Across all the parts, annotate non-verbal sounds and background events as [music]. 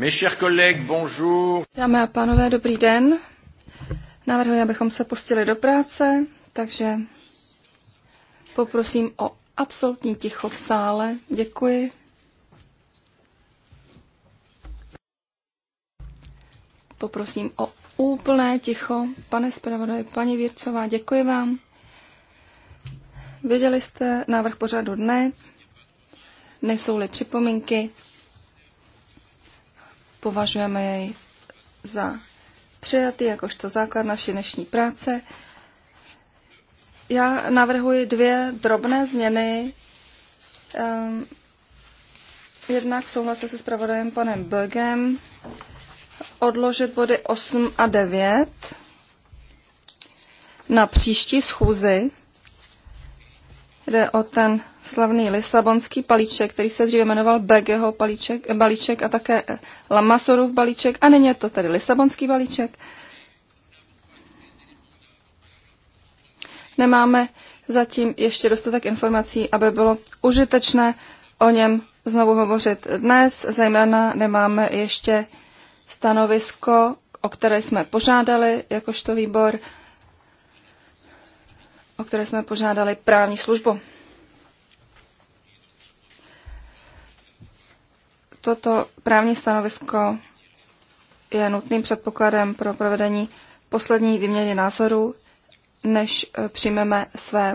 Mes chers collègues, bonjour. Dámy a pánové, dobrý den. Navrhuji, abychom se pustili do práce, takže poprosím o absolutní ticho v sále. Děkuji. Poprosím o úplné ticho. Pane zpravodaj, paní Věrcová, děkuji vám. Viděli jste návrh pořadu dne, nejsou-li připomínky, Považujeme jej za přijatý jakožto základ naší dnešní práce. Já navrhuji dvě drobné změny. Um, jednak souhlasu se zpravodajem panem Bögem odložit body 8 a 9 na příští schůzi. Jde o ten slavný Lisabonský palíček, který se dříve jmenoval Begeho palíček, balíček a také Lamasorův balíček a nyní je to tedy Lisabonský balíček. Nemáme zatím ještě dostatek informací, aby bylo užitečné o něm znovu hovořit dnes. Zejména nemáme ještě stanovisko, o které jsme požádali jakožto výbor, o které jsme požádali právní službu. Toto právní stanovisko je nutným předpokladem pro provedení poslední výměny názorů, než eh, přijmeme své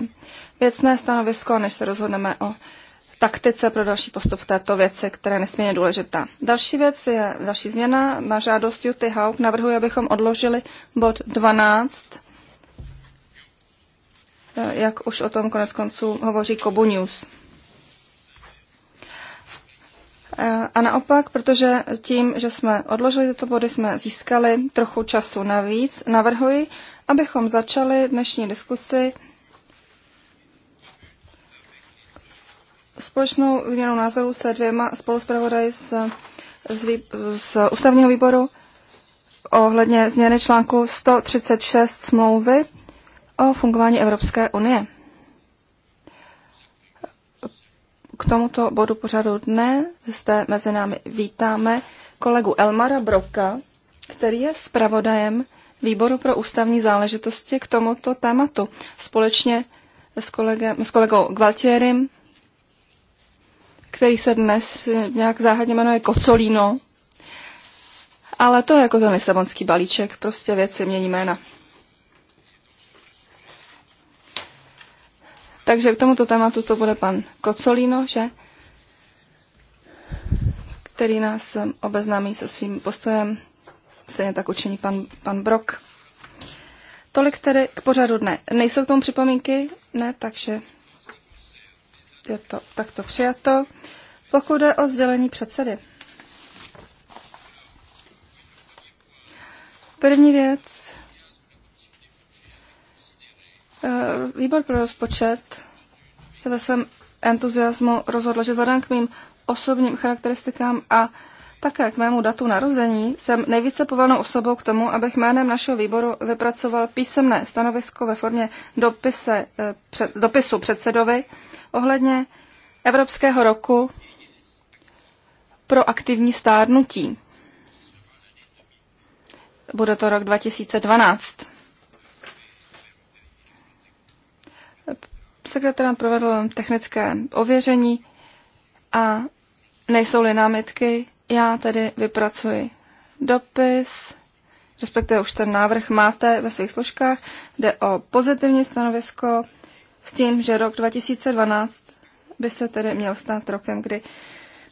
věcné stanovisko, než se rozhodneme o taktice pro další postup v této věci, která je nesmírně důležitá. Další věc je, další změna na žádost Juty Hauk navrhuji, abychom odložili bod 12, eh, jak už o tom konec konců hovoří Kobu News. A naopak, protože tím, že jsme odložili tyto body, jsme získali trochu času navíc, navrhuji, abychom začali dnešní diskusi společnou výměnou názorů se dvěma spoluspravodaji z, z, z ústavního výboru ohledně změny článku 136 smlouvy o fungování Evropské unie. K tomuto bodu pořadu dne zde mezi námi vítáme kolegu Elmara Broka, který je zpravodajem Výboru pro ústavní záležitosti k tomuto tématu. Společně s, kolegem, s kolegou Gvaltierim, který se dnes nějak záhadně jmenuje Kocolíno, ale to je jako ten lisabonský balíček, prostě věci mění jména. Takže k tomuto tématu to bude pan Kocolino, že? Který nás eh, obeznámí se svým postojem. Stejně tak učiní pan, pan Brok. Tolik tedy k pořadu dne. Nejsou k tomu připomínky? Ne, takže je to takto přijato. Pokud jde o sdělení předsedy. První věc Eh, výbor pro rozpočet se ve svém entuziasmu rozhodl, že vzhledem k mým osobním charakteristikám a také k mému datu narození jsem nejvíce povolnou osobou k tomu, abych jménem našeho výboru vypracoval písemné stanovisko ve formě dopise, eh, před, dopisu předsedovi ohledně Evropského roku pro aktivní stárnutí. Bude to rok 2012. sekretariat provedl technické ověření a nejsou-li námitky, já tedy vypracuji dopis, respektive už ten návrh máte ve svých složkách, jde o pozitivní stanovisko s tím, že rok 2012 by se tedy měl stát rokem, kdy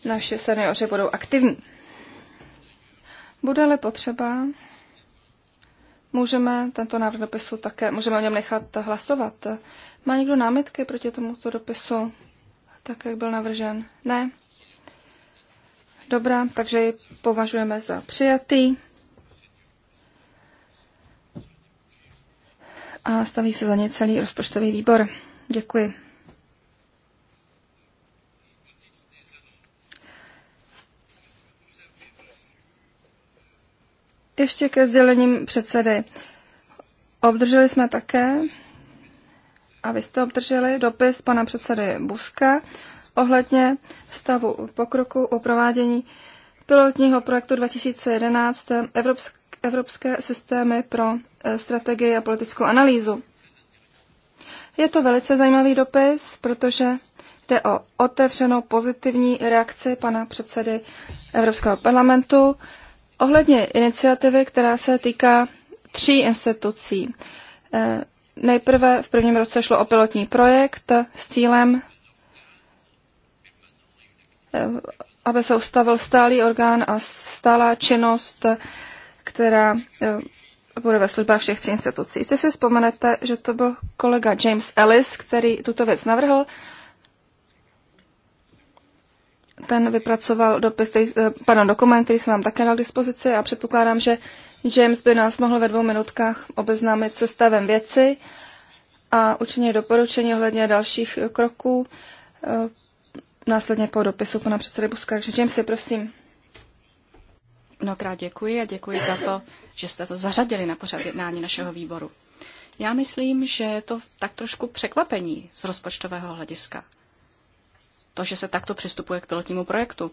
naše seniori budou aktivní. Bude-li potřeba, můžeme tento návrh dopisu také, můžeme o něm nechat hlasovat. Má někdo námitky proti tomuto dopisu, tak jak byl navržen? Ne? Dobrá, takže ji považujeme za přijatý. A staví se za ně celý rozpočtový výbor. Děkuji. Ještě ke sdělením předsedy. Obdrželi jsme také a vy jste obdrželi dopis pana předsedy Buska ohledně stavu pokroku o provádění pilotního projektu 2011 Evropské, Evropské systémy pro eh, strategii a politickou analýzu. Je to velice zajímavý dopis, protože jde o otevřenou pozitivní reakci pana předsedy Evropského parlamentu ohledně iniciativy, která se týká tří institucí. Eh, Nejprve v prvním roce šlo o pilotní projekt s cílem, eh, aby se ustavil stálý orgán a stálá činnost, která eh, bude ve službách všech tří institucí. Jestli si vzpomenete, že to byl kolega James Ellis, který tuto věc navrhl, ten vypracoval dopis, eh, pardon, dokument, který jsem vám také dal k dispozici a předpokládám, že James by nás mohl ve dvou minutkách obeznámit se stavem věci a učinit doporučení ohledně dalších kroků eh, následně po dopisu pana předsedy Buska. Takže James, prosím. Mnohokrát děkuji a děkuji za to, že jste to zařadili na pořad jednání našeho výboru. Já myslím, že je to tak trošku překvapení z rozpočtového hlediska. To, že se takto přistupuje k pilotnímu projektu.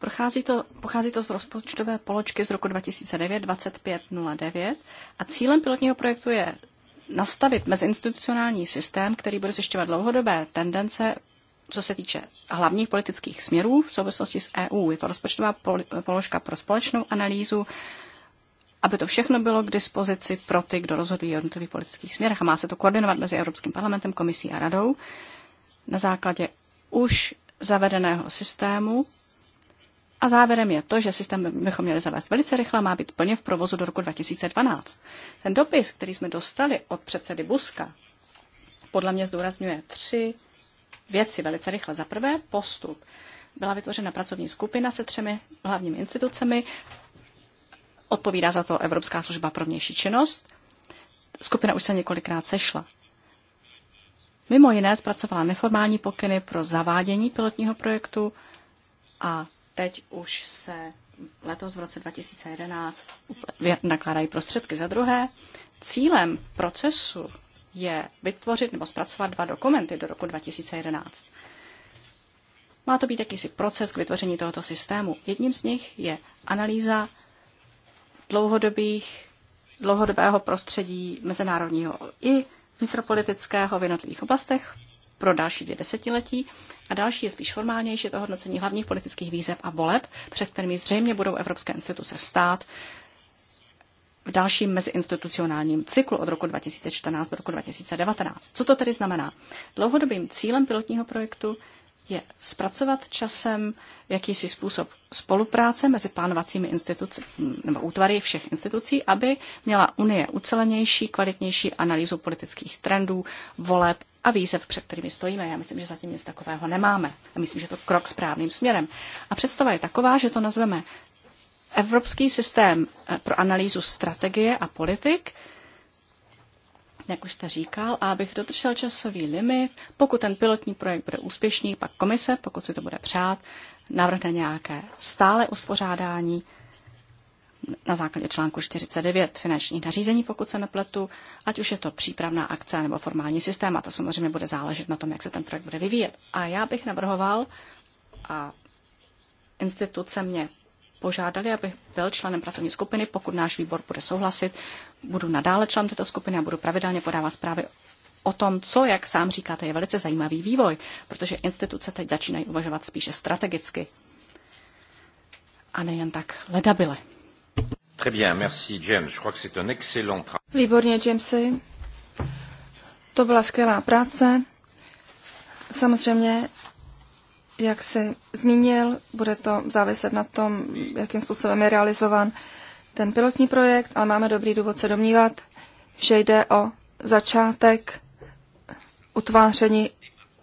Prochází to, pochází to z rozpočtové poločky z roku 2009 2509 a cílem pilotního projektu je nastavit mezinstitucionální systém, který bude zjišťovat dlouhodobé tendence co se týče hlavních politických směrů v souvislosti s EU. Je to rozpočtová položka pro společnou analýzu, aby to všechno bylo k dispozici pro ty, kdo rozhodují o jednotlivých politických směrech a má se to koordinovat mezi Evropským parlamentem, komisí a radou na základě už zavedeného systému a závěrem je to, že systém bychom měli zavést velice rychle, má být plně v provozu do roku 2012. Ten dopis, který jsme dostali od předsedy Buska, podle mě zdůrazňuje tři věci velice rychle. Za prvé postup. Byla vytvořena pracovní skupina se třemi hlavními institucemi. Odpovídá za to Evropská služba pro vnější činnost. Skupina už se několikrát sešla. Mimo jiné zpracovala neformální pokyny pro zavádění pilotního projektu a teď už se letos v roce 2011 nakládají prostředky. Za druhé, cílem procesu je vytvořit nebo zpracovat dva dokumenty do roku 2011. Má to být jakýsi proces k vytvoření tohoto systému. Jedním z nich je analýza dlouhodobých, dlouhodobého prostředí mezinárodního i vnitropolitického v jednotlivých oblastech pro další dvě desetiletí a další je spíš formálnější, je to hodnocení hlavních politických výzev a voleb, před kterými zřejmě budou evropské instituce stát v dalším meziinstitucionálním cyklu od roku 2014 do roku 2019. Co to tedy znamená? Dlouhodobým cílem pilotního projektu je zpracovat časem jakýsi způsob spolupráce mezi plánovacími instituci, nebo útvary všech institucí, aby měla Unie ucelenější, kvalitnější analýzu politických trendů, voleb a výzev, před kterými stojíme. Já myslím, že zatím nic takového nemáme. A myslím, že to krok správným směrem. A představa je taková, že to nazveme Evropský systém eh, pro analýzu strategie a politik, jak už jste říkal, a abych dodržel časový limit, pokud ten pilotní projekt bude úspěšný, pak komise, pokud si to bude přát, navrhne nějaké stále uspořádání na základě článku 49 finanční nařízení, pokud se nepletu, ať už je to přípravná akce nebo formální systém, a to samozřejmě bude záležet na tom, jak se ten projekt bude vyvíjet. A já bych navrhoval, a instituce mě požádali, abych byl členem pracovní skupiny, pokud náš výbor bude souhlasit, budu nadále člen této skupiny a budu pravidelně podávat zprávy o tom, co, jak sám říkáte, je velice zajímavý vývoj, protože instituce teď začínají uvažovat spíše strategicky a nejen tak ledabile. Très bien, merci James. Je crois que c'est un excellent travail. Výborně, Jamesy. To byla skvělá práce. Samozřejmě, jak se zmínil, bude to záviset na tom, jakým způsobem je realizovan ten pilotní projekt, ale máme dobrý důvod se domnívat, že jde o začátek utváření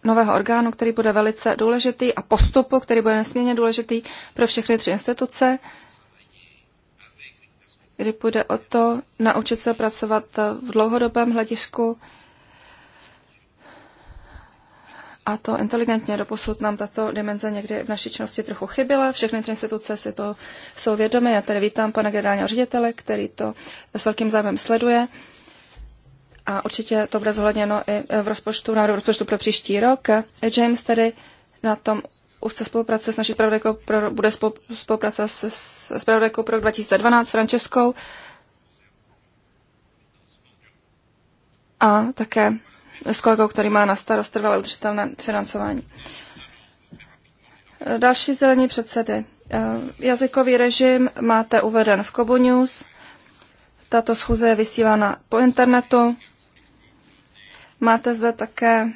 nového orgánu, který bude velice důležitý a postupu, který bude nesmírně důležitý pro všechny tři instituce kdy půjde o to naučit se pracovat v dlouhodobém hledisku a to inteligentně. Doposud nám tato dimenze někdy v naší činnosti trochu chyběla. Všechny ty instituce si to jsou vědomy. Já tady vítám pana generálního ředitele, který to s velkým zájmem sleduje. A určitě to bude zohledněno i v rozpočtu, návrhu rozpočtu pro příští rok. James tedy na tom úzce spolupracuje s naší spravodajkou pro, bude spolupracovat se spravodajkou pro 2012 Frančeskou. a také s kolegou, který má na starost trvalé udržitelné financování. Další zelení předsedy. Eh, jazykový režim máte uveden v Kobu News. Tato schůze je vysílána po internetu. Máte zde také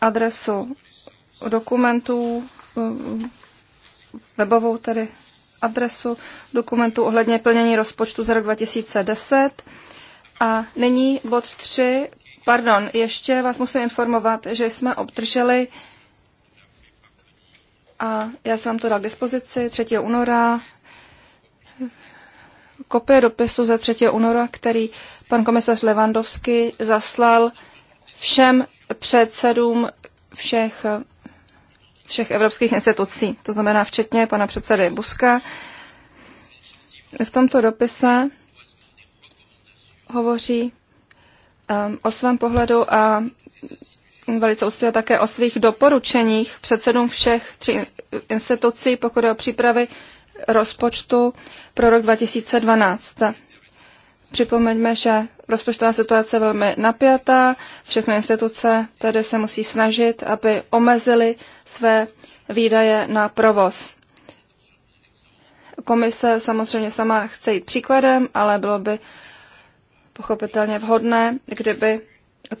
adresu dokumentů, eh, webovou tedy adresu dokumentů ohledně plnění rozpočtu za rok 2010. A nyní bod 3, pardon, ještě vás musím informovat, že jsme obdrželi a já jsem vám to dal k dispozici 3. února kopie dopisu ze 3. února, který pan komisař Levandovský zaslal všem předsedům všech, všech evropských institucí, to znamená včetně pana předsedy Buska. V tomto dopise hovoří um, o svém pohledu a velice usiluje také o svých doporučeních předsedům všech tří institucí, pokud je o přípravy rozpočtu pro rok 2012. Připomeňme, že rozpočtová situace je velmi napjatá, všechny instituce tedy se musí snažit, aby omezily své výdaje na provoz. Komise samozřejmě sama chce jít příkladem, ale bylo by pochopitelně vhodné, kdyby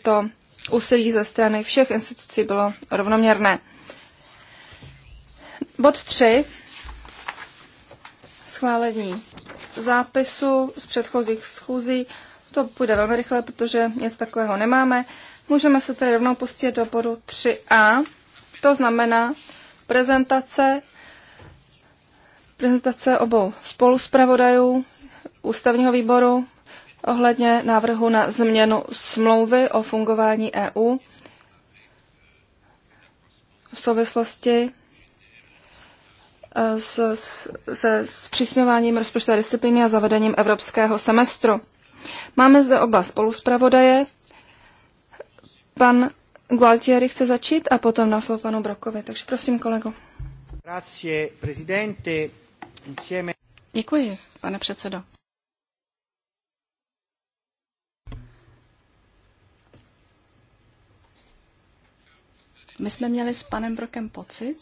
to úsilí ze strany všech institucí bylo rovnoměrné. Bod 3. Schválení zápisu z předchozích schůzí. To půjde velmi rychle, protože nic takového nemáme. Můžeme se tedy rovnou pustit do bodu 3a. To znamená prezentace, prezentace obou spoluspravodajů ústavního výboru ohledně návrhu na změnu smlouvy o fungování EU v souvislosti s, se zpřísňováním rozpočtové disciplíny a zavedením evropského semestru. Máme zde oba spoluspravodaje. Pan Gualtieri chce začít a potom naslou panu Brokovi. Takže prosím, kolego. Grazie, presidente. Děkuji, pane předsedo. My jsme měli s panem Brokem pocit,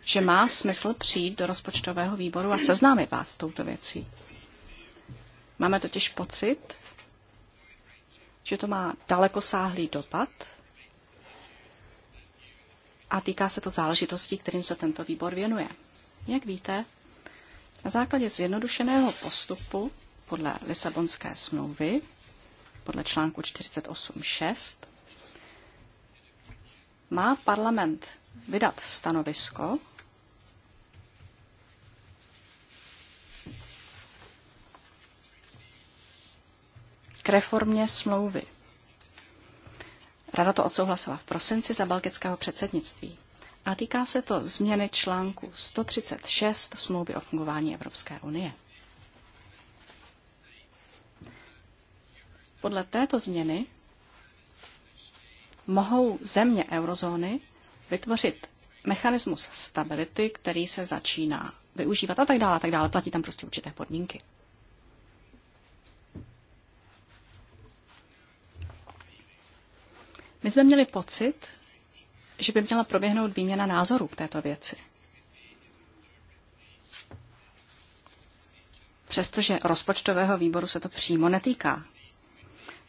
že má smysl přijít do rozpočtového výboru a seznámit vás s touto věcí. Máme totiž pocit, že to má dalekosáhlý dopad a týká se to záležitostí, kterým se tento výbor věnuje. Jak víte, na základě zjednodušeného postupu podle Lisabonské smlouvy, podle článku 48.6, má parlament vydat stanovisko k reformě smlouvy. Rada to odsouhlasila v prosinci za belgického předsednictví a týká se to změny článku 136 smlouvy o fungování Evropské unie. Podle této změny mohou země eurozóny vytvořit mechanismus stability, který se začíná využívat a tak dále, a tak dále. Platí tam prostě určité podmínky. My jsme měli pocit, že by měla proběhnout výměna názorů k této věci. Přestože rozpočtového výboru se to přímo netýká,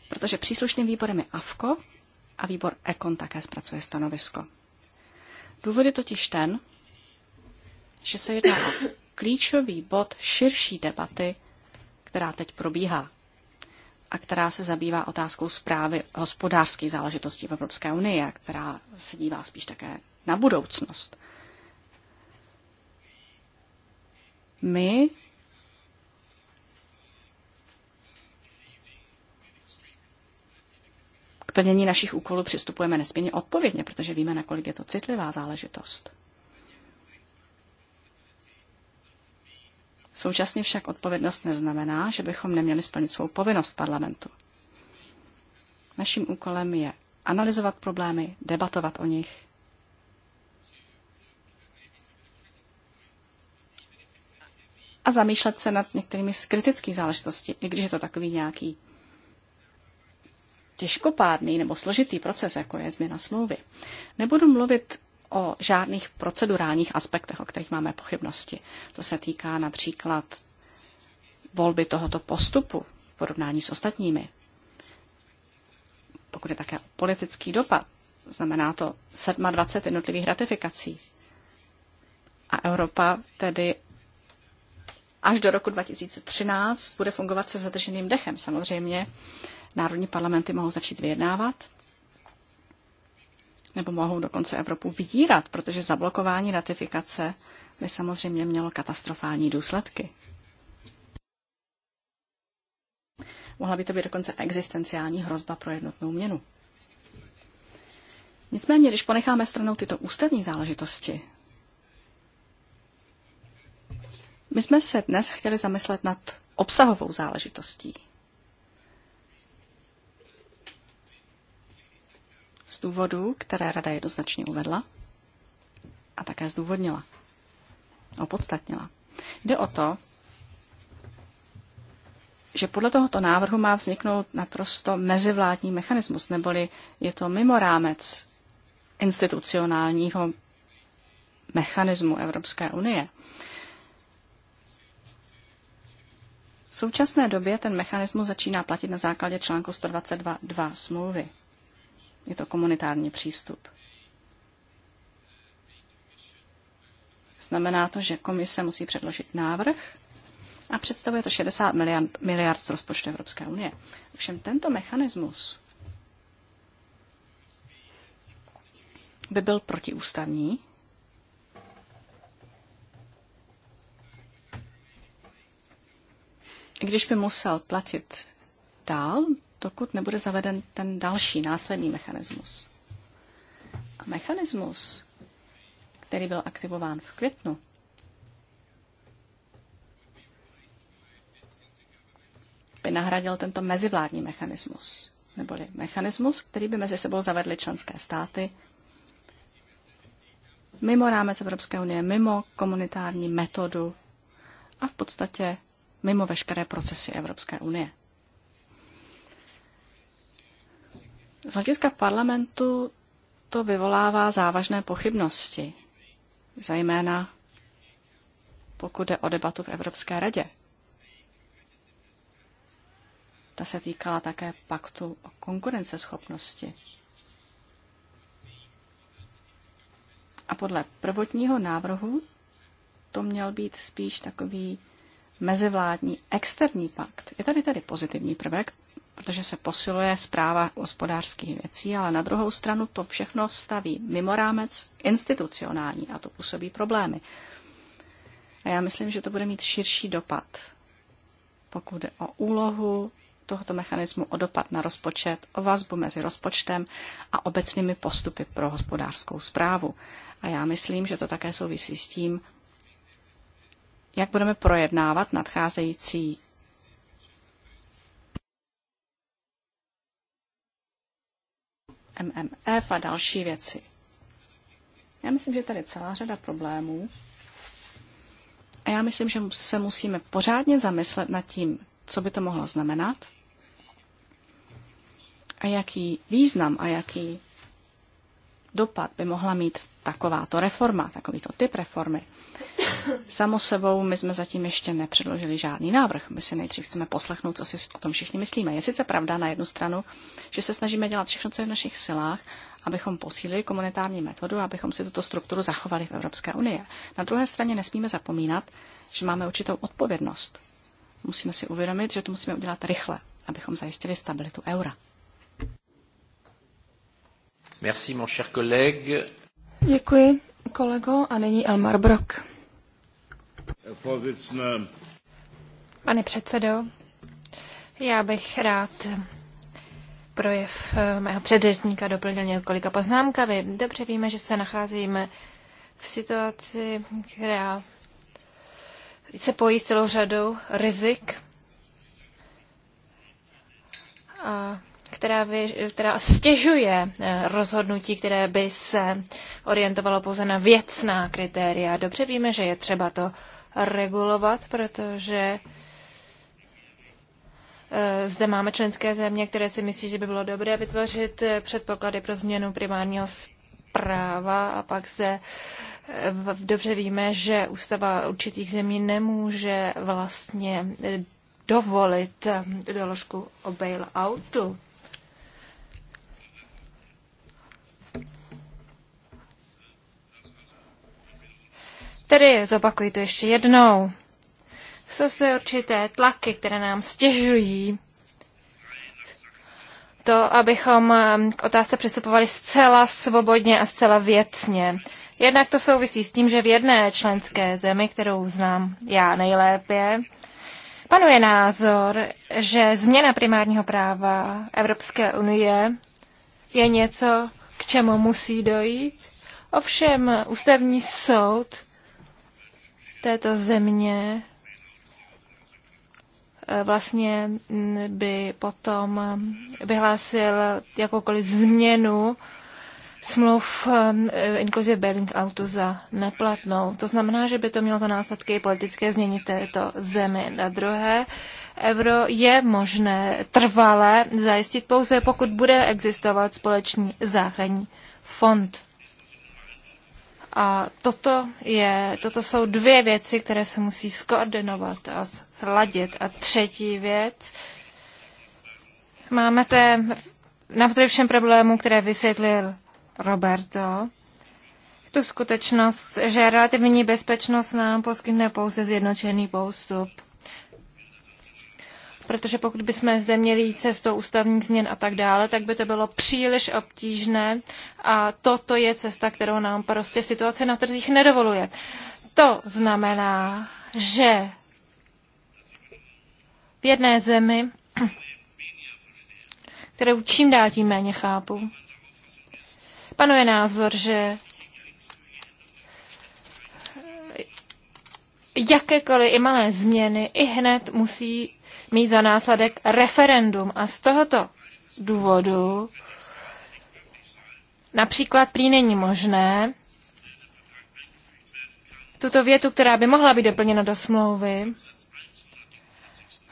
protože příslušným výborem je AFKO a výbor EKON také zpracuje stanovisko. Důvod je totiž ten, že se jedná o klíčový bod širší debaty, která teď probíhá a která se zabývá otázkou zprávy hospodářských záležitostí v Evropské unii a která se dívá spíš také na budoucnost. My plnění našich úkolů přistupujeme nesmírně odpovědně, protože víme, nakolik je to citlivá záležitost. Současně však odpovědnost neznamená, že bychom neměli splnit svou povinnost parlamentu. Naším úkolem je analyzovat problémy, debatovat o nich a zamýšlet se nad některými z kritických záležitostí, i když je to takový nějaký těžkopádný nebo složitý proces, jako je změna smlouvy, nebudu mluvit o žádných procedurálních aspektech, o kterých máme pochybnosti. To se týká například volby tohoto postupu v porovnání s ostatními. Pokud je také politický dopad, znamená to 27 jednotlivých ratifikací. A Evropa tedy až do roku 2013 bude fungovat se zadrženým dechem. Samozřejmě národní parlamenty mohou začít vyjednávat, nebo mohou dokonce Evropu vydírat, protože zablokování ratifikace by samozřejmě mělo katastrofální důsledky. Mohla by to být dokonce existenciální hrozba pro jednotnou měnu. Nicméně, když ponecháme stranou tyto ústavní záležitosti, my jsme se dnes chtěli zamyslet nad obsahovou záležitostí. z důvodů, které rada jednoznačně uvedla a také zdůvodnila, opodstatnila. Jde o to, že podle tohoto návrhu má vzniknout naprosto mezivládní mechanismus, neboli je to mimo rámec institucionálního mechanismu Evropské unie. V současné době ten mechanismus začíná platit na základě článku 122.2 smlouvy. Je to komunitární přístup. Znamená to, že komise musí předložit návrh a představuje to 60 miliard, miliard z rozpočtu Evropské unie. Ovšem tento mechanismus by byl protiústavní, i když by musel platit dál, dokud nebude zaveden ten další následný mechanismus. A mechanismus, který byl aktivován v květnu, by nahradil tento mezivládní mechanismus, neboli mechanismus, který by mezi sebou zavedly členské státy mimo rámec Evropské unie, mimo komunitární metodu a v podstatě mimo veškeré procesy Evropské unie. Z hlediska parlamentu to vyvolává závažné pochybnosti, zejména pokud jde o debatu v Evropské radě. Ta se týkala také paktu o konkurenceschopnosti. A podle prvotního návrhu to měl být spíš takový mezivládní externí pakt. Je tady tedy pozitivní prvek, protože se posiluje zpráva hospodářských věcí, ale na druhou stranu to všechno staví mimo rámec institucionální a to působí problémy. A já myslím, že to bude mít širší dopad, pokud jde o úlohu tohoto mechanismu, o dopad na rozpočet, o vazbu mezi rozpočtem a obecnými postupy pro hospodářskou zprávu. A já myslím, že to také souvisí s tím, jak budeme projednávat nadcházející MMF a další věci. Já myslím, že tady je celá řada problémů a já myslím, že se musíme pořádně zamyslet nad tím, co by to mohlo znamenat a jaký význam a jaký dopad by mohla mít takováto reforma, takovýto typ reformy. Samo sebou my jsme zatím ještě nepředložili žádný návrh. My si nejdřív chceme poslechnout, co si o tom všichni myslíme. Je sice pravda na jednu stranu, že se snažíme dělat všechno, co je v našich silách, abychom posílili komunitární metodu, abychom si tuto strukturu zachovali v Evropské unii. Na druhé straně nesmíme zapomínat, že máme určitou odpovědnost. Musíme si uvědomit, že to musíme udělat rychle, abychom zajistili stabilitu eura. Merci, mon cher collègue. Děkuji, kolego, a nyní Elmar Brock. Pane předsedo, já bych rád projev mého předřečníka doplnil několika poznámkami. Dobře víme, že se nacházíme v situaci, která se pojí s celou řadou rizik, a která, vy, která stěžuje eh, rozhodnutí, které by se orientovalo pouze na věcná kritéria. Dobře víme, že je třeba to regulovat, protože eh, zde máme členské země, které si myslí, že by bylo dobré vytvořit eh, předpoklady pro změnu primárního práva a pak se eh, dobře víme, že ústava určitých zemí nemůže vlastně dovolit doložku o bailoutu. Tedy zopakuji to ještě jednou. Jsou se určité tlaky, které nám stěžují to, abychom um, k otázce přistupovali zcela svobodně a zcela věcně. Jednak to souvisí s tím, že v jedné členské zemi, kterou znám já nejlépe, panuje názor, že změna primárního práva Evropské unie je něco, k čemu musí dojít. Ovšem ústavní soud této země eh, vlastně mm, by potom eh, vyhlásil jakoukoliv změnu smluv eh, inkluzi Bering Auto za neplatnou. To znamená, že by to mělo za následky politické změny této zemi. Na druhé, euro je možné trvale zajistit pouze, pokud bude existovat společný záchranní fond. A toto, je, toto jsou dvě věci, které se musí skoordinovat a sladit. A třetí věc, máme se navzdory všem problémům, které vysvětlil Roberto, tu skutečnost, že relativní bezpečnost nám poskytne pouze zjednočený postup protože pokud bychom zde měli jít cestou ústavních změn a tak dále, tak by to bylo příliš obtížné a toto je cesta, kterou nám prostě situace na trzích nedovoluje. To znamená, že v jedné zemi, kterou čím dál tím méně chápu, panuje názor, že jakékoliv i malé změny i hned musí mít za následek referendum. A z tohoto důvodu například prý není možné tuto větu, která by mohla být doplněna do smlouvy,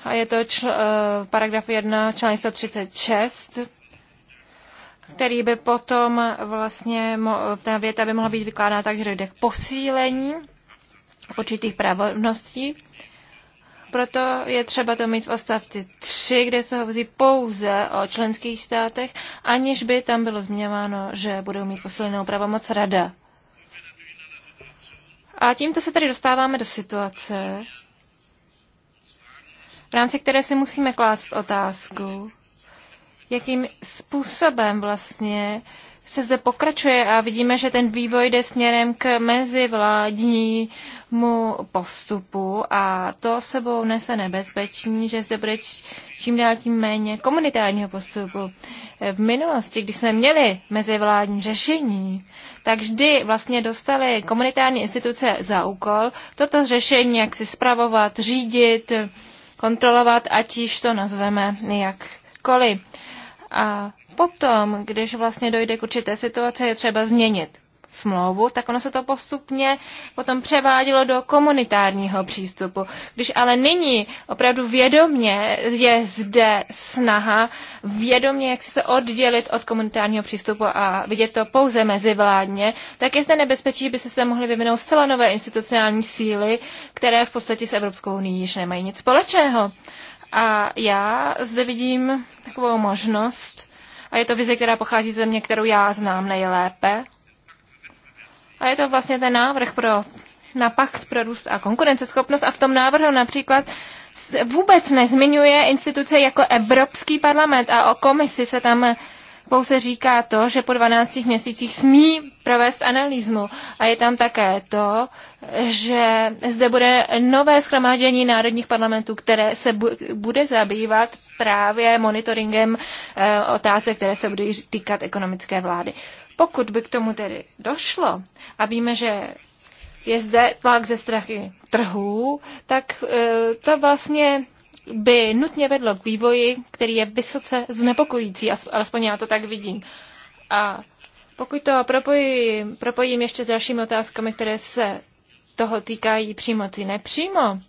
a je to čl- eh, paragraf 1, článek 136, který by potom vlastně, ta věta by mohla být vykládána tak, že dojde k posílení určitých pravností proto je třeba to mít v odstavci 3, kde se hovoří pouze o členských státech, aniž by tam bylo změňováno, že budou mít posílenou pravomoc rada. A tímto se tady dostáváme do situace, v rámci které si musíme klást otázku, jakým způsobem vlastně uh, se zde pokračuje a vidíme, že ten vývoj jde směrem k mezivládnímu postupu a to sebou nese nebezpečí, že zde bude čím dál tím méně komunitárního postupu. V minulosti, když jsme měli mezivládní řešení, tak vždy vlastně dostali komunitární instituce za úkol toto řešení, jak si spravovat, řídit, kontrolovat, ať již to nazveme jakkoliv. A potom, když vlastně dojde k určité situaci, je třeba změnit smlouvu, tak ono se to postupně potom převádělo do komunitárního přístupu. Když ale nyní opravdu vědomně je zde snaha vědomně, jak se oddělit od komunitárního přístupu a vidět to pouze mezivládně, tak je zde nebezpečí, že by se se mohly vyvinout zcela nové institucionální síly, které v podstatě s Evropskou unii již nemají nic společného. A já zde vidím takovou možnost, a je to vize, která pochází ze mě, kterou já znám nejlépe. A je to vlastně ten návrh pro, na pakt pro růst a konkurenceschopnost. A v tom návrhu například vůbec nezmiňuje instituce jako Evropský parlament a o komisi se tam pouze říká to, že po 12 měsících smí provést analýzmu. A je tam také to, že zde bude nové schromáždění národních parlamentů, které se bude zabývat právě monitoringem eh, otázek, které se budou týkat ekonomické vlády. Pokud by k tomu tedy došlo, a víme, že je zde tlak ze strachy trhů, tak eh, to vlastně by nutně vedlo k vývoji, který je vysoce znepokojící, alespoň já to tak vidím. A pokud to propojím, propojím ještě s dalšími otázkami, které se toho týkají přímo či nepřímo,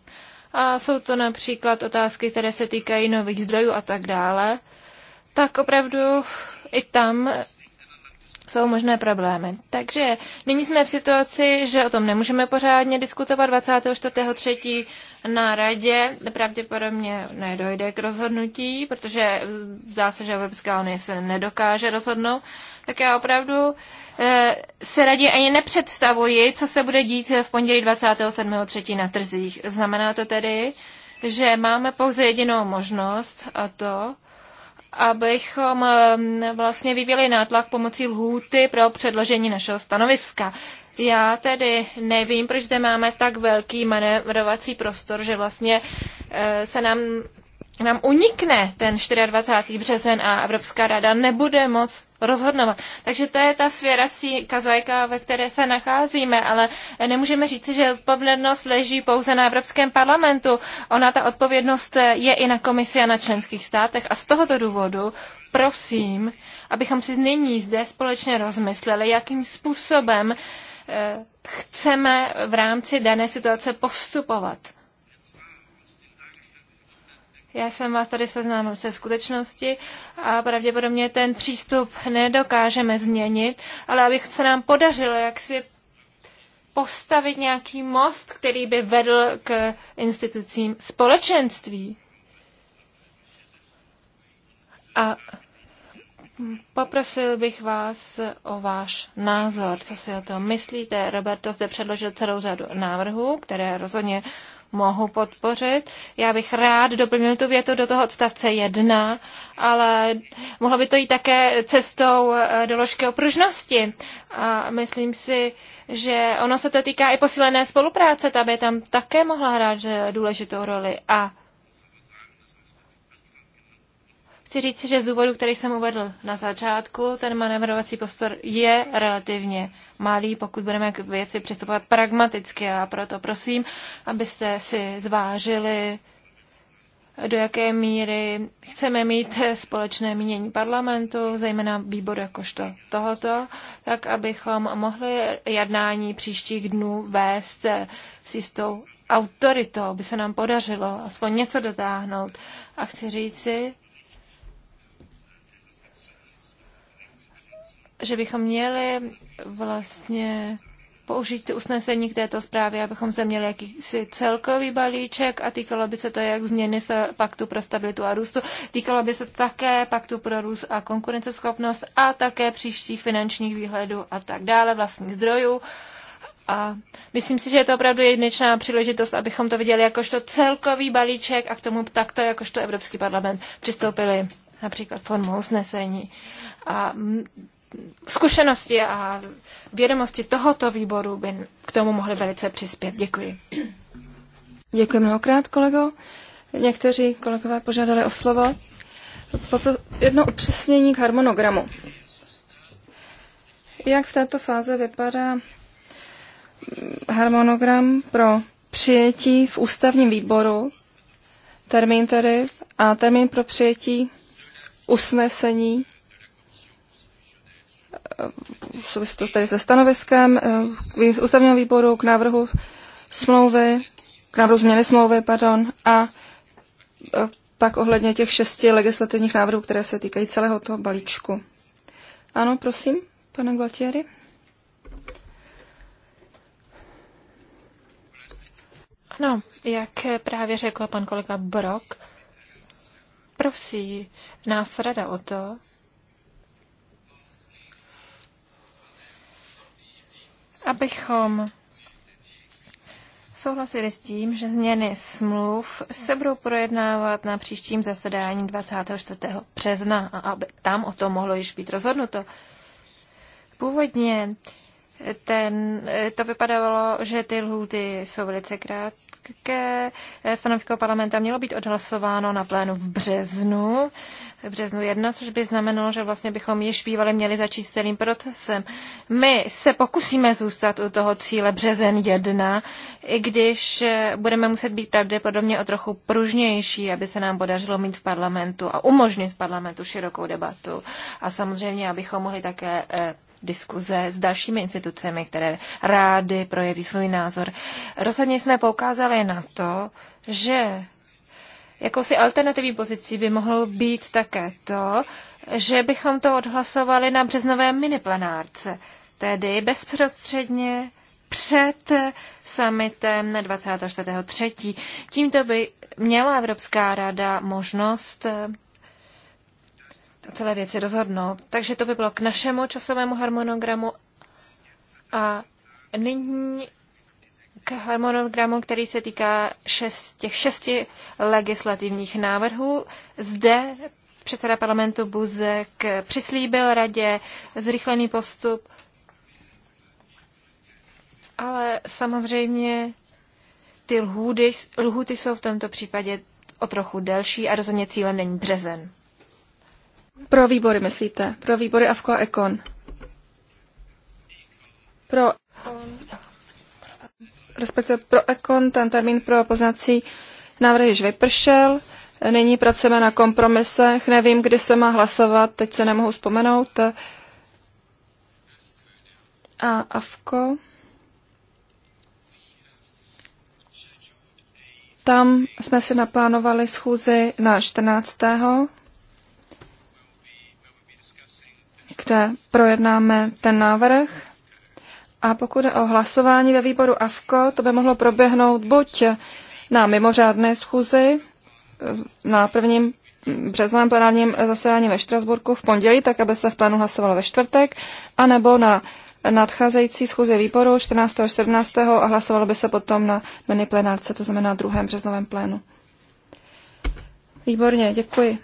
a jsou to například otázky, které se týkají nových zdrojů a tak dále, tak opravdu i tam jsou možné problémy. Takže nyní jsme v situaci, že o tom nemůžeme pořádně diskutovat 24.3. na radě. Pravděpodobně nedojde k rozhodnutí, protože zdá se, že Evropská unie se nedokáže rozhodnout. Tak já opravdu eh, se raději ani nepředstavuji, co se bude dít v pondělí 27.3. na trzích. Znamená to tedy, že máme pouze jedinou možnost a to, abychom vlastně vyvíjeli nátlak pomocí lhůty pro předložení našeho stanoviska. Já tedy nevím, proč zde máme tak velký manévrovací prostor, že vlastně eh, se nám nám unikne ten 24. březen a Evropská rada nebude moc rozhodnovat. Takže to je ta svěrací kazajka, ve které se nacházíme, ale nemůžeme říci, že odpovědnost leží pouze na Evropském parlamentu. Ona, ta odpovědnost je i na komisi a na členských státech a z tohoto důvodu prosím, abychom si nyní zde společně rozmysleli, jakým způsobem eh, chceme v rámci dané situace postupovat já jsem vás tady seznámil se skutečnosti a pravděpodobně ten přístup nedokážeme změnit, ale abych se nám podařilo jak si postavit nějaký most, který by vedl k institucím společenství. A Poprosil bych vás o váš názor, co si o tom myslíte. Roberto zde předložil celou řadu návrhů, které rozhodně mohu podpořit. Já bych rád doplnil tu větu do toho odstavce 1, ale mohlo by to jít také cestou eh, doložky o pružnosti. A myslím si, že ono se to týká i posílené spolupráce, ta by tam také mohla hrát eh, důležitou roli. A chci říct, že z důvodu, který jsem uvedl na začátku, ten manévrovací prostor je relativně malý, pokud budeme k věci přistupovat pragmaticky. A proto prosím, abyste si zvážili, do jaké míry chceme mít společné mínění parlamentu, zejména výbor jakožto tohoto, tak abychom mohli jednání příštích dnů vést s jistou autoritou, by se nám podařilo aspoň něco dotáhnout. A chci říci, že bychom měli vlastně použít ty usnesení k této zprávě, abychom se měli jakýsi celkový balíček a týkalo by se to jak změny se paktu pro stabilitu a růstu, týkalo by se také paktu pro růst a konkurenceschopnost a také příštích finančních výhledů a tak dále, vlastních zdrojů. A myslím si, že je to opravdu jedinečná příležitost, abychom to viděli jakožto celkový balíček a k tomu takto jakožto Evropský parlament přistoupili například formou usnesení. A zkušenosti a vědomosti tohoto výboru by k tomu mohly velice přispět. Děkuji. Děkuji mnohokrát, kolego. Někteří kolegové požádali o slovo. Popro- jedno upřesnění k harmonogramu. Jak v této fáze vypadá mm, harmonogram pro přijetí v ústavním výboru, termín tedy a termín pro přijetí usnesení v to tady se stanoviskem eh, ústavního výboru k návrhu smlouvy, k návrhu změny smlouvy, pardon, a eh, pak ohledně těch šesti legislativních návrhů, které se týkají celého toho balíčku. Ano, prosím, pane Gualtieri. Ano, jak právě řekl pan kolega Brok, prosí nás rada o to, abychom souhlasili s tím, že změny smluv se budou projednávat na příštím zasedání 24. března a aby tam o tom mohlo již být rozhodnuto. Původně ten, to vypadalo, že ty lhůty jsou velice krátké. Stanovisko parlamenta mělo být odhlasováno na plénu v březnu v březnu 1, což by znamenalo, že vlastně bychom již bývali měli začít s celým procesem. My se pokusíme zůstat u toho cíle březen 1, i když eh, budeme muset být pravděpodobně o trochu pružnější, aby se nám podařilo mít v parlamentu a umožnit v parlamentu širokou debatu. A samozřejmě, abychom mohli také eh, diskuze s dalšími institucemi, které rády projeví svůj názor. Rozhodně jsme poukázali na to, že Jakousi alternativní pozicí by mohlo být také to, že bychom to odhlasovali na březnové miniplenárce, tedy bezprostředně před summitem 24.3. Tímto by měla Evropská rada možnost eh, to celé věci rozhodnout. Takže to by bylo k našemu časovému harmonogramu. A nyní k harmonogramu, který se týká šest, těch šesti legislativních návrhů. Zde předseda parlamentu Buzek přislíbil radě zrychlený postup, ale samozřejmě ty lhůdy, lhuty jsou v tomto případě o trochu delší a rozhodně cílem není březen. Pro výbory myslíte? Pro výbory Avko a Ekon. Pro... Um, respektive pro Ekon, ten termín pro poznací návrh již vypršel. Nyní pracujeme na kompromisech. Nevím, kdy se má hlasovat, teď se nemohu vzpomenout. A AFKO. Tam jsme si naplánovali schůzi na 14. kde projednáme ten návrh. A pokud je o hlasování ve výboru AFKO, to by mohlo proběhnout buď na mimořádné schůzi na prvním březnovém plenárním zasedání ve Štrasburku v pondělí, tak aby se v plénu hlasovalo ve čtvrtek, anebo na nadcházející schůzi výboru 14. a 17. a hlasovalo by se potom na mini plenárce, to znamená druhém březnovém plénu. Výborně, děkuji.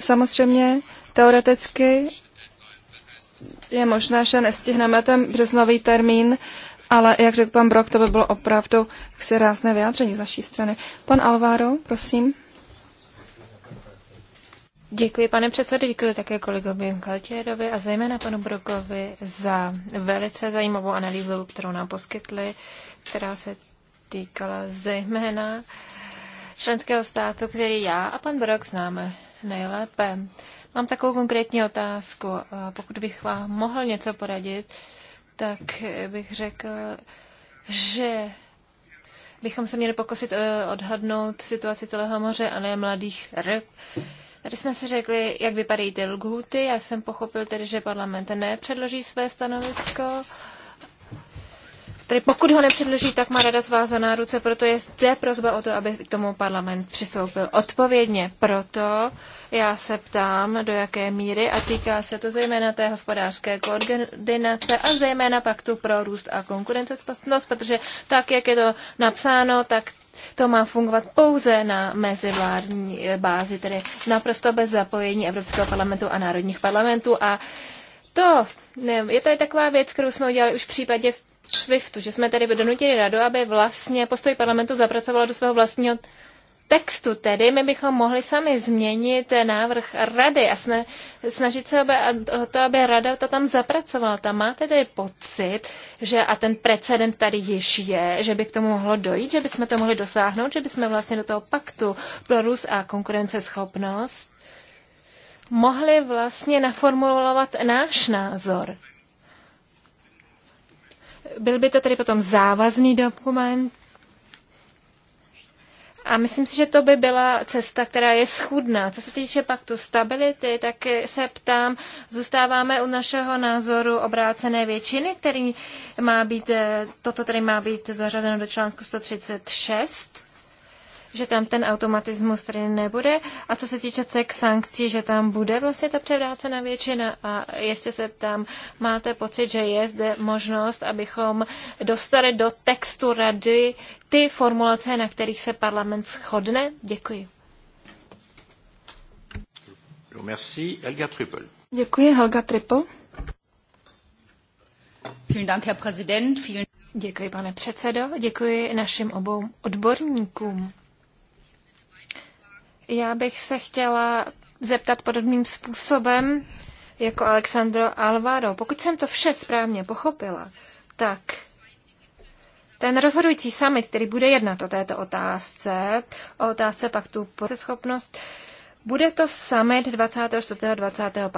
Samozřejmě Teoreticky je možné, že nestihneme ten březnový termín, ale jak řekl pan Brok, to by bylo opravdu si rázné vyjádření z naší strany. Pan Alváro, prosím. Děkuji, pane předsedo, děkuji také kolegovi Galtierovi a zejména panu Brokovi za velice zajímavou analýzu, kterou nám poskytli, která se týkala zejména členského státu, který já a pan Brok známe nejlépe. Mám takovou konkrétní otázku. Pokud bych vám mohl něco poradit, tak bych řekl, že bychom se měli pokusit eh, odhadnout situaci celého moře a ne mladých ryb. Tady jsme si řekli, jak vypadají ty lhůty. Já jsem pochopil tedy, že parlament nepředloží své stanovisko Tedy pokud ho nepředloží, tak má rada svázaná ruce, proto je zde prozba o to, aby k tomu parlament přistoupil odpovědně. Proto já se ptám, do jaké míry a týká se to zejména té hospodářské koordinace a zejména paktu pro růst a konkurenceschopnost, protože tak, jak je to napsáno, tak to má fungovat pouze na mezivládní eh, bázi, tedy naprosto bez zapojení Evropského parlamentu a národních parlamentů. A to je tady taková věc, kterou jsme udělali už v případě SWIFTu, že jsme tedy donutili radu, aby vlastně postoj parlamentu zapracovala do svého vlastního textu. Tedy my bychom mohli sami změnit návrh rady a snažit se aby, o to, aby rada to tam zapracovala. Tam máte tedy pocit, že a ten precedent tady již je, že by k tomu mohlo dojít, že bychom to mohli dosáhnout, že bychom vlastně do toho paktu pro růst a konkurenceschopnost mohli vlastně naformulovat náš názor byl by to tedy potom závazný dokument. A myslím si, že to by byla cesta, která je schudná. Co se týče paktu stability, tak se ptám, zůstáváme u našeho názoru obrácené většiny, který má být, eh, toto tedy má být zařazeno do článku 136 že tam ten automatismus tedy nebude. A co se týče těch sankcí, že tam bude vlastně ta převrácená většina. A ještě se ptám, máte pocit, že je zde možnost, abychom dostali do textu rady ty formulace, na kterých se parlament shodne? Děkuji. Merci, Helga Trippel. Děkuji, Helga Trippel. Vielen Dank, Herr Präsident. Vielen Děkuji, pane předsedo. Děkuji našim obou odborníkům. Já bych se chtěla zeptat podobným způsobem jako Alexandro Alvaro. Pokud jsem to vše správně pochopila, tak ten rozhodující summit, který bude jednat o této otázce, o otázce tu schopnost, bude to summit 24. a 25.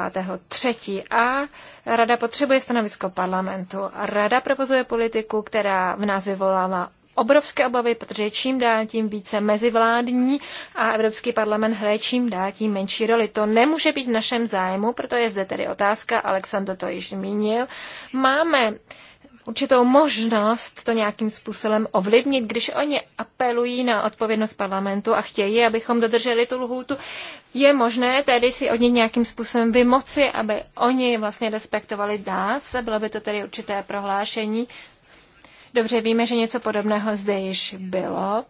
3. a Rada potřebuje stanovisko parlamentu. Rada propozuje politiku, která v nás vyvolává obrovské obavy, protože čím dál tím více mezivládní a Evropský parlament hraje čím dál tím menší roli. To nemůže být v našem zájmu, proto je zde tedy otázka, Alexandr to již zmínil. Máme určitou možnost to nějakým způsobem ovlivnit, když oni apelují na odpovědnost parlamentu a chtějí, abychom dodrželi tu lhůtu. Je možné tedy si od nich nějakým způsobem vymoci, aby oni vlastně respektovali nás. Bylo by to tedy určité prohlášení Dobře víme, že něco podobného zde již bylo.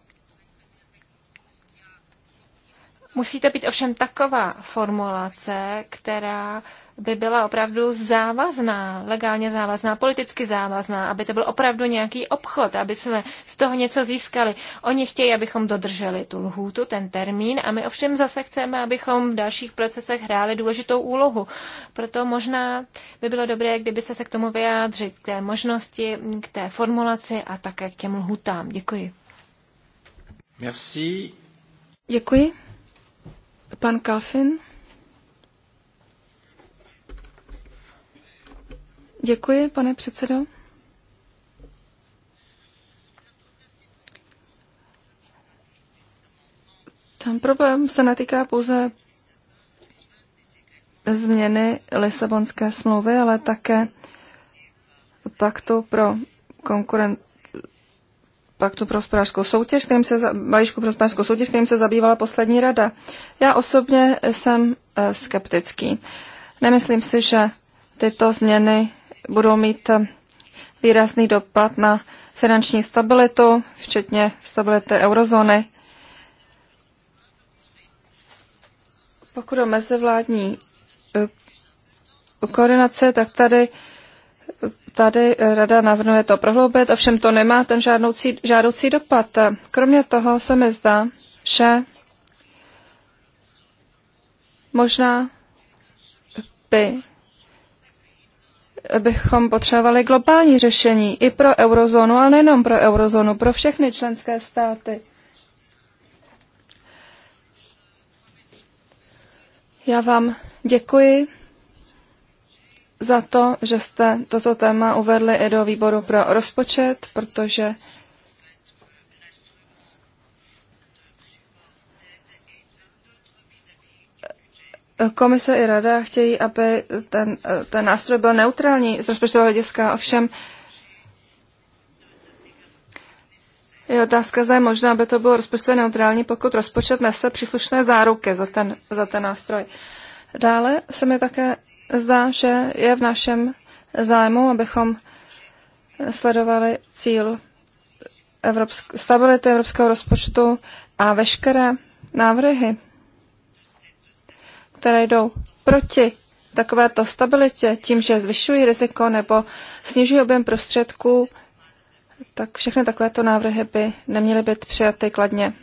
Musí to být ovšem taková formulace, která by byla opravdu závazná, legálně závazná, politicky závazná, aby to byl opravdu nějaký obchod, aby jsme z toho něco získali. Oni chtějí, abychom dodrželi tu lhůtu, ten termín a my ovšem zase chceme, abychom v dalších procesech hráli důležitou úlohu. Proto možná by bylo dobré, kdyby se, se k tomu vyjádřit, k té možnosti, k té formulaci a také k těm lhůtám. Děkuji. Merci. Děkuji. Pan Kalfin. Děkuji, pane předsedo. Ten problém se netýká pouze změny Lisabonské smlouvy, ale také paktu pro konkurent, paktu pro hospodářskou soutěž, kterým se, balíčku pro hospodářskou soutěž, kterým se zabývala poslední rada. Já osobně jsem eh, skeptický. Nemyslím si, že tyto změny budou mít eh, výrazný dopad na finanční stabilitu, včetně stability eurozóny. Pokud o mezivládní eh, koordinaci, tak tady, tady rada navrhuje to prohloubit, ovšem to nemá ten žádoucí, žádoucí dopad. Kromě toho se mi zdá, že možná by bychom potřebovali globální řešení i pro eurozónu, ale nejenom pro eurozónu, pro všechny členské státy. Já vám děkuji za to, že jste toto téma uvedli i do výboru pro rozpočet, protože Komise i rada chtějí, aby ten, ten nástroj byl neutrální z rozpočtového hlediska, ovšem je otázka, zda je možná, aby to bylo rozpočtové neutrální, pokud rozpočet nese příslušné záruky za ten, za ten nástroj. Dále se mi také zdá, že je v našem zájmu, abychom sledovali cíl evropsk- stability evropského rozpočtu a veškeré návrhy které jdou proti takovéto stabilitě tím, že zvyšují riziko nebo snižují objem prostředků, tak všechny takovéto návrhy by neměly být přijaty kladně.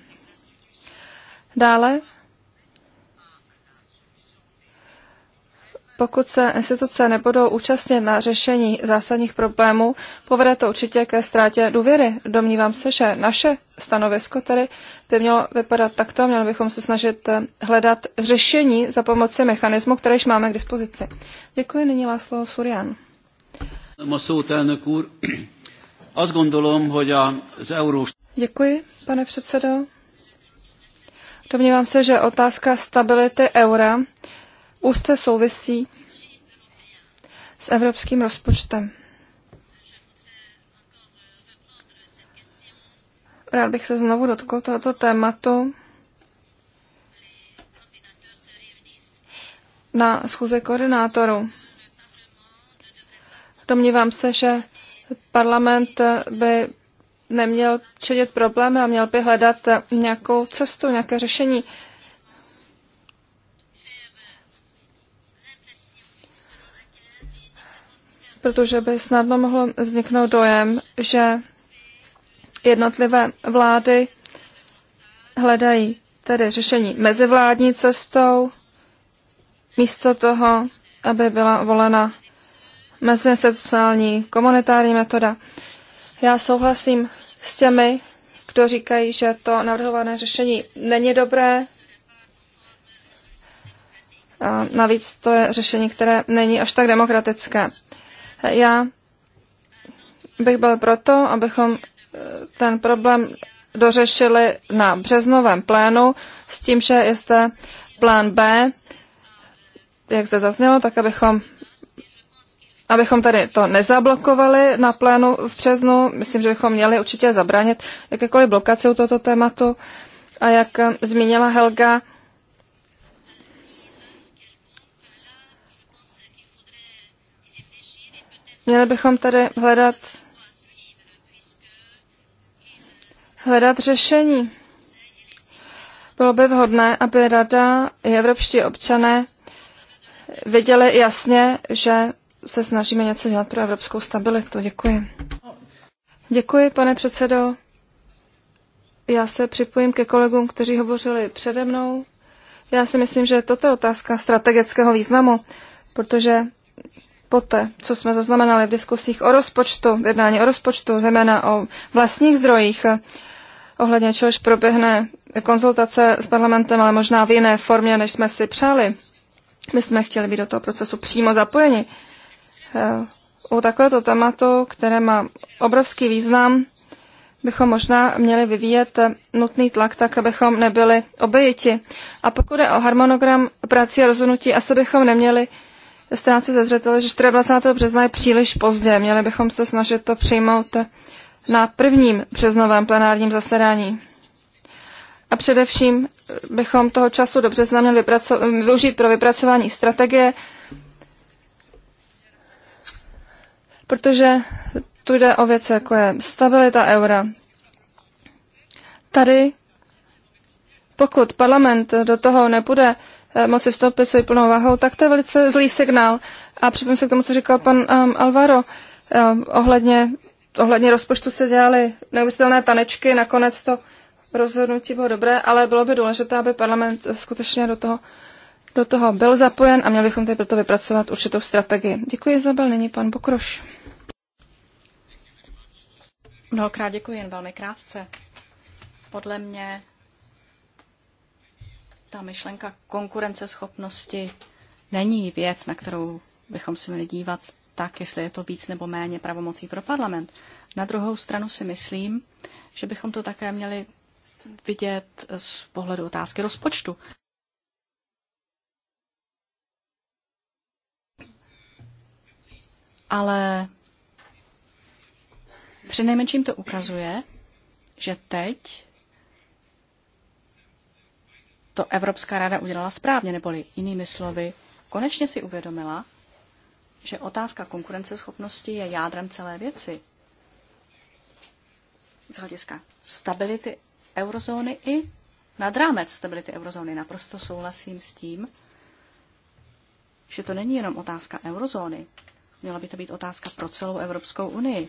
Dále Pokud se instituce nebudou účastnit na řešení zásadních problémů, povede to určitě ke ztrátě důvěry. Domnívám se, že naše stanovisko tedy by mělo vypadat takto, měli bychom se snažit eh, hledat řešení za pomoci mechanismu, které již máme k dispozici. Děkuji, nyní Láslo Surian. Děkuji, pane předsedo. Domnívám se, že otázka stability eura úzce souvisí s evropským rozpočtem. Rád bych se znovu dotkl tohoto tématu na schůze koordinátorů. Domnívám se, že parlament by neměl čelit problémy a měl by hledat nějakou cestu, nějaké řešení. protože by snadno mohl vzniknout dojem, že jednotlivé vlády hledají tedy řešení mezivládní cestou, místo toho, aby byla volena meziinstitucionální komunitární metoda. Já souhlasím s těmi, kdo říkají, že to navrhované řešení není dobré. A navíc to je řešení, které není až tak demokratické. Já bych byl proto, abychom eh, ten problém dořešili na březnovém plénu s tím, že je zde plán B, jak se zaznělo, tak abychom abychom tady to nezablokovali na plénu v březnu. Myslím, že bychom měli určitě zabránit jakékoliv blokaci u tohoto tématu. A jak eh, zmínila Helga, Měli bychom tady hledat, hledat řešení. Bylo by vhodné, aby Rada i evropští občané viděli jasně, že se snažíme něco dělat pro evropskou stabilitu. Děkuji. Děkuji, pane předsedo. Já se připojím ke kolegům, kteří hovořili přede mnou. Já si myslím, že toto je otázka strategického významu, protože poté, co jsme zaznamenali v diskusích o rozpočtu, v jednání o rozpočtu, zejména o vlastních zdrojích, ohledně čehož proběhne konzultace s parlamentem, ale možná v jiné formě, než jsme si přáli. My jsme chtěli být do toho procesu přímo zapojeni. U takovéto tématu, které má obrovský význam, bychom možná měli vyvíjet nutný tlak tak, abychom nebyli obejiti. A pokud je o harmonogram prací a rozhodnutí, asi bychom neměli stránce ze zřetele, že 24. března je příliš pozdě. Měli bychom se snažit to přijmout na prvním březnovém plenárním zasedání. A především bychom toho času do března měli využít pro vypracování strategie, protože tu jde o věci, jako je stabilita eura. Tady, pokud parlament do toho nepůjde Eh, moci vstoupit svojí plnou váhou, tak to je velice zlý signál. A připomínám se k tomu, co říkal pan um, Alvaro um, ohledně, ohledně rozpočtu se dělaly neuvěřitelné tanečky, nakonec to rozhodnutí bylo dobré, ale bylo by důležité, aby parlament skutečně do toho, do toho byl zapojen a měli bychom tady proto vypracovat určitou strategii. Děkuji, Izabel, nyní pan Bokroš. Mnohokrát děkuji, jen velmi krátce. Podle mě ta myšlenka konkurenceschopnosti není věc, na kterou bychom si měli dívat tak, jestli je to víc nebo méně pravomocí pro parlament. Na druhou stranu si myslím, že bychom to také měli vidět z pohledu otázky rozpočtu. Ale přinejmenším to ukazuje, že teď to Evropská rada udělala správně, neboli jinými slovy, konečně si uvědomila, že otázka konkurenceschopnosti je jádrem celé věci. Z hlediska stability eurozóny i nad rámec stability eurozóny. Naprosto souhlasím s tím, že to není jenom otázka eurozóny. Měla by to být otázka pro celou Evropskou unii.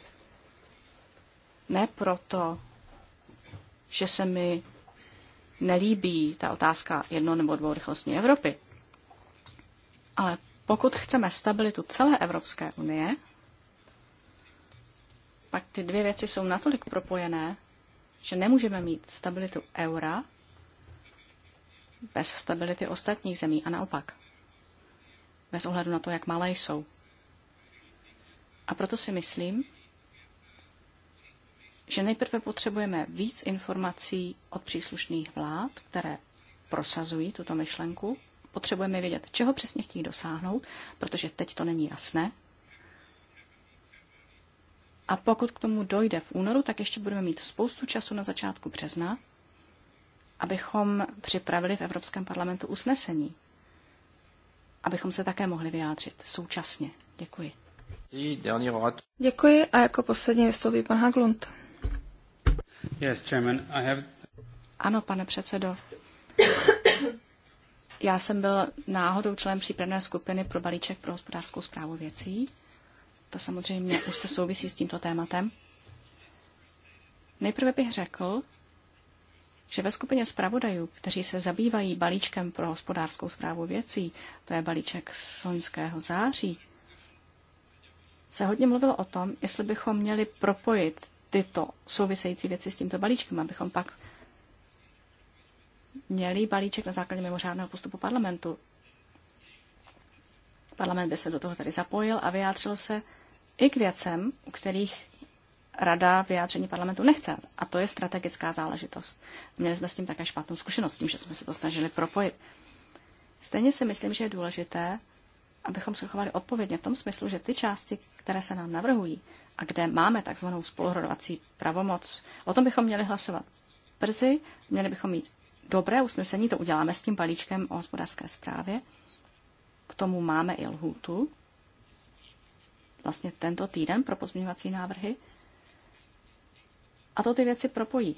Ne proto, že se mi nelíbí ta otázka jedno nebo dvou rychlostní Evropy. Ale pokud chceme stabilitu celé Evropské unie, pak ty dvě věci jsou natolik propojené, že nemůžeme mít stabilitu eura bez stability ostatních zemí a naopak. Bez ohledu na to, jak malé jsou. A proto si myslím, že nejprve potřebujeme víc informací od příslušných vlád, které prosazují tuto myšlenku. Potřebujeme vědět, čeho přesně chtějí dosáhnout, protože teď to není jasné. A pokud k tomu dojde v únoru, tak ještě budeme mít spoustu času na začátku března, abychom připravili v Evropském parlamentu usnesení, abychom se také mohli vyjádřit současně. Děkuji. Děkuji a jako poslední vystoupí pan Haglund. Ano, pane předsedo. Já jsem byl náhodou člen přípravné skupiny pro balíček pro hospodářskou zprávu věcí. To samozřejmě už se souvisí s tímto tématem. Nejprve bych řekl, že ve skupině zpravodajů, kteří se zabývají balíčkem pro hospodářskou zprávu věcí, to je balíček sloňského září, se hodně mluvilo o tom, jestli bychom měli propojit tyto související věci s tímto balíčkem, abychom pak měli balíček na základě mimořádného postupu parlamentu. Parlament by se do toho tady zapojil a vyjádřil se i k věcem, u kterých rada vyjádření parlamentu nechce. A to je strategická záležitost. Měli jsme s tím také špatnou zkušenost, tím, že jsme se to snažili propojit. Stejně si myslím, že je důležité, abychom se chovali odpovědně v tom smyslu, že ty části, které se nám navrhují, a kde máme takzvanou spolurodovací pravomoc. O tom bychom měli hlasovat brzy, měli bychom mít dobré usnesení, to uděláme s tím balíčkem o hospodářské zprávě. K tomu máme i lhůtu, vlastně tento týden pro pozměňovací návrhy. A to ty věci propojí.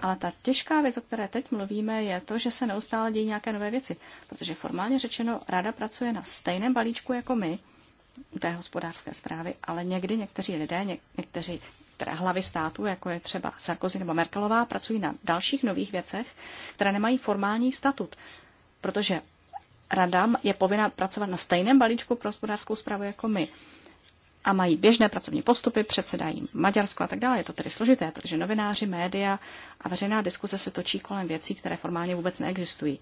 Ale ta těžká věc, o které teď mluvíme, je to, že se neustále dějí nějaké nové věci. Protože formálně řečeno, rada pracuje na stejném balíčku jako my, té hospodářské zprávy, ale někdy někteří lidé, něk- někteří které hlavy státu, jako je třeba Sarkozy nebo Merkelová, pracují na dalších nových věcech, které nemají formální statut, protože rada je povinna pracovat na stejném balíčku pro hospodářskou zprávu jako my. A mají běžné pracovní postupy, předsedají Maďarsko a tak dále. Je to tedy složité, protože novináři, média a veřejná diskuse se točí kolem věcí, které formálně vůbec neexistují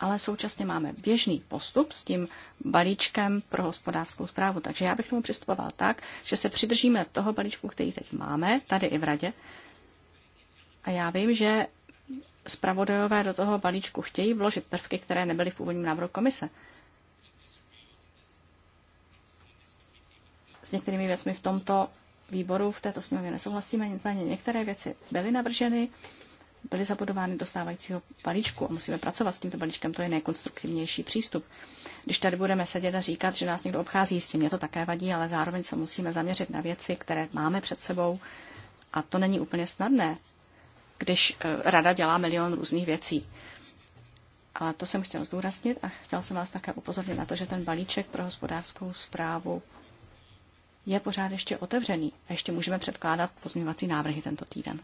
ale současně máme běžný postup s tím balíčkem pro hospodářskou zprávu. Takže já bych tomu přistupoval tak, že se přidržíme toho balíčku, který teď máme, tady i v radě. A já vím, že zpravodajové do toho balíčku chtějí vložit prvky, které nebyly v původním návrhu komise. S některými věcmi v tomto výboru v této sněmovně nesouhlasíme, nicméně některé věci byly navrženy byly zabudovány do stávajícího balíčku a musíme pracovat s tímto balíčkem, to je nejkonstruktivnější přístup. Když tady budeme sedět a říkat, že nás někdo obchází, s tím mě to také vadí, ale zároveň se musíme zaměřit na věci, které máme před sebou a to není úplně snadné, když eh, rada dělá milion různých věcí. Ale to jsem chtěl zdůraznit a chtěl jsem vás také upozornit na to, že ten balíček pro hospodářskou zprávu je pořád ještě otevřený a ještě můžeme předkládat pozměňovací návrhy tento týden.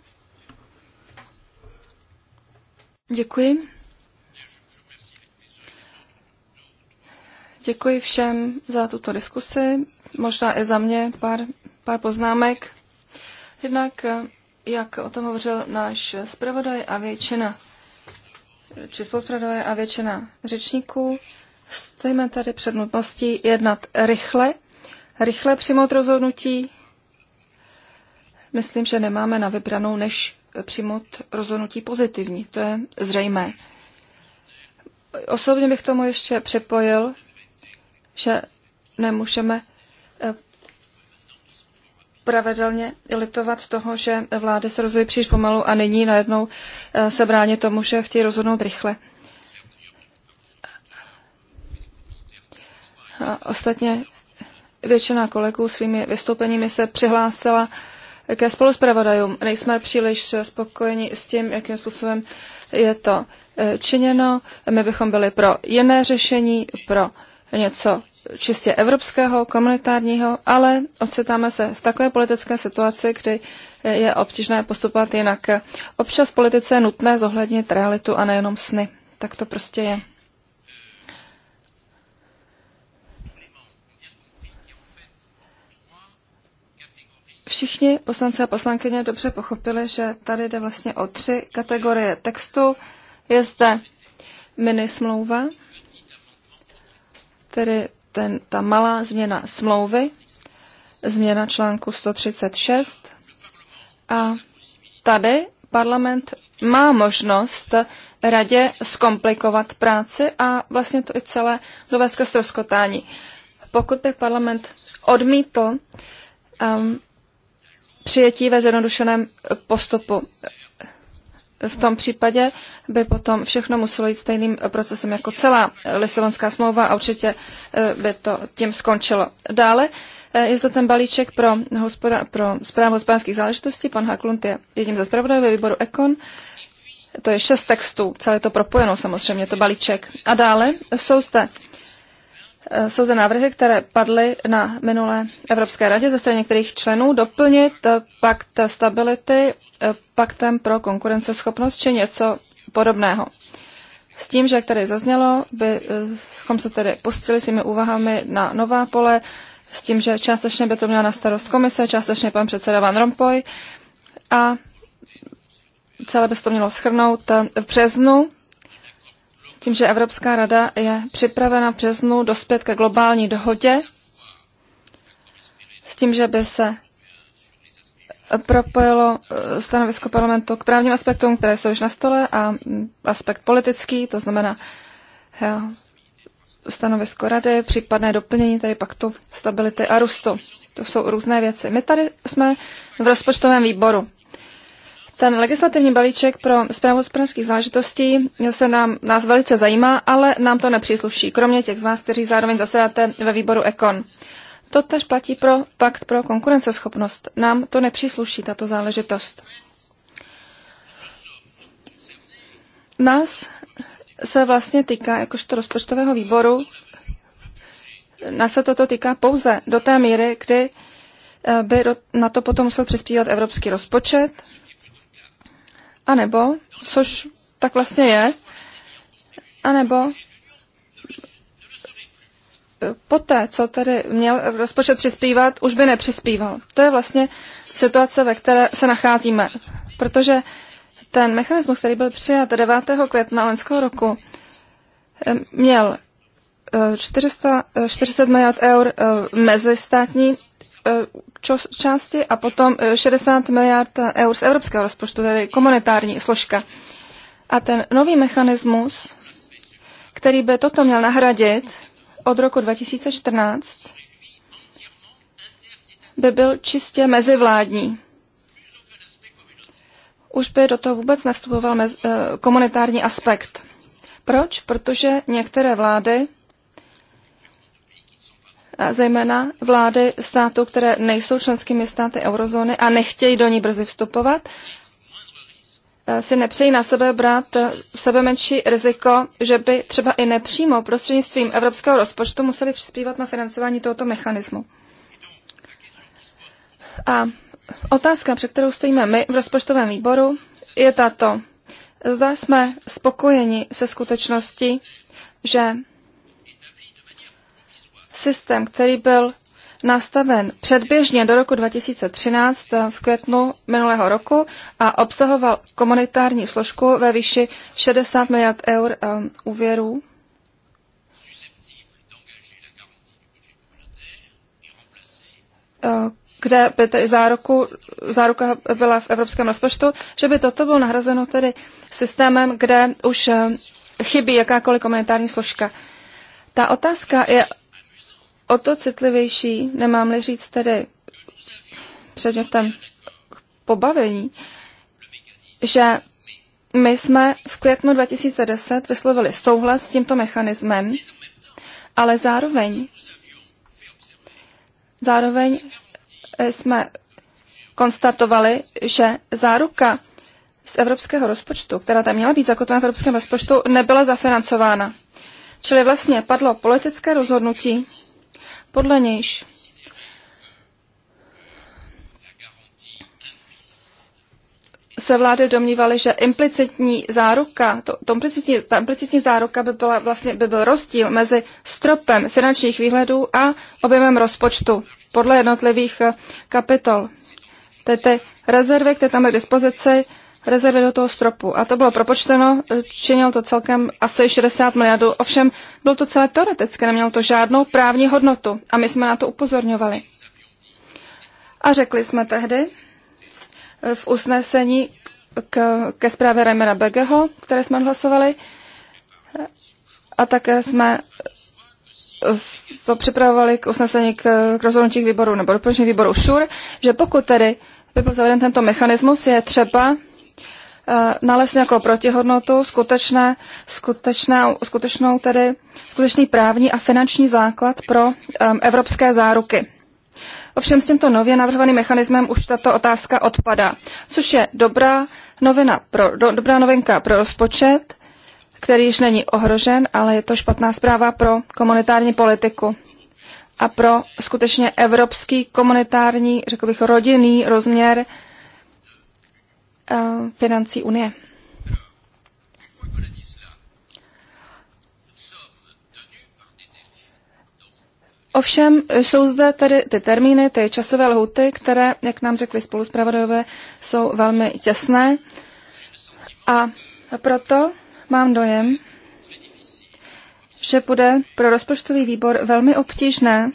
Děkuji. Děkuji všem za tuto diskusi, možná i za mě pár, pár poznámek. Jednak, jak o tom hovořil náš zpravodaj a většina, či spolupravodaj a většina řečníků, stojíme tady před nutností jednat rychle, rychle přijmout rozhodnutí. Myslím, že nemáme na vybranou než přijmout rozhodnutí pozitivní. To je zřejmé. Osobně bych tomu ještě připojil, že nemůžeme eh, pravidelně litovat toho, že vlády se rozvíjí příliš pomalu a nyní najednou eh, se brání tomu, že chtějí rozhodnout rychle. A ostatně většina kolegů svými vystoupeními se přihlásila ke spoluzpravodajům. Nejsme příliš spokojeni s tím, jakým způsobem je to e, činěno. My bychom byli pro jiné řešení, pro něco čistě evropského, komunitárního, ale ocitáme se v takové politické situaci, kdy je obtížné postupovat jinak. Občas politice je nutné zohlednit realitu a nejenom sny. Tak to prostě je. Všichni poslanci a poslankyně dobře pochopili, že tady jde vlastně o tři kategorie textu. Je zde mini smlouva, tedy ten, ta malá změna smlouvy, změna článku 136. A tady parlament má možnost radě zkomplikovat práci a vlastně to i celé dovést ke Pokud by parlament odmítl um, přijetí ve zjednodušeném postupu. V tom případě by potom všechno muselo jít stejným procesem jako celá Lisabonská smlouva a určitě eh, by to tím skončilo. Dále eh, je zde ten balíček pro, hospoda- pro zprávu hospodářských záležitostí. Pan Haklund je jedním ze zpravodajů ve výboru Ekon. To je šest textů, celé to propojeno samozřejmě, to balíček. A dále jsou zde Eh, jsou to návrhy, které padly na minulé Evropské radě ze strany některých členů, doplnit eh, pakt stability eh, paktem pro konkurenceschopnost či něco podobného. S tím, že jak tady zaznělo, bychom se tedy pustili svými úvahami na nová pole, s tím, že částečně by to měla na starost komise, částečně pan předseda Van Rompuy a celé by se to mělo schrnout v březnu tím, že Evropská rada je připravena v březnu dospět ke globální dohodě, s tím, že by se propojilo eh, stanovisko parlamentu k právním aspektům, které jsou už na stole, a mm, aspekt politický, to znamená eh, stanovisko rady, případné doplnění tedy paktu stability a růstu. To jsou různé věci. My tady jsme v rozpočtovém výboru. Ten legislativní balíček pro zprávu hospodářských záležitostí se nám, nás velice zajímá, ale nám to nepřísluší, kromě těch z vás, kteří zároveň zasedáte ve výboru EKON. To tež platí pro pakt pro konkurenceschopnost. Nám to nepřísluší, tato záležitost. Nás se vlastně týká, jakožto rozpočtového výboru, nás se toto týká pouze do té míry, kdy eh, by na to potom musel přispívat evropský rozpočet, a nebo, což tak vlastně je, a nebo poté, co tedy měl rozpočet přispívat, už by nepřispíval. To je vlastně situace, ve které se nacházíme, protože ten mechanismus, který byl přijat 9. května loňského roku, měl 400, eh, 40 eh, miliard eur eh, mezistátní Eh, části a potom 60 eh, miliard eur z evropského rozpočtu, tedy komunitární složka. A ten nový mechanismus, který by toto měl nahradit od roku 2014, by byl čistě mezivládní. Už by do toho vůbec nevstupoval mez, eh, komunitární aspekt. Proč? Protože některé vlády zejména vlády států, které nejsou členskými státy eurozóny a nechtějí do ní brzy vstupovat, eh, si nepřejí na sebe brát eh, sebe menší riziko, že by třeba i nepřímo prostřednictvím evropského rozpočtu museli přispívat na financování tohoto mechanismu. A otázka, před kterou stojíme my v rozpočtovém výboru, je tato. Zda jsme spokojeni se skutečností, že systém, který byl nastaven předběžně do roku 2013 eh, v květnu minulého roku a obsahoval komunitární složku ve výši 60 miliard eur um, úvěrů. Eh, kde by tedy záruku, záruka byla v evropském rozpočtu, že by toto bylo nahrazeno tedy systémem, kde už chybí jakákoliv komunitární složka. Ta otázka je o to citlivější, nemám-li říct tedy předmětem pobavení, že my jsme v květnu 2010 vyslovili souhlas s tímto mechanismem, ale zároveň, zároveň eh, jsme konstatovali, že záruka z evropského rozpočtu, která tam měla být zakotvena v evropském rozpočtu, nebyla zafinancována. Čili vlastně padlo politické rozhodnutí podle nějž se vlády domnívaly, že implicitní záruka, to, to implicitní, ta implicitní záruka by, byla vlastně, by byl rozdíl mezi stropem finančních výhledů a objemem rozpočtu podle jednotlivých kapitol. Tedy rezervy, které tam k dispozici, rezervy do toho stropu. A to bylo propočteno, eh, činilo to celkem asi 60 miliardů. Ovšem bylo to celé teoretické, nemělo to žádnou právní hodnotu. A my jsme na to upozorňovali. A řekli jsme tehdy eh, v usnesení k, ke zprávě Remera Begeho, které jsme hlasovali, a také jsme eh, to připravovali k usnesení k, k rozhodnutí výboru nebo doporučení výboru ŠUR, že pokud tedy by byl zaveden tento mechanismus, je třeba Eh, nalézt nějakou protihodnotu, skutečné, skutečné, skutečnou tedy, skutečný právní a finanční základ pro um, evropské záruky. Ovšem s tímto nově navrhovaným mechanismem už tato otázka odpadá, což je dobrá, novina pro, do, dobrá novinka pro rozpočet, který již není ohrožen, ale je to špatná zpráva pro komunitární politiku a pro skutečně evropský komunitární, řekl bych, rodinný rozměr uh, Eh, financí Unie. Ovšem jsou zde tedy ty termíny, ty časové lhuty, které, jak nám řekli spoluspravodajové, jsou velmi těsné. A proto mám dojem, že bude pro rozpočtový výbor velmi obtížné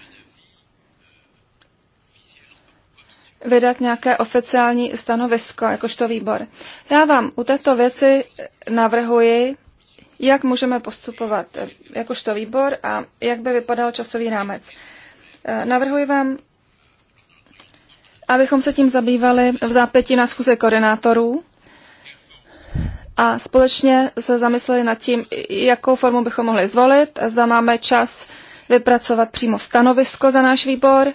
vydat nějaké oficiální stanovisko, jakožto výbor. Já vám u této věci navrhuji, jak můžeme postupovat jakožto výbor a jak by vypadal časový rámec. Eh, navrhuji vám, abychom se tím zabývali v zápěti na schůze koordinátorů a společně se zamysleli nad tím, jakou formu bychom mohli zvolit, zda máme čas vypracovat přímo stanovisko za náš výbor,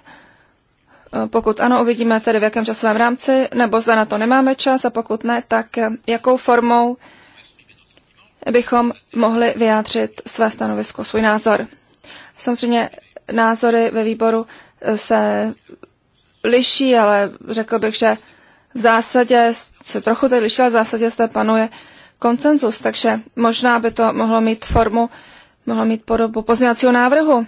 pokud ano, uvidíme tedy v jakém časovém rámci, nebo zda na to nemáme čas a pokud ne, tak eh, jakou formou bychom mohli vyjádřit své stanovisko, svůj názor. Samozřejmě názory ve výboru eh, se liší, ale řekl bych, že v zásadě se trochu tady liší, ale v zásadě zde panuje koncenzus, takže možná by to mohlo mít formu, mohlo mít podobu pozměňovacího návrhu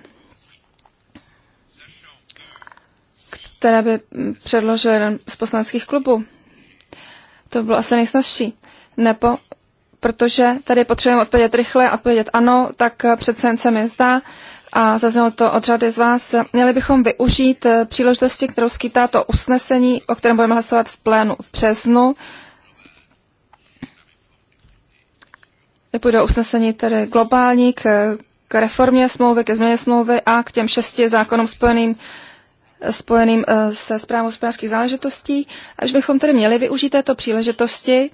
které by předložil jeden z poslaneckých klubů. To by bylo asi nejsnažší. Nebo protože tady potřebujeme odpovědět rychle, odpovědět ano, tak přece jen se mi zdá, a zaznělo to od řady z vás, měli bychom využít eh, příležitosti, kterou skýtá to usnesení, o kterém budeme hlasovat v plénu v březnu. Půjde usnesení tedy globální k, eh, k reformě smlouvy, ke změně smlouvy a k těm šesti zákonům spojeným spojeným eh, se zprávou hospodářských záležitostí, až bychom tedy měli využít této příležitosti,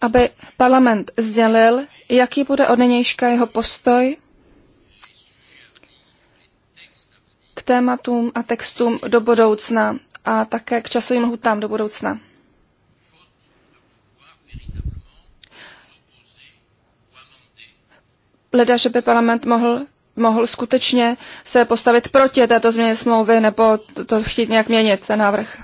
aby parlament sdělil, jaký bude od nynějška jeho postoj k tématům a textům do budoucna a také k časovým hutám do budoucna. Leda, že by parlament mohl mohl skutečně se postavit proti této změně smlouvy nebo to chtít nějak měnit, ten návrh.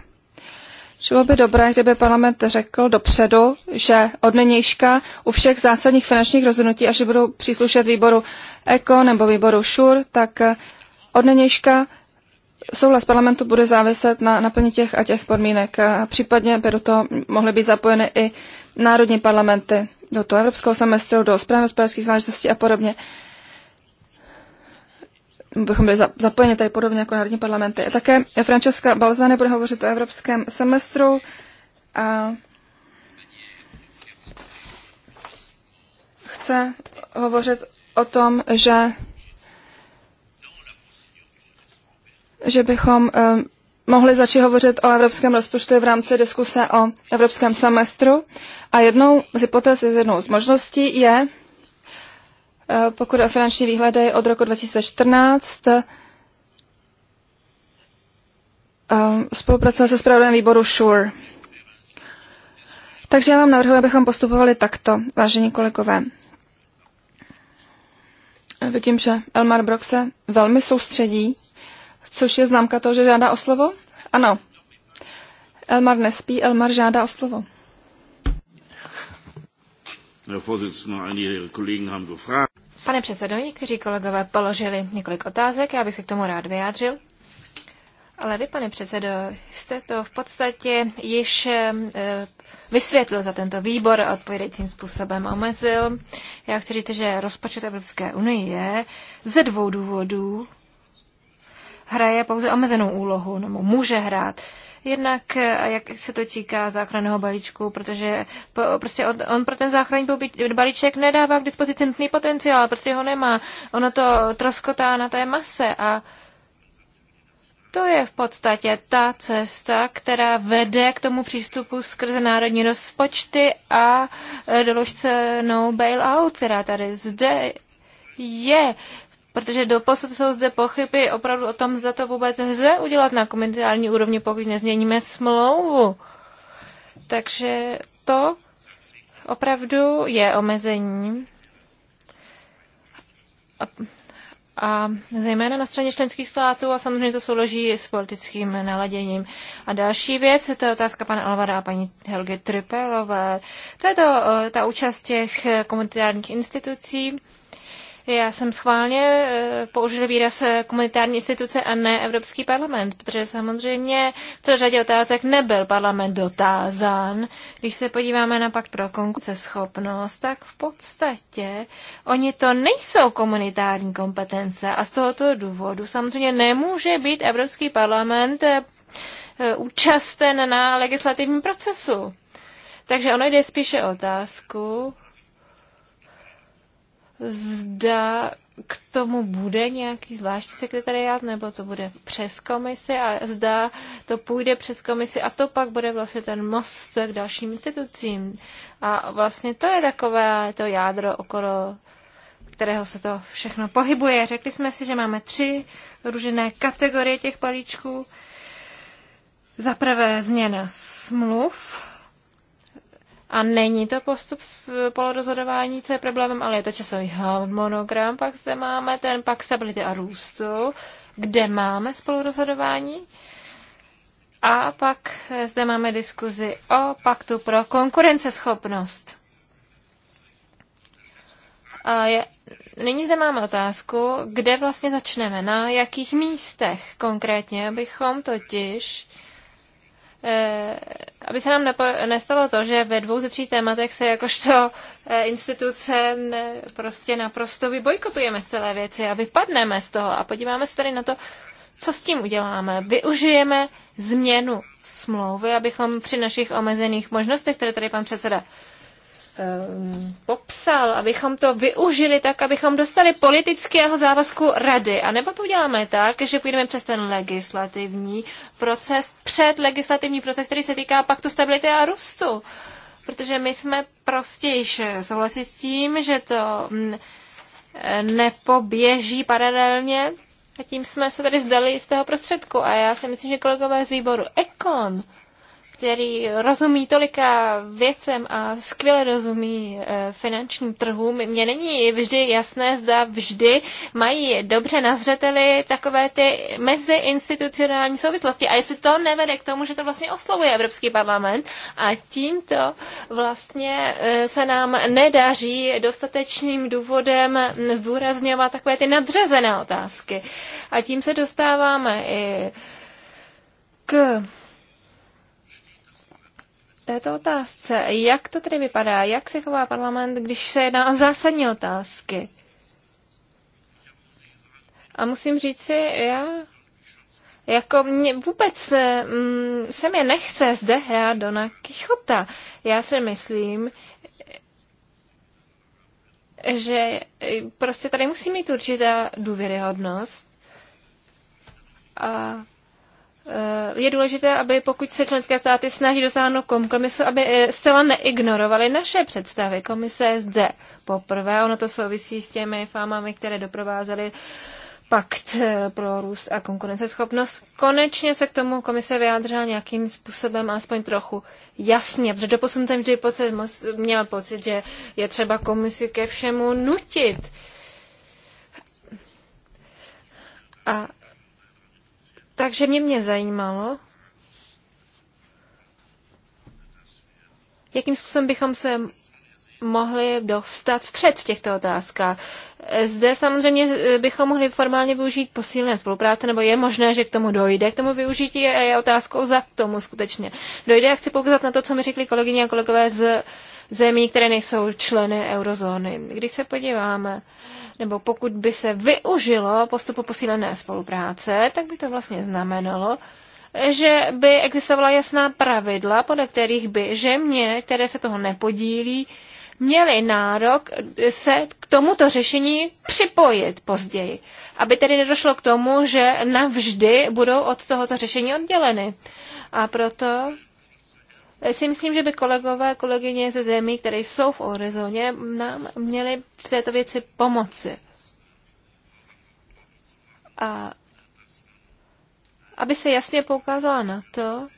Bylo by dobré, kdyby parlament řekl dopředu, že od nynějška u všech zásadních finančních rozhodnutí, až budou příslušet výboru ECO nebo výboru ŠUR, tak od nynějška souhlas parlamentu bude záviset na naplní těch a těch podmínek. případně by do toho mohly být zapojeny i národní parlamenty, do toho evropského semestru, do správy hospodářských záležitostí a podobně. Uh, bychom byli zapojeni tady podobně jako národní parlamenty. také Francesca Balzany bude hovořit o evropském semestru a chce hovořit o tom, že že bychom eh, mohli začít hovořit o evropském rozpočtu v rámci diskuse o evropském semestru. A jednou z hypotéz, jednou z možností je, Eh, pokud o finanční výhledy od roku 2014, eh, spolupracujeme se zpravodajem výboru SURE. Takže já vám navrhuji, abychom postupovali takto, vážení kolegové. Eh, vidím, že Elmar Brock se velmi soustředí, což je známka toho, že žádá o slovo. Ano. Elmar nespí, Elmar žádá o slovo. Pane předsedo, někteří kolegové položili několik otázek, já bych se k tomu rád vyjádřil. Ale vy, pane předsedo, jste to v podstatě již eh, vysvětlil za tento výbor a odpovědajícím způsobem omezil. Já chci říct, že rozpočet Evropské unie ze dvou důvodů hraje pouze omezenou úlohu, nebo může hrát Jednak, eh, jak se to týká záchranného balíčku, protože po, prostě on, on pro ten záchranný balíček nedává k dispozici nutný potenciál, prostě ho nemá. Ono to troskotá na té mase a to je v podstatě ta cesta, která vede k tomu přístupu skrze národní rozpočty a eh, doložce no bailout, která tady zde je protože doposud jsou zde pochyby opravdu o tom, zda to vůbec lze udělat na komentální úrovni, pokud nezměníme smlouvu. Takže to opravdu je omezení. A, a zejména na straně členských států a samozřejmě to souloží s politickým naladěním. A další věc, to je otázka pana Alvara a paní Helge Trypelové. To je to, eh, ta účast těch komunitárních institucí já jsem schválně e, použil výraz e, komunitární instituce a ne Evropský parlament, protože samozřejmě v celé řadě otázek nebyl parlament dotázán. Když se podíváme na pakt pro konkurenceschopnost, tak v podstatě oni to nejsou komunitární kompetence a z tohoto důvodu samozřejmě nemůže být Evropský parlament e, účasten na legislativním procesu. Takže ono jde spíše o otázku, zda k tomu bude nějaký zvláštní sekretariát, nebo to bude přes komisi a zda to půjde přes komisi a to pak bude vlastně ten most k dalším institucím. A vlastně to je takové to jádro, okolo kterého se to všechno pohybuje. Řekli jsme si, že máme tři různé kategorie těch balíčků. Za prvé změna smluv, a není to postup eh, polorozhodování, co je problémem, ale je to časový harmonogram. Pak zde máme ten pak stability a růstu, kde máme spolurozhodování. A pak eh, zde máme diskuzi o paktu pro konkurenceschopnost. A je, nyní zde máme otázku, kde vlastně začneme, na jakých místech konkrétně, abychom totiž eh, aby se nám nestalo to, že ve dvou ze tří tématech se jakožto eh, instituce mm, prostě naprosto vybojkotujeme z celé věci a vypadneme z toho a podíváme se tady na to, co s tím uděláme. Využijeme změnu smlouvy, abychom při našich omezených možnostech, které tady pan předseda Eh, popsal, abychom to využili tak, abychom dostali politického závazku rady. A nebo to uděláme tak, že půjdeme přes ten legislativní proces, před legislativní proces, který se týká paktu stability a růstu. Protože my jsme prostě již souhlasí s tím, že to mm, nepoběží paralelně a tím jsme se tady vzdali z toho prostředku. A já si myslím, že kolegové z výboru Ekon který rozumí tolika věcem a skvěle rozumí eh, finančním trhům, mně není vždy jasné, zda vždy mají dobře nazřeteli takové ty meziinstitucionální souvislosti. A jestli to nevede k tomu, že to vlastně oslovuje Evropský parlament a tímto vlastně eh, se nám nedaří dostatečným důvodem zdůrazňovat takové ty nadřezené otázky. A tím se dostáváme i k této otázce. Jak to tedy vypadá? Jak se chová parlament, když se jedná o zásadní otázky? A musím říct si, já jako mě vůbec mm, se mě nechce zde hrát Dona Kichota. Já si myslím, že prostě tady musí mít určitá důvěryhodnost. A Eh, je důležité, aby pokud se členské státy snaží dosáhnout kompromisu, aby eh, zcela neignorovali naše představy. Komise zde poprvé, ono to souvisí s těmi fámami, které doprovázely pakt eh, pro růst a konkurenceschopnost. Konečně se k tomu komise vyjádřila nějakým způsobem, alespoň trochu jasně, protože doposud jsem vždy pocit, měla pocit, že je třeba komisi ke všemu nutit. A takže mě mě zajímalo, jakým způsobem bychom se mohli dostat vpřed v těchto otázkách. Zde samozřejmě bychom mohli formálně využít posílené spolupráce, nebo je možné, že k tomu dojde, k tomu využití a je otázkou za k tomu skutečně. Dojde, já chci poukázat na to, co mi řekli kolegyně a kolegové z zemí, které nejsou členy eurozóny. Když se podíváme nebo pokud by se využilo postupu posílené spolupráce, tak by to vlastně znamenalo, že by existovala jasná pravidla, podle kterých by země, které se toho nepodílí, měly nárok se k tomuto řešení připojit později, aby tedy nedošlo k tomu, že navždy budou od tohoto řešení odděleny. A proto si myslím, že by kolegové a kolegyně ze zemí, které jsou v eurozóně, nám měli v této věci pomoci. A aby se jasně poukázala na to,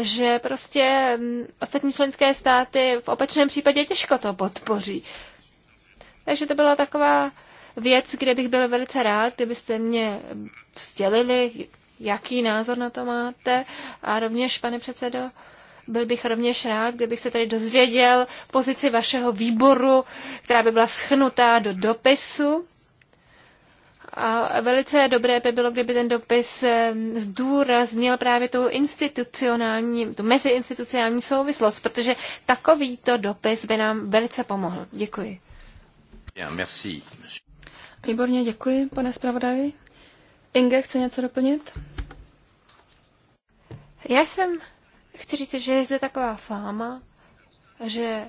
že prostě mm, ostatní členské státy v opačném případě těžko to podpoří. Takže to byla taková věc, kde bych byl velice rád, kdybyste mě vzdělili, jaký názor na to máte. A rovněž, pane předsedo, byl bych rovněž rád, kdybych se tady dozvěděl pozici vašeho výboru, která by byla schnutá do dopisu. A velice dobré by bylo, kdyby ten dopis zdůraznil právě tu institucionální, tu meziinstitucionální souvislost, protože takovýto dopis by nám velice pomohl. Děkuji. Výborně, děkuji, pane zpravodaji. Inge chce něco doplnit? Já jsem chci říct, že je zde taková fáma, že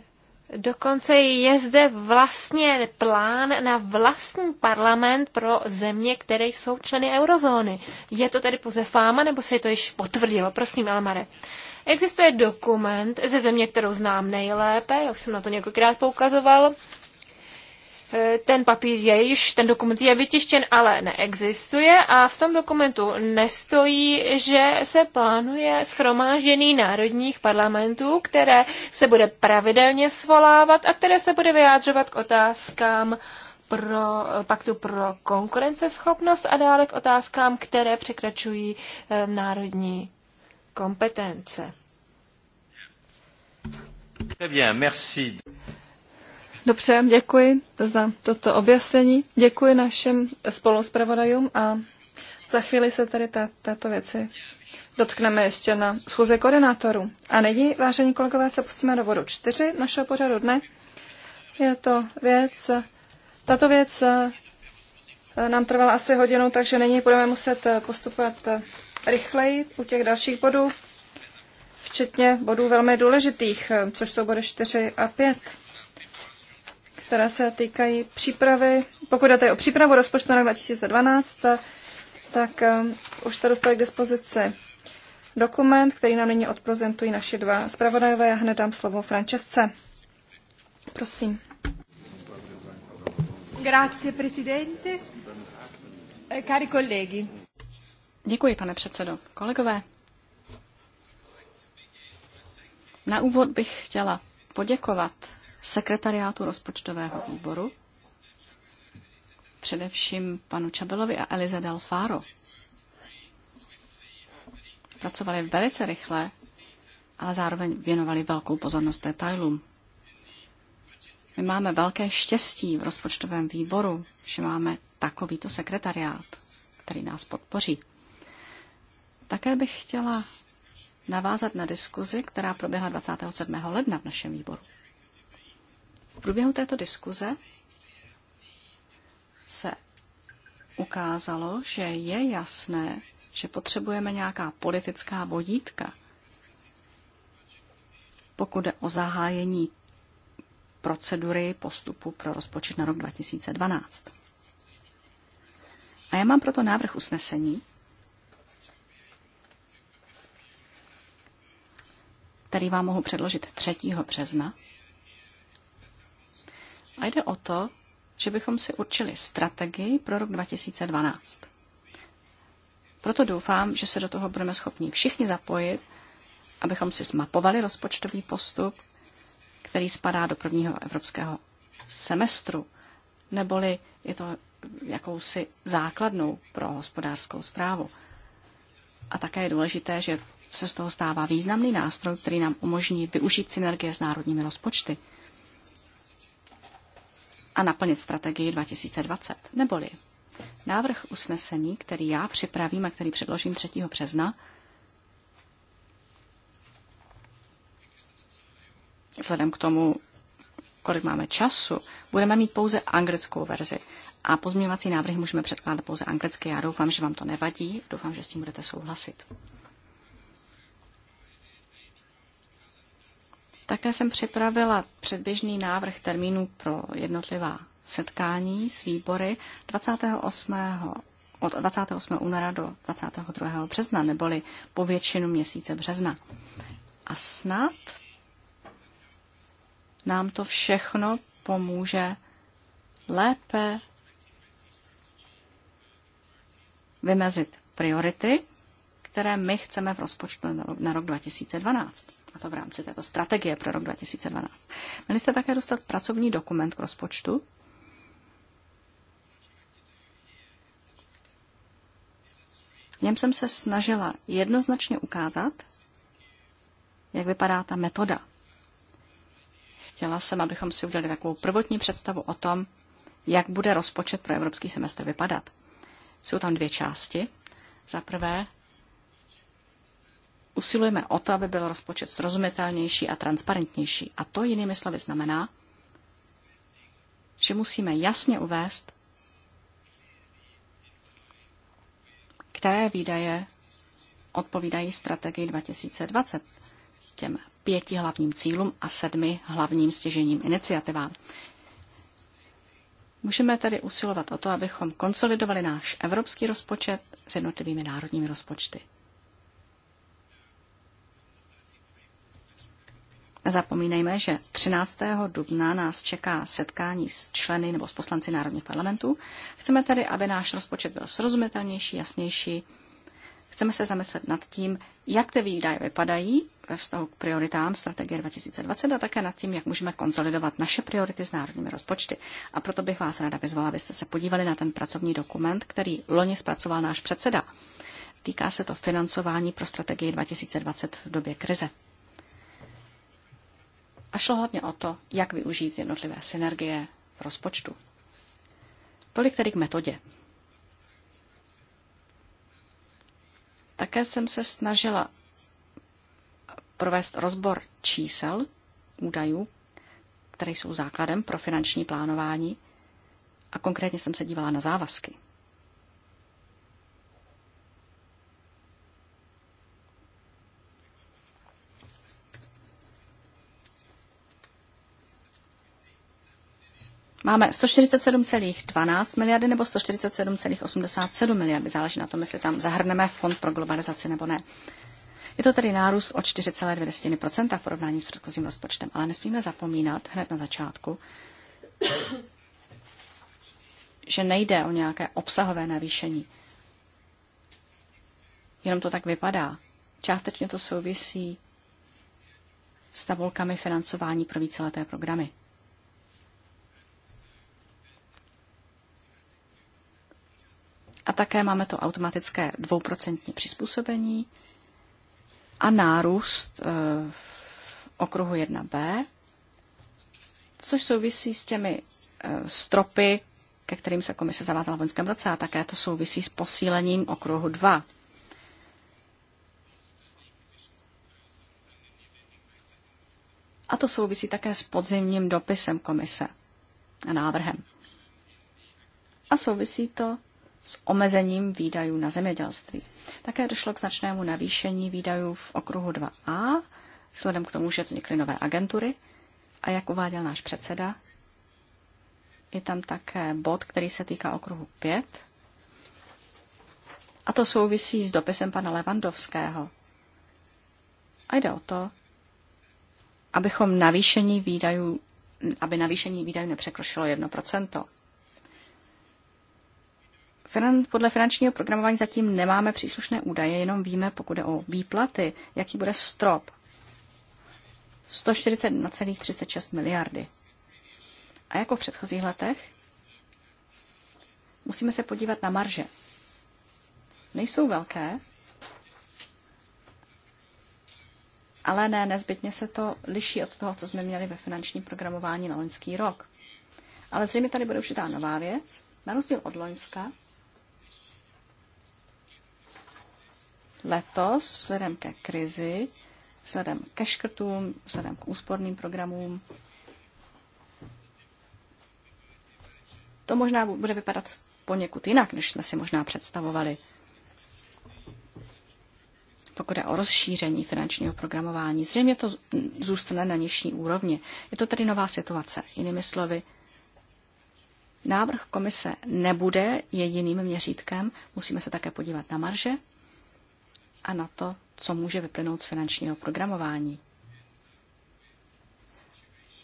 dokonce je zde vlastně plán na vlastní parlament pro země, které jsou členy eurozóny. Je to tedy pouze fáma, nebo se to již potvrdilo? Prosím, Elmare. Existuje dokument ze země, kterou znám nejlépe, já už jsem na to několikrát poukazoval, Eh, ten papír je již, ten dokument je vytištěn, ale neexistuje a v tom dokumentu nestojí, že se plánuje schromáždění národních parlamentů, které se bude pravidelně svolávat a které se bude vyjádřovat k otázkám pro eh, paktu pro konkurenceschopnost a dále k otázkám, které překračují eh, národní kompetence. Très bien, merci. Dobře, děkuji za toto objasnění. Děkuji našim spoluzpravodajům a za chvíli se tady ta, této věci dotkneme ještě na schůze koordinátorů. A nyní, vážení kolegové, se pustíme do bodu čtyři našeho pořadu dne. Je to věc, tato věc eh, nám trvala asi hodinu, takže nyní budeme muset eh, postupovat eh, rychleji u těch dalších bodů, včetně bodů velmi důležitých, což jsou body 4 a 5 které se týkají přípravy. Pokud jde o přípravu rozpočtu na 2012, tak eh, už jste dostali k dispozici dokument, který nám nyní odprezentují naše dva zpravodajové. Já hned dám slovo Francesce. Prosím. Grazie, presidente. Eh, cari colleghi. Děkuji, pane předsedo. Kolegové, na úvod bych chtěla poděkovat sekretariátu rozpočtového výboru, především panu Čabelovi a Elize Delfáro. Pracovali velice rychle, ale zároveň věnovali velkou pozornost detailům. My máme velké štěstí v rozpočtovém výboru, že máme takovýto sekretariát, který nás podpoří. Také bych chtěla navázat na diskuzi, která proběhla 27. ledna v našem výboru. V průběhu této diskuze se ukázalo, že je jasné, že potřebujeme nějaká politická vodítka, pokud jde o zahájení procedury postupu pro rozpočet na rok 2012. A já mám proto návrh usnesení, který vám mohu předložit 3. března a jde o to, že bychom si určili strategii pro rok 2012. Proto doufám, že se do toho budeme schopni všichni zapojit, abychom si zmapovali rozpočtový postup, který spadá do prvního evropského semestru, neboli je to jakousi základnou pro hospodářskou zprávu. A také je důležité, že se z toho stává významný nástroj, který nám umožní využít synergie s národními rozpočty a naplnit strategii 2020. Neboli návrh usnesení, který já připravím a který předložím 3. března, vzhledem k tomu, kolik máme času, budeme mít pouze anglickou verzi. A pozměňovací návrhy můžeme předkládat pouze anglicky. Já doufám, že vám to nevadí, doufám, že s tím budete souhlasit. Také jsem připravila předběžný návrh termínů pro jednotlivá setkání s výbory 28. od 28. února do 22. března, neboli po většinu měsíce března. A snad nám to všechno pomůže lépe vymezit priority, které my chceme v rozpočtu na rok 2012 a to v rámci této strategie pro rok 2012. Měli jste také dostat pracovní dokument k rozpočtu. V něm jsem se snažila jednoznačně ukázat, jak vypadá ta metoda. Chtěla jsem, abychom si udělali takovou prvotní představu o tom, jak bude rozpočet pro evropský semestr vypadat. Jsou tam dvě části. Za prvé usilujeme o to, aby byl rozpočet srozumitelnější a transparentnější. A to jinými slovy znamená, že musíme jasně uvést, které výdaje odpovídají strategii 2020, těm pěti hlavním cílům a sedmi hlavním stěžením iniciativám. Můžeme tedy usilovat o to, abychom konsolidovali náš evropský rozpočet s jednotlivými národními rozpočty. Nezapomínejme, že 13. dubna nás čeká setkání s členy nebo s poslanci národních parlamentů. Chceme tedy, aby náš rozpočet byl srozumitelnější, jasnější. Chceme se zamyslet nad tím, jak ty výdaje vypadají ve vztahu k prioritám strategie 2020 a také nad tím, jak můžeme konsolidovat naše priority s národními rozpočty. A proto bych vás ráda vyzvala, abyste se podívali na ten pracovní dokument, který loni zpracoval náš předseda. Týká se to financování pro strategii 2020 v době krize. A šlo hlavně o to, jak využít jednotlivé synergie v rozpočtu. Tolik tedy k metodě. Také jsem se snažila provést rozbor čísel, údajů, které jsou základem pro finanční plánování a konkrétně jsem se dívala na závazky. Máme 147,12 miliardy nebo 147,87 miliardy. Záleží na tom, jestli tam zahrneme fond pro globalizaci nebo ne. Je to tedy nárůst o 4,2% v porovnání s předchozím rozpočtem, ale nesmíme zapomínat hned na začátku, že nejde o nějaké obsahové navýšení. Jenom to tak vypadá. Částečně to souvisí s tabulkami financování pro víceleté programy. A také máme to automatické dvouprocentní přizpůsobení a nárůst eh, v okruhu 1b, což souvisí s těmi eh, stropy, ke kterým se komise zavázala v loňském roce a také to souvisí s posílením okruhu 2. A to souvisí také s podzimním dopisem komise a návrhem. A souvisí to s omezením výdajů na zemědělství. Také došlo k značnému navýšení výdajů v okruhu 2a, vzhledem k tomu, že vznikly nové agentury. A jak uváděl náš předseda, je tam také bod, který se týká okruhu 5. A to souvisí s dopisem pana Levandovského. A jde o to, abychom navýšení výdajů, aby navýšení výdajů nepřekročilo 1% podle finančního programování zatím nemáme příslušné údaje, jenom víme, pokud je o výplaty, jaký bude strop. 141,36 miliardy. A jako v předchozích letech, musíme se podívat na marže. Nejsou velké, ale ne, nezbytně se to liší od toho, co jsme měli ve finančním programování na loňský rok. Ale zřejmě tady bude určitá nová věc. Na rozdíl od loňska letos vzhledem ke krizi, vzhledem ke škrtům, vzhledem k úsporným programům, to možná bude vypadat poněkud jinak, než jsme si možná představovali. Pokud je o rozšíření finančního programování, zřejmě to zůstane na nižší úrovni. Je to tedy nová situace. Jinými slovy, návrh komise nebude jediným měřítkem. Musíme se také podívat na marže a na to, co může vyplynout z finančního programování.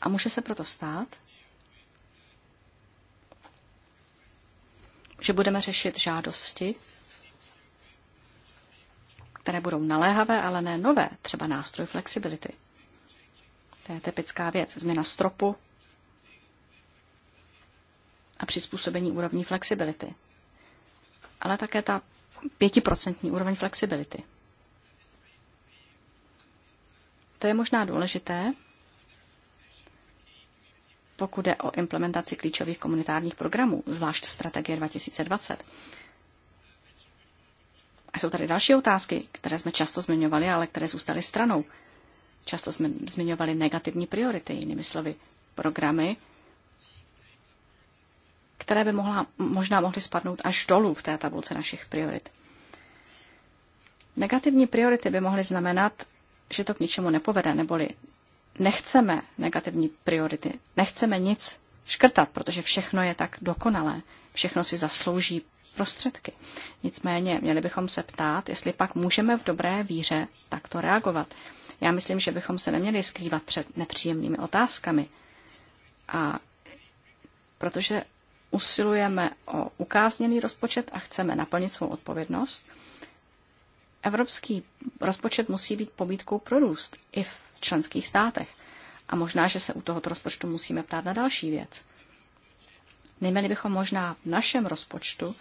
A může se proto stát, že budeme řešit žádosti, které budou naléhavé, ale ne nové, třeba nástroj flexibility. To je typická věc, změna stropu a přizpůsobení úrovní flexibility. Ale také ta pětiprocentní úroveň flexibility. To je možná důležité, pokud jde o implementaci klíčových komunitárních programů, zvlášť strategie 2020. A jsou tady další otázky, které jsme často zmiňovali, ale které zůstaly stranou. Často jsme zmiňovali negativní priority, jinými slovy programy, které by mohla, možná mohly spadnout až dolů v té tabulce našich priorit. Negativní priority by mohly znamenat, že to k ničemu nepovede, neboli nechceme negativní priority, nechceme nic škrtat, protože všechno je tak dokonalé, všechno si zaslouží prostředky. Nicméně měli bychom se ptát, jestli pak můžeme v dobré víře takto reagovat. Já myslím, že bychom se neměli skrývat před nepříjemnými otázkami. A protože usilujeme o ukázněný rozpočet a chceme naplnit svou odpovědnost. Evropský rozpočet musí být pobídkou pro růst i v členských státech. A možná, že se u tohoto rozpočtu musíme ptát na další věc. Neměli bychom možná v našem rozpočtu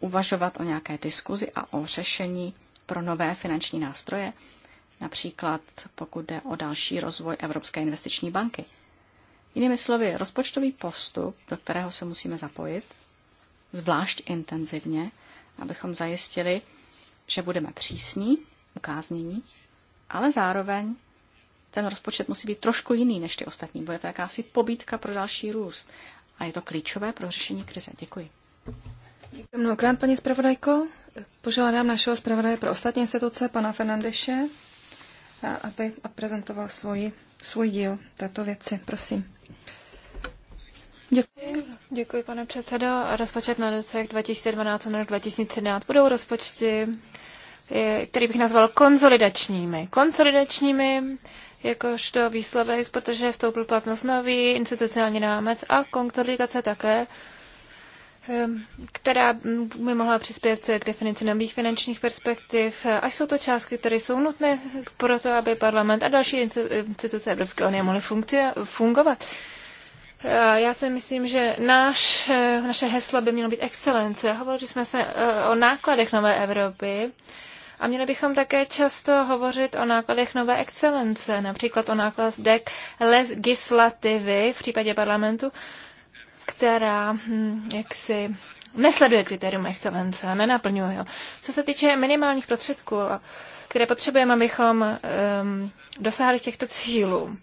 uvažovat o nějaké diskuzi a o řešení pro nové finanční nástroje, například pokud jde o další rozvoj Evropské investiční banky – Jinými slovy, rozpočtový postup, do kterého se musíme zapojit, zvlášť intenzivně, abychom zajistili, že budeme přísní, ukáznění, ale zároveň ten rozpočet musí být trošku jiný než ty ostatní. Bude to jakási pobítka pro další růst. A je to klíčové pro řešení krize. Děkuji. Děkuji mnohokrát, paní zpravodajko. Požádám našeho zpravodaje pro ostatní instituce, pana Fernandeše, aby prezentoval svůj svůj díl této věci. Prosím. Děkuji. Děkuji, pane předsedo. Rozpočet na roce 2012 a na rok 2013 budou rozpočty, který bych nazval konsolidačními. Konsolidačními jakožto výsledek, protože vstoupil platnost nový institucionální rámec a konsolidace také, která by mohla přispět k definici nových finančních perspektiv, až jsou to částky, které jsou nutné pro to, aby parlament a další instituce Evropské unie mohly fungovat. Eh, já si myslím, že náš, eh, naše heslo by mělo být excelence. Hovořili jsme se eh, o nákladech nové Evropy a měli bychom také často hovořit o nákladech nové excelence, například o nákladech legislativy v případě parlamentu, která hm, jaksi nesleduje kritérium excelence a nenaplňuje ho. Co se týče minimálních prostředků, které potřebujeme, abychom um, dosáhli těchto cílů.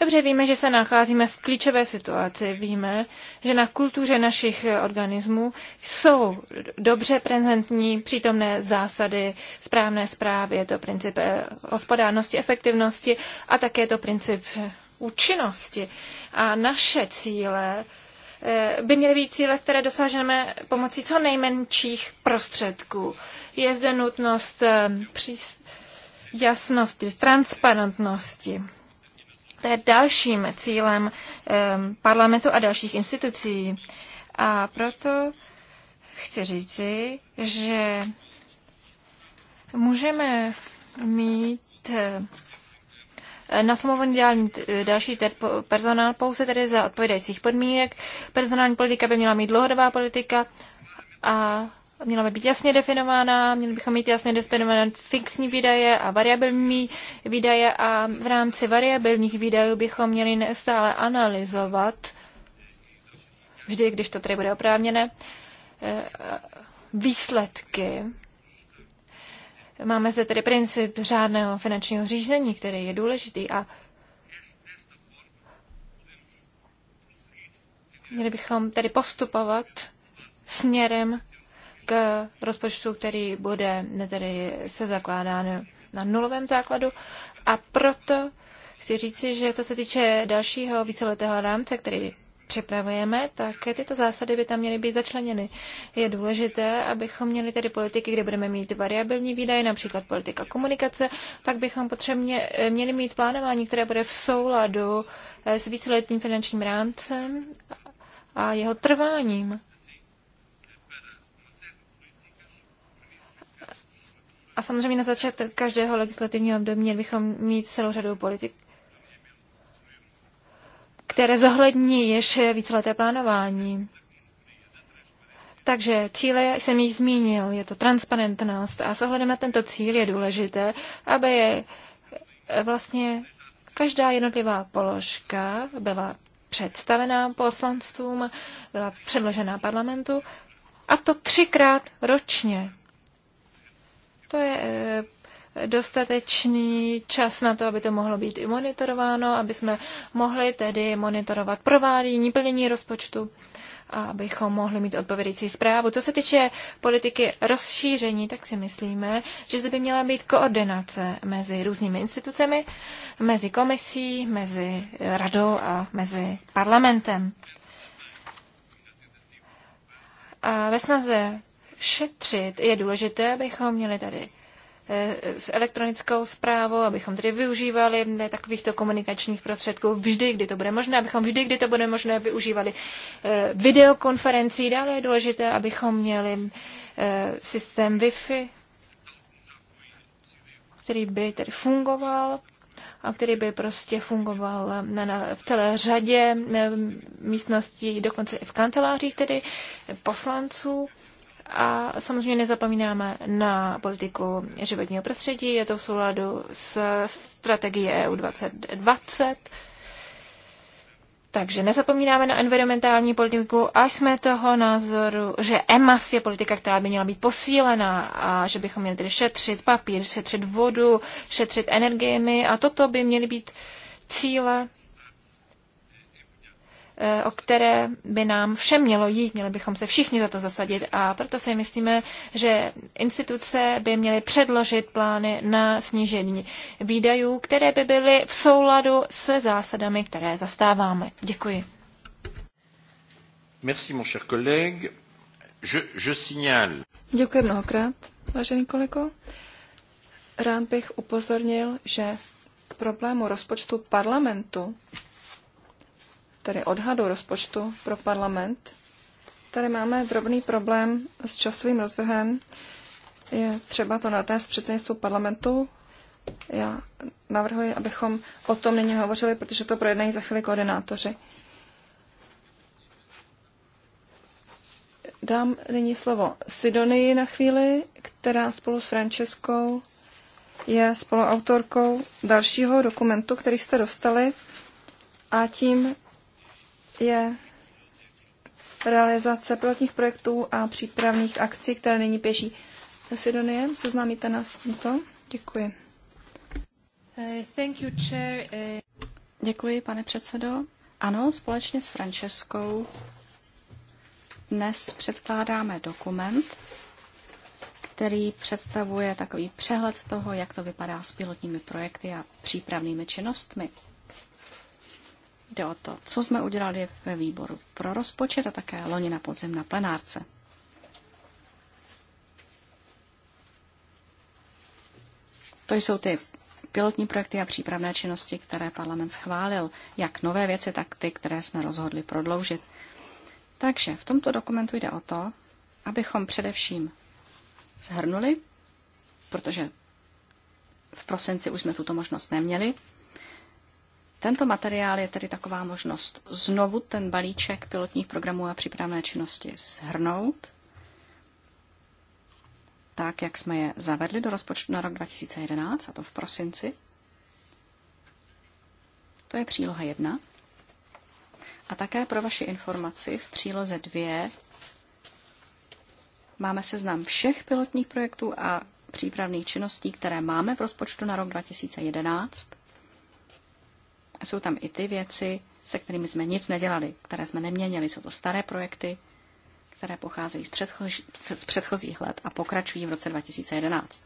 Dobře víme, že se nacházíme v klíčové situaci. Víme, že na kultuře našich organismů jsou dobře prezentní přítomné zásady správné zprávy. Je to princip eh, hospodárnosti, efektivnosti a také je to princip účinnosti. A naše cíle Eh, by měly být cíle, které dosáženeme pomocí co nejmenších prostředků. Je zde nutnost eh, přís- jasnosti, transparentnosti. To je dalším cílem eh, parlamentu a dalších institucí. A proto chci říci, že můžeme mít nasmluvaný další personál pouze tedy za odpovídajících podmínek. Personální politika by měla mít dlouhodobá politika a měla by být jasně definována, měli bychom mít jasně definované fixní výdaje a variabilní výdaje a v rámci variabilních výdajů bychom měli neustále analyzovat, vždy, když to tedy bude oprávněné, eh, výsledky Máme zde tedy princip řádného finančního řízení, který je důležitý a měli bychom tedy postupovat směrem k rozpočtu, který bude tedy se zakládán na nulovém základu a proto chci říci, že co se týče dalšího víceletého rámce, který připravujeme, tak tyto zásady by tam měly být začleněny. Je důležité, abychom měli tedy politiky, kde budeme mít variabilní výdaje, například politika komunikace, pak bychom potřebně eh, měli mít plánování, které bude v souladu eh, s víceletním finančním rámcem a jeho trváním. A samozřejmě na začátku každého legislativního období bychom mít celou řadu politik, které zohlední již víceleté plánování. Takže cíle jsem již zmínil, je to transparentnost a s ohledem na tento cíl je důležité, aby je vlastně každá jednotlivá položka byla představená poslancům, byla předložená parlamentu a to třikrát ročně. To je eh, dostatečný čas na to, aby to mohlo být i monitorováno, aby jsme mohli tedy monitorovat provádění, plnění rozpočtu a abychom mohli mít odpovědící zprávu. Co se týče politiky rozšíření, tak si myslíme, že zde by měla být koordinace mezi různými institucemi, mezi komisí, mezi radou a mezi parlamentem. A ve snaze šetřit je důležité, abychom měli tady Eh, s elektronickou zprávou, abychom tedy využívali eh, takovýchto komunikačních prostředků vždy, kdy to bude možné, abychom vždy, kdy to bude možné, využívali eh, videokonferencí. Dále je důležité, abychom měli systém Wi-Fi, který by tedy fungoval a který by prostě fungoval na, na, v celé řadě místností, dokonce i v kancelářích tedy poslanců. A samozřejmě nezapomínáme na politiku životního prostředí, je to v souladu s strategií EU 2020, takže nezapomínáme na environmentální politiku a jsme toho názoru, že EMAS je politika, která by měla být posílená a že bychom měli tedy šetřit papír, šetřit vodu, šetřit energiemi a toto by měly být cíle Eh, o které by nám všem mělo jít, měli bychom se všichni za to zasadit a proto si myslíme, že instituce by měly předložit plány na snížení výdajů, které by byly v souladu se zásadami, které zastáváme. Děkuji. Merci, mon cher collègue. Je, je signale. Děkuji mnohokrát, vážený kolego. Rád bych upozornil, že k problému rozpočtu parlamentu tedy odhadu rozpočtu pro parlament, tady máme drobný problém s časovým rozvrhem. Je třeba to nadnést předsednictvu parlamentu. Já navrhuji, abychom o tom nyní hovořili, protože to projednají za chvíli koordinátoři. Dám nyní slovo Sidonii na chvíli, která spolu s Franceskou je spoluautorkou dalšího dokumentu, který jste dostali a tím je realizace pilotních projektů a přípravných akcí, které nyní běží. Sidonie, seznámíte nás s tímto? Děkuji. Eh, thank you, chair. Eh, Děkuji, pane předsedo. Ano, společně s Franceskou dnes předkládáme dokument, který představuje takový přehled toho, jak to vypadá s pilotními projekty a přípravnými činnostmi Jde o to, co jsme udělali ve výboru pro rozpočet a také loni na podzim na plenárce. To jsou ty pilotní projekty a přípravné činnosti, které parlament schválil, jak nové věci, tak ty, které jsme rozhodli prodloužit. Takže v tomto dokumentu jde o to, abychom především zhrnuli, protože v prosinci už jsme tuto možnost neměli, tento materiál je tedy taková možnost znovu ten balíček pilotních programů a přípravné činnosti shrnout, tak, jak jsme je zavedli do rozpočtu na rok 2011, a to v prosinci. To je příloha 1. A také pro vaši informaci v příloze 2 máme seznam všech pilotních projektů a přípravných činností, které máme v rozpočtu na rok 2011 a jsou tam i ty věci, se kterými jsme nic nedělali, které jsme neměnili. Jsou to staré projekty, které pocházejí z, předchozí, z předchozích let a pokračují v roce 2011.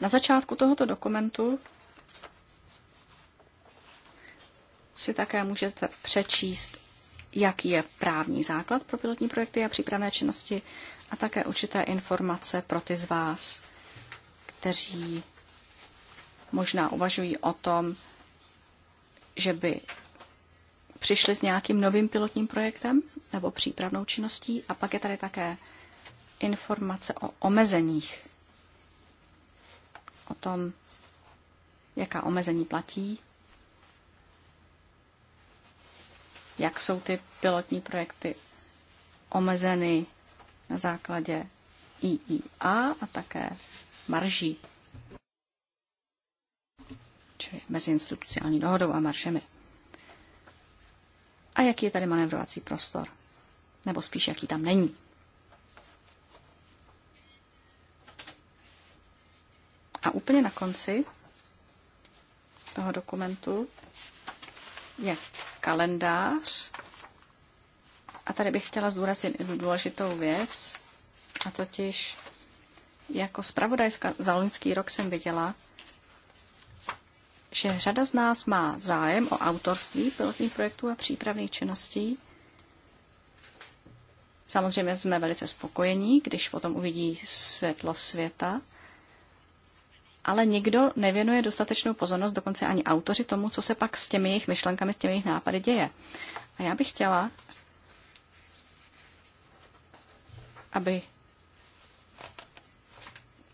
Na začátku tohoto dokumentu si také můžete přečíst, jaký je právní základ pro pilotní projekty a přípravné činnosti a také určité informace pro ty z vás, kteří možná uvažují o tom, že by přišli s nějakým novým pilotním projektem nebo přípravnou činností. A pak je tady také informace o omezeních, o tom, jaká omezení platí, jak jsou ty pilotní projekty omezeny na základě IIA a také marží čili mezi institucionální dohodou a maršemi. A jaký je tady manevrovací prostor? Nebo spíš, jaký tam není? A úplně na konci toho dokumentu je kalendář. A tady bych chtěla zdůraznit jednu důležitou věc, a totiž jako zpravodajská za loňský rok jsem viděla, že řada z nás má zájem o autorství pilotních projektů a přípravných činností. Samozřejmě jsme velice spokojení, když potom uvidí světlo světa, ale nikdo nevěnuje dostatečnou pozornost, dokonce ani autoři, tomu, co se pak s těmi jejich myšlenkami, s těmi jejich nápady děje. A já bych chtěla, aby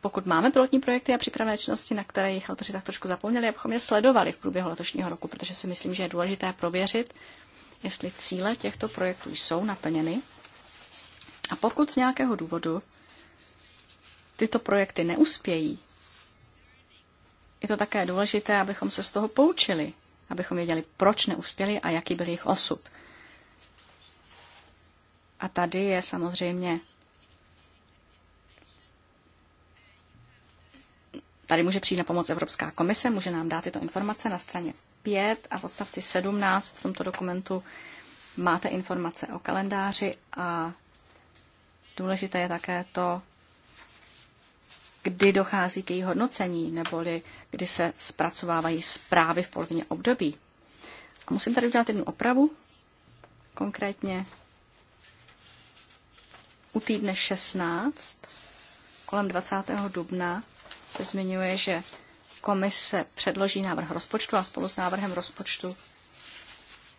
pokud máme pilotní projekty a připravené činnosti, na které jich autoři tak trošku zapomněli, abychom je sledovali v průběhu letošního roku, protože si myslím, že je důležité prověřit, jestli cíle těchto projektů jsou naplněny. A pokud z nějakého důvodu tyto projekty neuspějí, je to také důležité, abychom se z toho poučili, abychom věděli, proč neuspěli a jaký byl jejich osud. A tady je samozřejmě Tady může přijít na pomoc Evropská komise, může nám dát tyto informace na straně 5 a v odstavci 17 v tomto dokumentu máte informace o kalendáři a důležité je také to, kdy dochází k její hodnocení, neboli kdy se zpracovávají zprávy v polovině období. A musím tady udělat jednu opravu, konkrétně u týdne 16, kolem 20. dubna, se zmiňuje, že komise předloží návrh rozpočtu a spolu s návrhem rozpočtu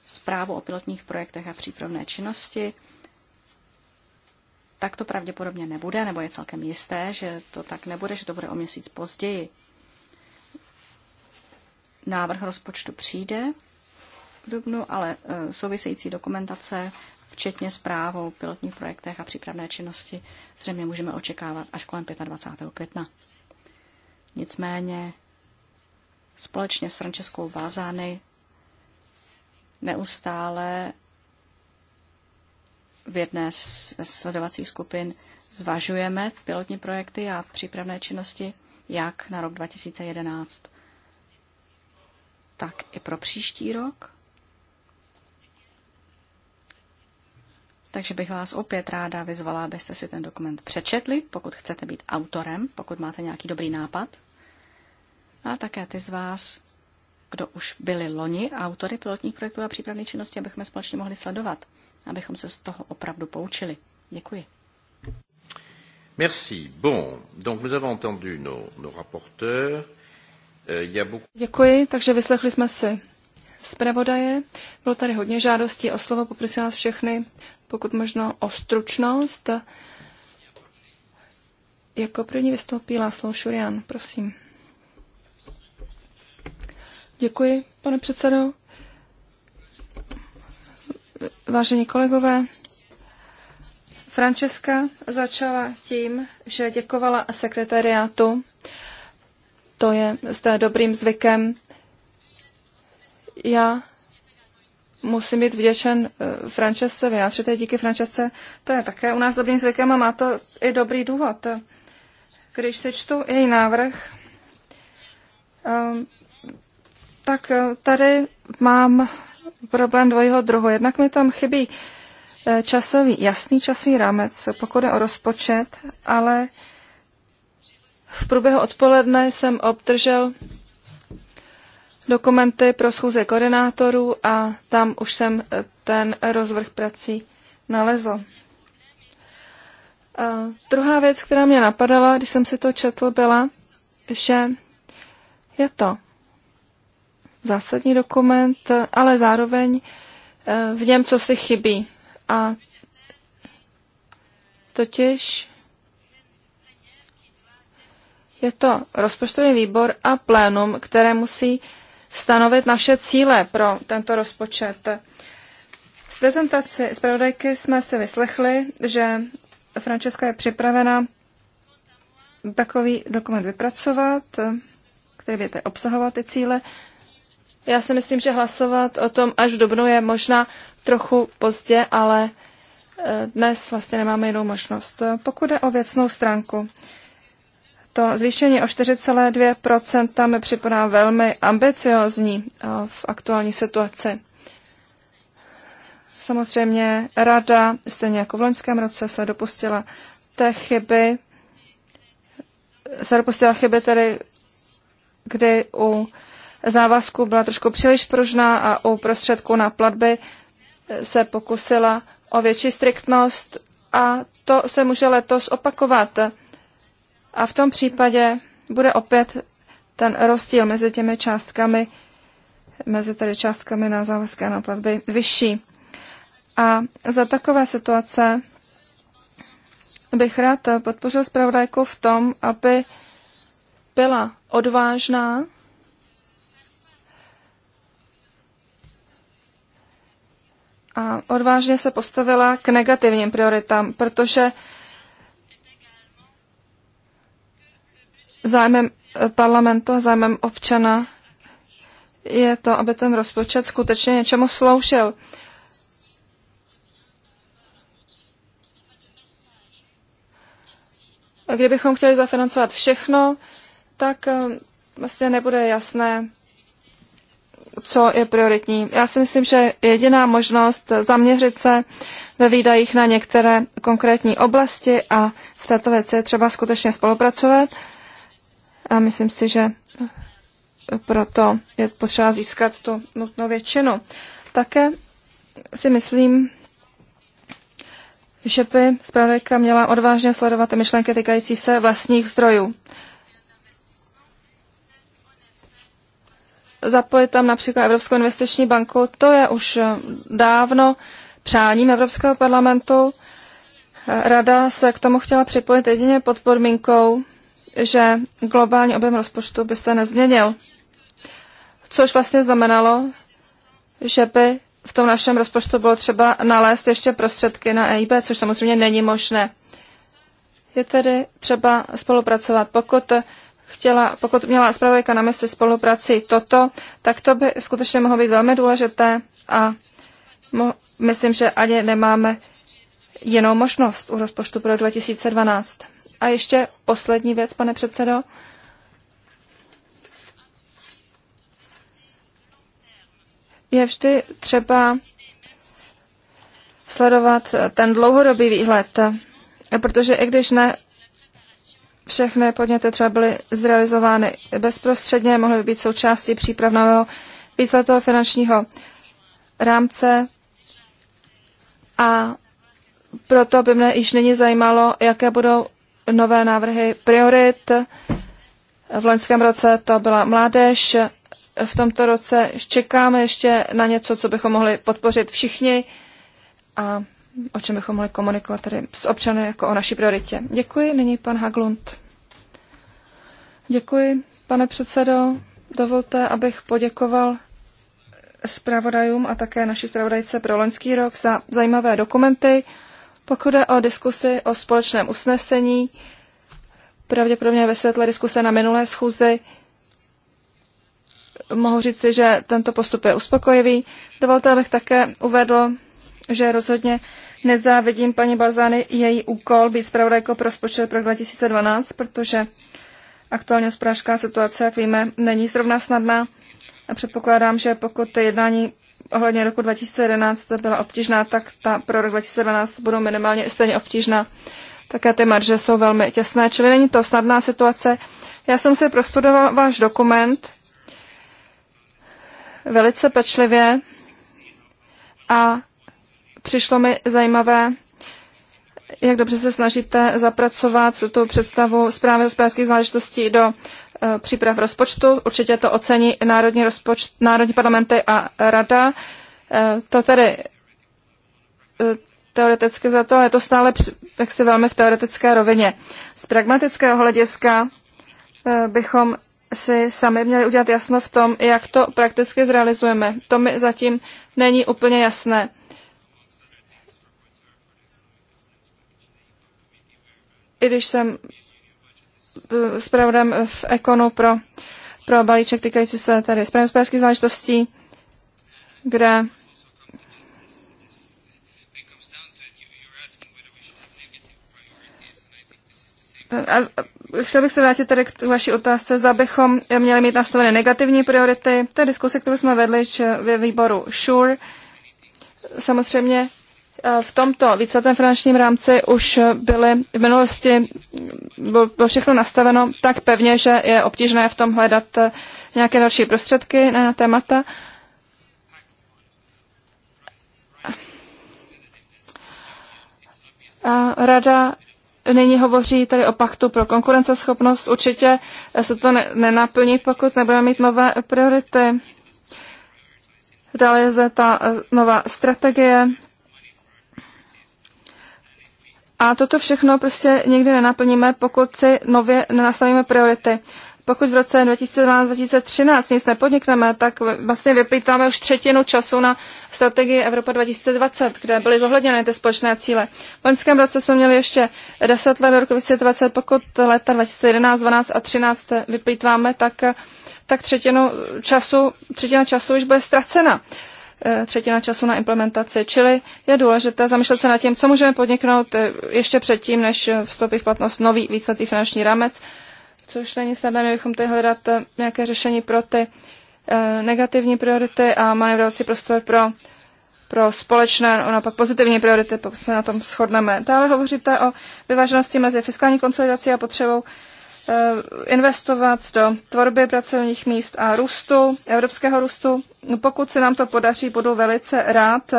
zprávu o pilotních projektech a přípravné činnosti. Tak to pravděpodobně nebude, nebo je celkem jisté, že to tak nebude, že to bude o měsíc později. Návrh rozpočtu přijde v dubnu, ale e, související dokumentace, včetně zprávou o pilotních projektech a přípravné činnosti, zřejmě můžeme očekávat až kolem 25. května. Nicméně společně s Frančeskou Bázány neustále v jedné z sledovacích skupin zvažujeme pilotní projekty a přípravné činnosti jak na rok 2011, tak i pro příští rok. Takže bych vás opět ráda vyzvala, abyste si ten dokument přečetli, pokud chcete být autorem, pokud máte nějaký dobrý nápad. No a také ty z vás, kdo už byli loni autory pilotních projektů a přípravných činnosti, abychom společně mohli sledovat, abychom se z toho opravdu poučili. Děkuji. Merci. Bon, donc nous avons entendu nos, nos rapporteurs. Euh, Děkuji, takže vyslechli jsme si zpravodaje. Bylo tady hodně žádostí o slovo, poprosím vás všechny, pokud možno o stručnost. Jako první vystoupí Láslo Šurian, prosím. Děkuji, pane předsedo. Vážení kolegové, Francesca začala tím, že děkovala sekretariátu. To je zde dobrým zvykem. Já musím být vděčen eh, Francesce, vyjádřete díky Francesce. To je také u nás dobrým zvykem a má to i dobrý důvod. Když si čtu její návrh, eh, tak eh, tady mám problém dvojího druhu. Jednak mi tam chybí eh, časový, jasný časový rámec, pokud je o rozpočet, ale v průběhu odpoledne jsem obdržel dokumenty pro schůze koordinátorů a tam už jsem eh, ten rozvrh prací nalezl. A druhá věc, která mě napadala, když jsem si to četl, byla, že je to zásadní dokument, ale zároveň eh, v něm co si chybí. A totiž je to rozpočtový výbor a plénum, které musí stanovit naše cíle pro tento rozpočet. V prezentaci zpravodajky jsme si vyslechli, že Francesca je připravena takový dokument vypracovat, který by obsahovat ty cíle. Já si myslím, že hlasovat o tom až v dubnu je možná trochu pozdě, ale eh, dnes vlastně nemáme jinou možnost. Pokud je o věcnou stránku, to zvýšení o 4,2% mi připadá velmi ambiciozní eh, v aktuální situaci. Samozřejmě rada, stejně jako v loňském roce, se dopustila té chyby, se dopustila chyby tedy, kdy u závazků byla trošku příliš pružná a u prostředků na platby se pokusila o větší striktnost a to se může letos opakovat. A v tom případě bude opět ten rozdíl mezi těmi částkami, mezi tedy částkami na závazky a na platby vyšší. A za takové situace bych rád podpořil zpravodajku v tom, aby byla odvážná a odvážně se postavila k negativním prioritám, protože zájmem parlamentu a zájmem občana je to, aby ten rozpočet skutečně něčemu sloužil. Kdybychom chtěli zafinancovat všechno, tak eh, vlastně nebude jasné, co je prioritní. Já si myslím, že jediná možnost zaměřit se ve výdajích na některé konkrétní oblasti a v této věci je třeba skutečně spolupracovat. A myslím si, že proto je potřeba získat tu nutnou většinu. Také si myslím, že by zpravodajka měla odvážně sledovat myšlenky týkající se vlastních zdrojů. zapojit tam například Evropskou investiční banku, to je už eh, dávno přáním Evropského parlamentu. Eh, Rada se k tomu chtěla připojit jedině pod podmínkou, že globální objem rozpočtu by se nezměnil. Což vlastně znamenalo, že by v tom našem rozpočtu bylo třeba nalézt ještě prostředky na EIB, což samozřejmě není možné. Je tedy třeba spolupracovat. Pokud chtěla, pokud měla zpravodajka na mysli spolupráci toto, tak to by skutečně mohlo být velmi důležité a mo- myslím, že ani nemáme jinou možnost u rozpočtu pro 2012. A ještě poslední věc, pane předsedo. Je vždy třeba sledovat ten dlouhodobý výhled, protože i když ne všechny podněty třeba byly zrealizovány bezprostředně, mohly by být součástí přípravného výsledného finančního rámce a proto by mne již není zajímalo, jaké budou nové návrhy priorit. V loňském roce to byla mládež, v tomto roce čekáme ještě na něco, co bychom mohli podpořit všichni a o čem bychom mohli komunikovat tedy s občany jako o naší prioritě. Děkuji, nyní pan Haglund. Děkuji, pane předsedo. Dovolte, abych poděkoval zpravodajům a také naší zpravodajce pro loňský rok za zajímavé dokumenty. Pokud je o diskusi o společném usnesení, pravděpodobně ve světle diskuse na minulé schůzi, mohu říci, že tento postup je uspokojivý. Dovolte, abych také uvedl že rozhodně nezávidím paní Balzány její úkol být zpravodajkou pro rozpočet pro 2012, protože aktuálně hospodářská situace, jak víme, není zrovna snadná. A předpokládám, že pokud jednání ohledně roku 2011 byla obtížná, tak ta pro rok 2012 budou minimálně stejně obtížná. Také ty marže jsou velmi těsné, čili není to snadná situace. Já jsem si prostudoval váš dokument velice pečlivě a Přišlo mi zajímavé, jak dobře se snažíte zapracovat tu představu zprávy hospodářských záležitostí do e, příprav rozpočtu. Určitě to ocení národní, rozpočt, národní parlamenty a rada. E, to tedy e, teoreticky za to, ale je to stále jaksi velmi v teoretické rovině. Z pragmatického hlediska bychom si sami měli udělat jasno v tom, jak to prakticky zrealizujeme. To mi zatím není úplně jasné. i když jsem eh, zpravodem v Ekonu pro, pro balíček týkající se tady správných záležitostí, kde A chtěl bych se vrátit tady k vaší otázce, zda bychom měli mít nastavené negativní priority. To je diskuse, kterou jsme vedli ve výboru SURE. Samozřejmě Eh, v tomto víceletém finančním rámci už byly v minulosti, bylo všechno nastaveno tak pevně, že je obtížné v tom hledat eh, nějaké další prostředky na témata. A rada nyní hovoří tady o paktu pro konkurenceschopnost. Určitě eh, se to ne- nenaplní, pokud nebudeme mít nové priority. Dále je zde ta nová strategie a toto všechno prostě nikdy nenaplníme, pokud si nově nenastavíme priority. Pokud v roce 2012-2013 nic nepodnikneme, tak vlastně vyplýtváme už třetinu času na strategii Evropa 2020, kde byly zohledněny ty společné cíle. V loňském roce jsme měli ještě 10 let do roku 2020, pokud leta 2011, 12 a 13 vyplýtváme, tak, tak třetinu času, třetina času už bude ztracena. Uh, Eh, třetina času na implementaci. Čili je důležité zamýšlet se nad tím, co můžeme podniknout eh, ještě předtím, než eh, vstoupí v platnost nový výsledný finanční rámec, což není snadné, my bychom tady hledat nějaké řešení pro ty negativní priority a manevrovací prostor pro, pro společné, ono pak pozitivní priority, pokud se na tom shodneme. Dále hovoříte o vyváženosti mezi fiskální konsolidací a potřebou investovat do tvorby pracovních míst a růstu, evropského růstu. Pokud se nám to podaří, budu velice rád.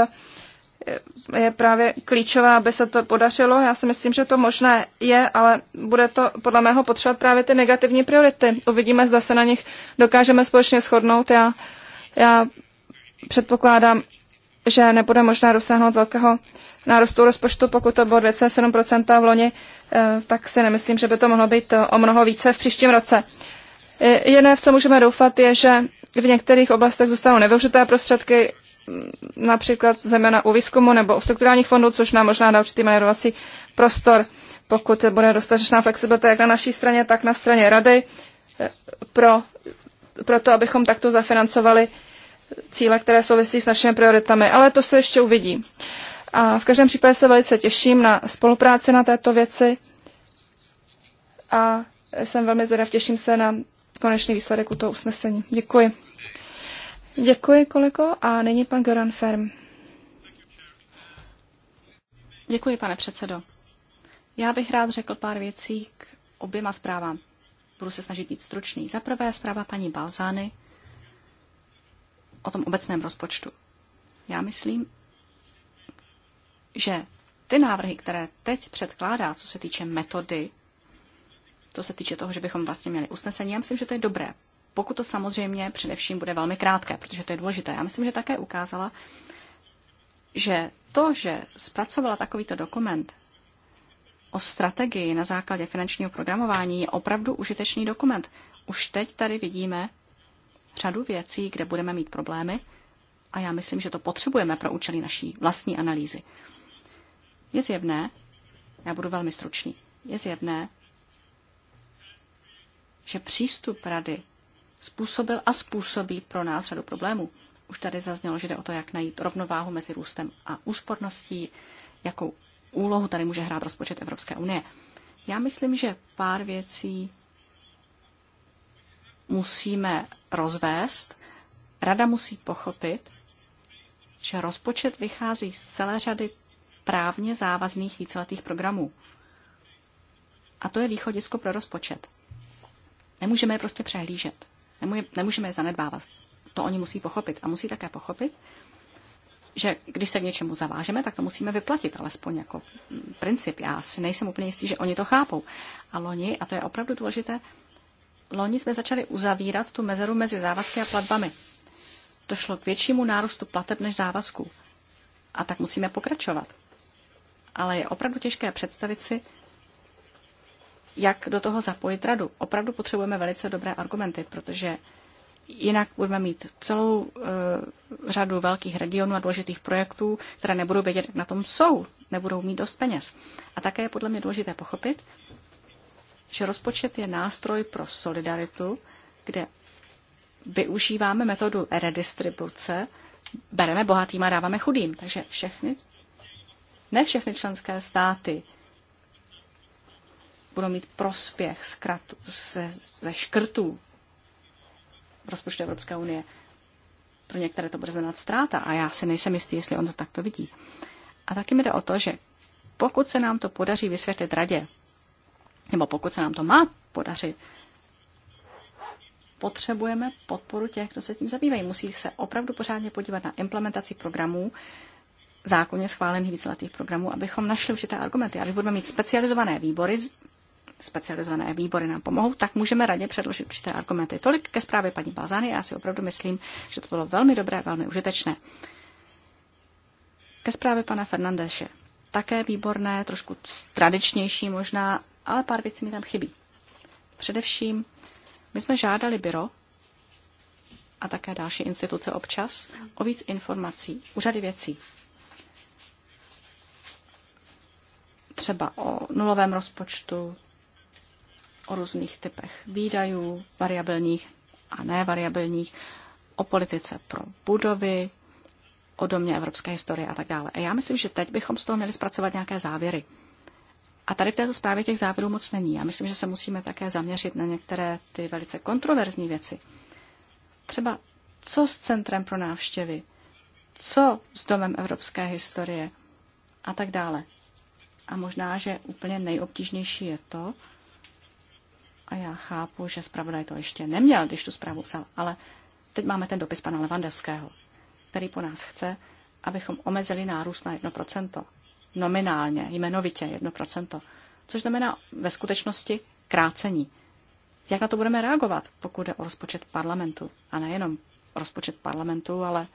Je právě klíčová, aby se to podařilo. Já si myslím, že to možné je, ale bude to podle mého potřebovat právě ty negativní priority. Uvidíme, zda se na nich dokážeme společně shodnout. Já, já předpokládám, že nebude možné dosáhnout velkého nárůstu rozpočtu, pokud to bylo 2,7% v loni, eh, tak si nemyslím, že by to mohlo být eh, o mnoho více v příštím roce. Eh, Jedné, v co můžeme doufat, je, že v některých oblastech zůstanou nevyužité prostředky, mm, například zejména u výzkumu nebo u strukturálních fondů, což nám možná dá určitý manévrovací prostor, pokud bude dostatečná flexibilita jak na naší straně, tak na straně rady, eh, pro, pro to, abychom takto zafinancovali cíle, které souvisí s našimi prioritami. Ale to se ještě uvidí. A v každém případě se velice těším na spolupráci na této věci a jsem velmi zvědav, těším se na konečný výsledek u toho usnesení. Děkuji. Děkuji, kolego, a nyní pan Goran Ferm. Děkuji, pane předsedo. Já bych rád řekl pár věcí k oběma zprávám. Budu se snažit být stručný. Za prvé zpráva paní Balzány o tom obecném rozpočtu. Já myslím, že ty návrhy, které teď předkládá, co se týče metody, co se týče toho, že bychom vlastně měli usnesení, já myslím, že to je dobré, pokud to samozřejmě především bude velmi krátké, protože to je důležité. Já myslím, že také ukázala, že to, že zpracovala takovýto dokument o strategii na základě finančního programování, je opravdu užitečný dokument. Už teď tady vidíme řadu věcí, kde budeme mít problémy a já myslím, že to potřebujeme pro účely naší vlastní analýzy. Je zjevné, já budu velmi stručný, je zjevné, že přístup rady způsobil a způsobí pro nás řadu problémů. Už tady zaznělo, že jde o to, jak najít rovnováhu mezi růstem a úsporností, jakou úlohu tady může hrát rozpočet Evropské unie. Já myslím, že pár věcí musíme rozvést. Rada musí pochopit, že rozpočet vychází z celé řady právně závazných víceletých programů. A to je východisko pro rozpočet. Nemůžeme je prostě přehlížet. Nemůžeme je zanedbávat. To oni musí pochopit. A musí také pochopit, že když se k něčemu zavážeme, tak to musíme vyplatit, alespoň jako princip. Já si nejsem úplně jistý, že oni to chápou. A loni, a to je opravdu důležité, loni jsme začali uzavírat tu mezeru mezi závazky a platbami. Došlo k většímu nárůstu plateb než závazků. A tak musíme pokračovat. Ale je opravdu těžké představit si, jak do toho zapojit radu. Opravdu potřebujeme velice dobré argumenty, protože jinak budeme mít celou uh, řadu velkých regionů a důležitých projektů, které nebudou vědět, jak na tom jsou, nebudou mít dost peněz. A také je podle mě důležité pochopit, že rozpočet je nástroj pro solidaritu, kde využíváme metodu redistribuce, bereme bohatým a dáváme chudým. Takže všechny, ne všechny členské státy budou mít prospěch z kratu, ze, ze škrtů v rozpočtu Evropské unie. Pro některé to bude znamenat ztráta a já si nejsem jistý, jestli on to takto vidí. A taky mi jde o to, že pokud se nám to podaří vysvětlit radě, nebo pokud se nám to má podařit, potřebujeme podporu těch, kdo se tím zabývají. Musí se opravdu pořádně podívat na implementaci programů, zákonně schválených víceletých programů, abychom našli určité argumenty. A když budeme mít specializované výbory specializované výbory nám pomohou, tak můžeme radě předložit určité argumenty. Tolik ke zprávě paní Balzány. Já si opravdu myslím, že to bylo velmi dobré, velmi užitečné. Ke zprávě pana Fernandeše. Také výborné, trošku tradičnější možná, ale pár věcí mi tam chybí. Především, my jsme žádali byro a také další instituce občas o víc informací, úřady věcí. Třeba o nulovém rozpočtu, o různých typech výdajů, variabilních a nevariabilních, o politice pro budovy, o domě evropské historie a tak dále. A já myslím, že teď bychom z toho měli zpracovat nějaké závěry. A tady v této zprávě těch závěrů moc není. Já myslím, že se musíme také zaměřit na některé ty velice kontroverzní věci. Třeba co s Centrem pro návštěvy, co s Domem evropské historie a tak dále. A možná, že úplně nejobtížnější je to, a já chápu, že zpravodaj to ještě neměl, když tu zprávu psal, ale teď máme ten dopis pana Levandevského, který po nás chce, abychom omezili nárůst na 1%. Nominálně, jmenovitě 1%. Což znamená ve skutečnosti krácení. Jak na to budeme reagovat, pokud jde o rozpočet parlamentu? A nejenom rozpočet parlamentu, ale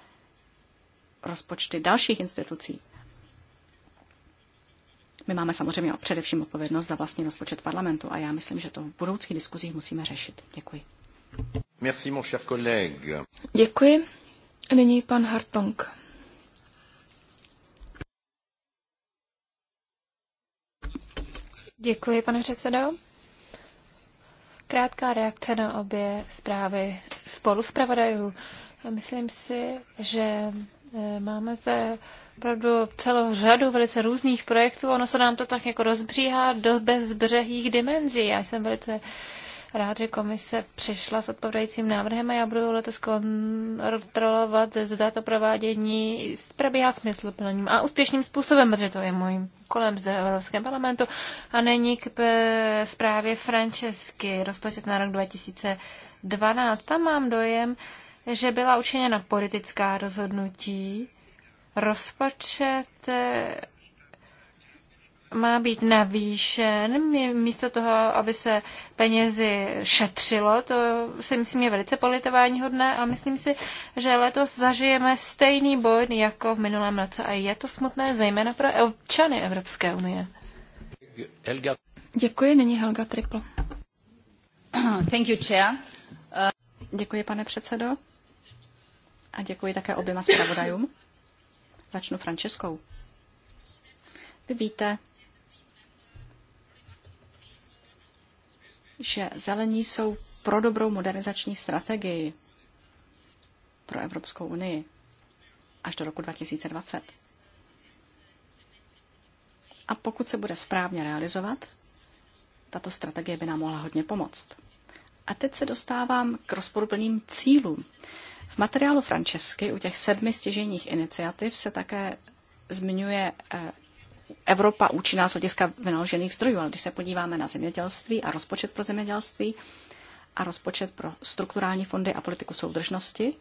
rozpočty dalších institucí. My máme samozřejmě především odpovědnost za vlastní rozpočet parlamentu a já myslím, že to v budoucích diskuzích musíme řešit. Děkuji. Merci, mon cher collègue. Děkuji. Nyní pan Hartong. Děkuji, pane předsedo. Krátká reakce na obě zprávy spolu zpravodajů. Myslím si, že eh, máme zde se opravdu celou řadu velice různých projektů. Ono se nám to tak jako rozbříhá do bezbřehých dimenzí. Já jsem velice rád, že komise přišla s odpovědajícím návrhem a já budu letos kontrolovat, zda to provádění probíhá smysluplným a úspěšným způsobem, protože to je můj kolem zde v Evropském parlamentu. A není k zprávě Francesky, rozpočet na rok 2012. Tam mám dojem, že byla učiněna politická rozhodnutí, Rozpočet eh, má být navýšen, místo toho, aby se penězi šetřilo, to si myslím je velice politování hodné a myslím si, že letos zažijeme stejný boj jako v minulém roce a je to smutné zejména pro občany Evropské unie. Helga. Děkuji, nyní Helga Triple. Thank you, chair. Uh... Děkuji, pane předsedo. A děkuji také oběma zpravodajům. Začnu Frančeskou. Vy víte, že zelení jsou pro dobrou modernizační strategii pro Evropskou unii až do roku 2020. A pokud se bude správně realizovat, tato strategie by nám mohla hodně pomoct. A teď se dostávám k rozporuplným cílům. V materiálu Francesky u těch sedmi stěžejních iniciativ se také zmiňuje eh, Evropa účinná z hlediska vynaložených zdrojů, ale když se podíváme na zemědělství a rozpočet pro zemědělství a rozpočet pro strukturální fondy a politiku soudržnosti,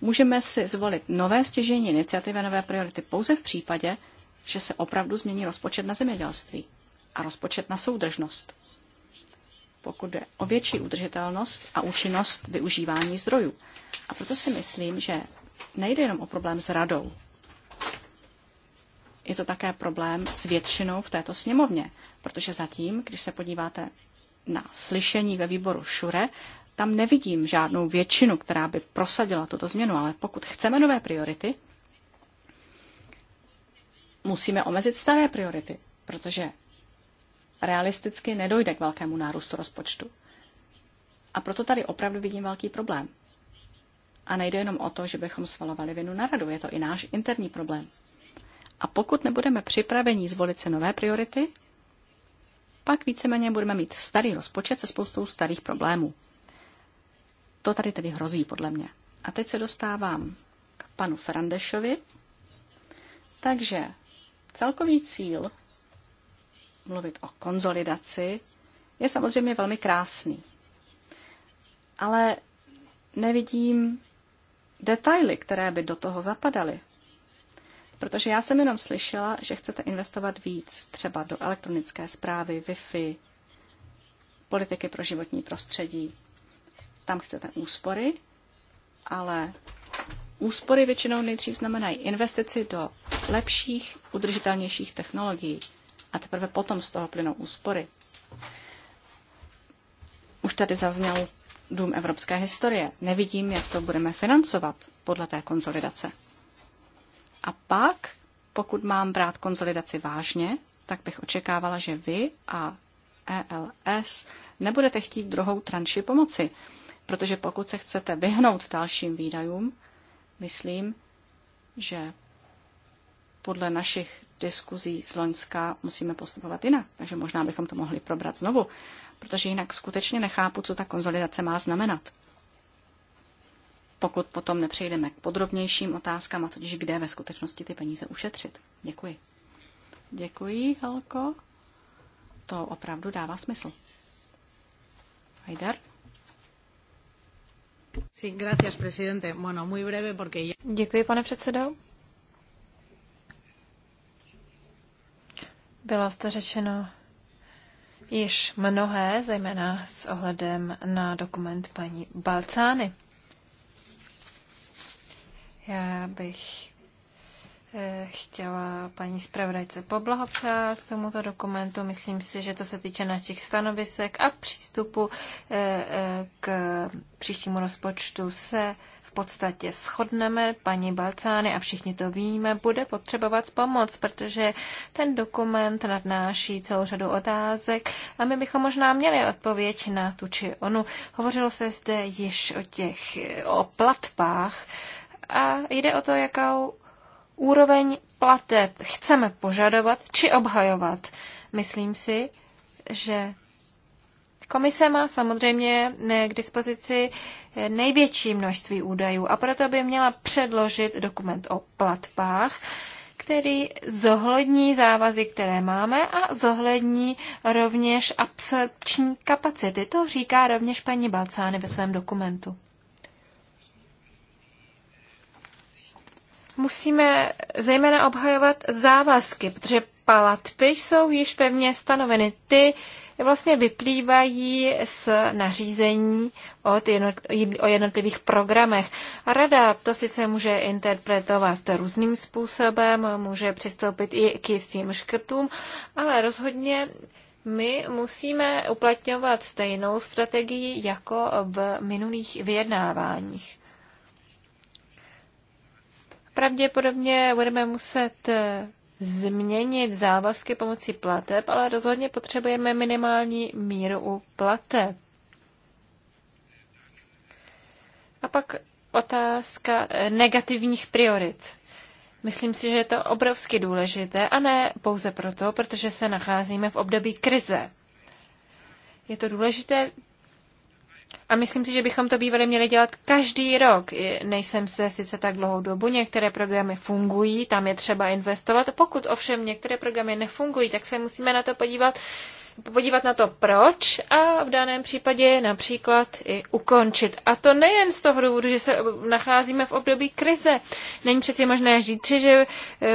můžeme si zvolit nové stěžení iniciativy, nové priority pouze v případě, že se opravdu změní rozpočet na zemědělství a rozpočet na soudržnost pokud jde o větší udržitelnost a účinnost využívání zdrojů. A proto si myslím, že nejde jenom o problém s radou. Je to také problém s většinou v této sněmovně, protože zatím, když se podíváte na slyšení ve výboru Šure, tam nevidím žádnou většinu, která by prosadila tuto změnu, ale pokud chceme nové priority, musíme omezit staré priority, protože realisticky nedojde k velkému nárůstu rozpočtu. A proto tady opravdu vidím velký problém. A nejde jenom o to, že bychom svalovali vinu na radu, je to i náš interní problém. A pokud nebudeme připraveni zvolit si nové priority, pak víceméně budeme mít starý rozpočet se spoustou starých problémů. To tady tedy hrozí, podle mě. A teď se dostávám k panu Ferandešovi. Takže celkový cíl mluvit o konzolidaci, je samozřejmě velmi krásný. Ale nevidím detaily, které by do toho zapadaly. Protože já jsem jenom slyšela, že chcete investovat víc, třeba do elektronické zprávy, Wi-Fi, politiky pro životní prostředí. Tam chcete úspory, ale úspory většinou nejdřív znamenají investici do lepších, udržitelnějších technologií a teprve potom z toho plynou úspory. Už tady zazněl Dům evropské historie. Nevidím, jak to budeme financovat podle té konzolidace. A pak, pokud mám brát konzolidaci vážně, tak bych očekávala, že vy a ELS nebudete chtít druhou tranši pomoci, protože pokud se chcete vyhnout dalším výdajům, myslím, že podle našich diskuzí z Loňska musíme postupovat jinak. Takže možná bychom to mohli probrat znovu, protože jinak skutečně nechápu, co ta konzolidace má znamenat. Pokud potom nepřejdeme k podrobnějším otázkám, a totiž kde ve skutečnosti ty peníze ušetřit. Děkuji. Děkuji, Helko. To opravdu dává smysl. Heider? Děkuji, pane předsedo. Byla zde řečeno již mnohé, zejména s ohledem na dokument paní Balcány. Já bych eh, chtěla paní zpravodajce poblahopřát k tomuto dokumentu. Myslím si, že to se týče našich stanovisek a přístupu eh, eh, k příštímu rozpočtu se v podstatě shodneme, paní Balcány, a všichni to víme, bude potřebovat pomoc, protože ten dokument nadnáší celou řadu otázek a my bychom možná měli odpověď na tu či onu. Hovořilo se zde již o těch o platbách a jde o to, jakou úroveň plateb chceme požadovat či obhajovat. Myslím si, že Komise má samozřejmě k dispozici eh, největší množství údajů a proto by měla předložit dokument o platbách, který zohlední závazy, které máme a zohlední rovněž absorpční kapacity. To říká rovněž paní Balcány ve svém dokumentu. Musíme zejména obhajovat závazky, protože palatby jsou již pevně stanoveny. Ty vlastně vyplývají z nařízení od jednot, o jednotlivých programech. A rada to sice může interpretovat různým způsobem, může přistoupit i k jistým škrtům, ale rozhodně my musíme uplatňovat stejnou strategii jako v minulých vyjednáváních. Pravděpodobně budeme muset změnit závazky pomocí plateb, ale rozhodně potřebujeme minimální míru u plateb. A pak otázka eh, negativních priorit. Myslím si, že je to obrovsky důležité a ne pouze proto, protože se nacházíme v období krize. Je to důležité a myslím si, že bychom to bývali měli dělat každý rok. Nejsem se sice tak dlouhou dobu, některé programy fungují, tam je třeba investovat. Pokud ovšem některé programy nefungují, tak se musíme na to podívat, podívat na to proč a v daném případě například i ukončit. A to nejen z toho důvodu, že se nacházíme v období krize. Není přeci možné říct, že eh,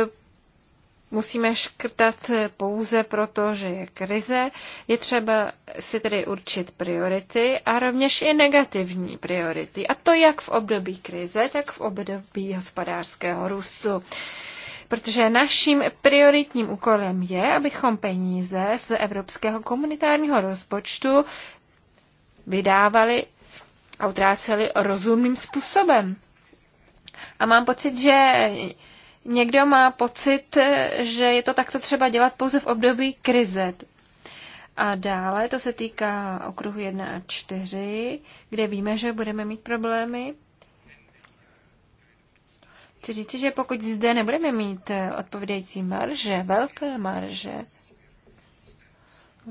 musíme škrtat pouze proto, že je krize. Je třeba si tedy určit priority a rovněž i negativní priority. A to jak v období krize, tak v období hospodářského růstu protože naším prioritním úkolem je, abychom peníze z evropského komunitárního rozpočtu vydávali a utráceli rozumným způsobem. A mám pocit, že někdo má pocit, že je to takto třeba dělat pouze v období krize. A dále to se týká okruhu 1 a 4, kde víme, že budeme mít problémy. Chci říct, že pokud zde nebudeme mít odpovídající marže, velké marže,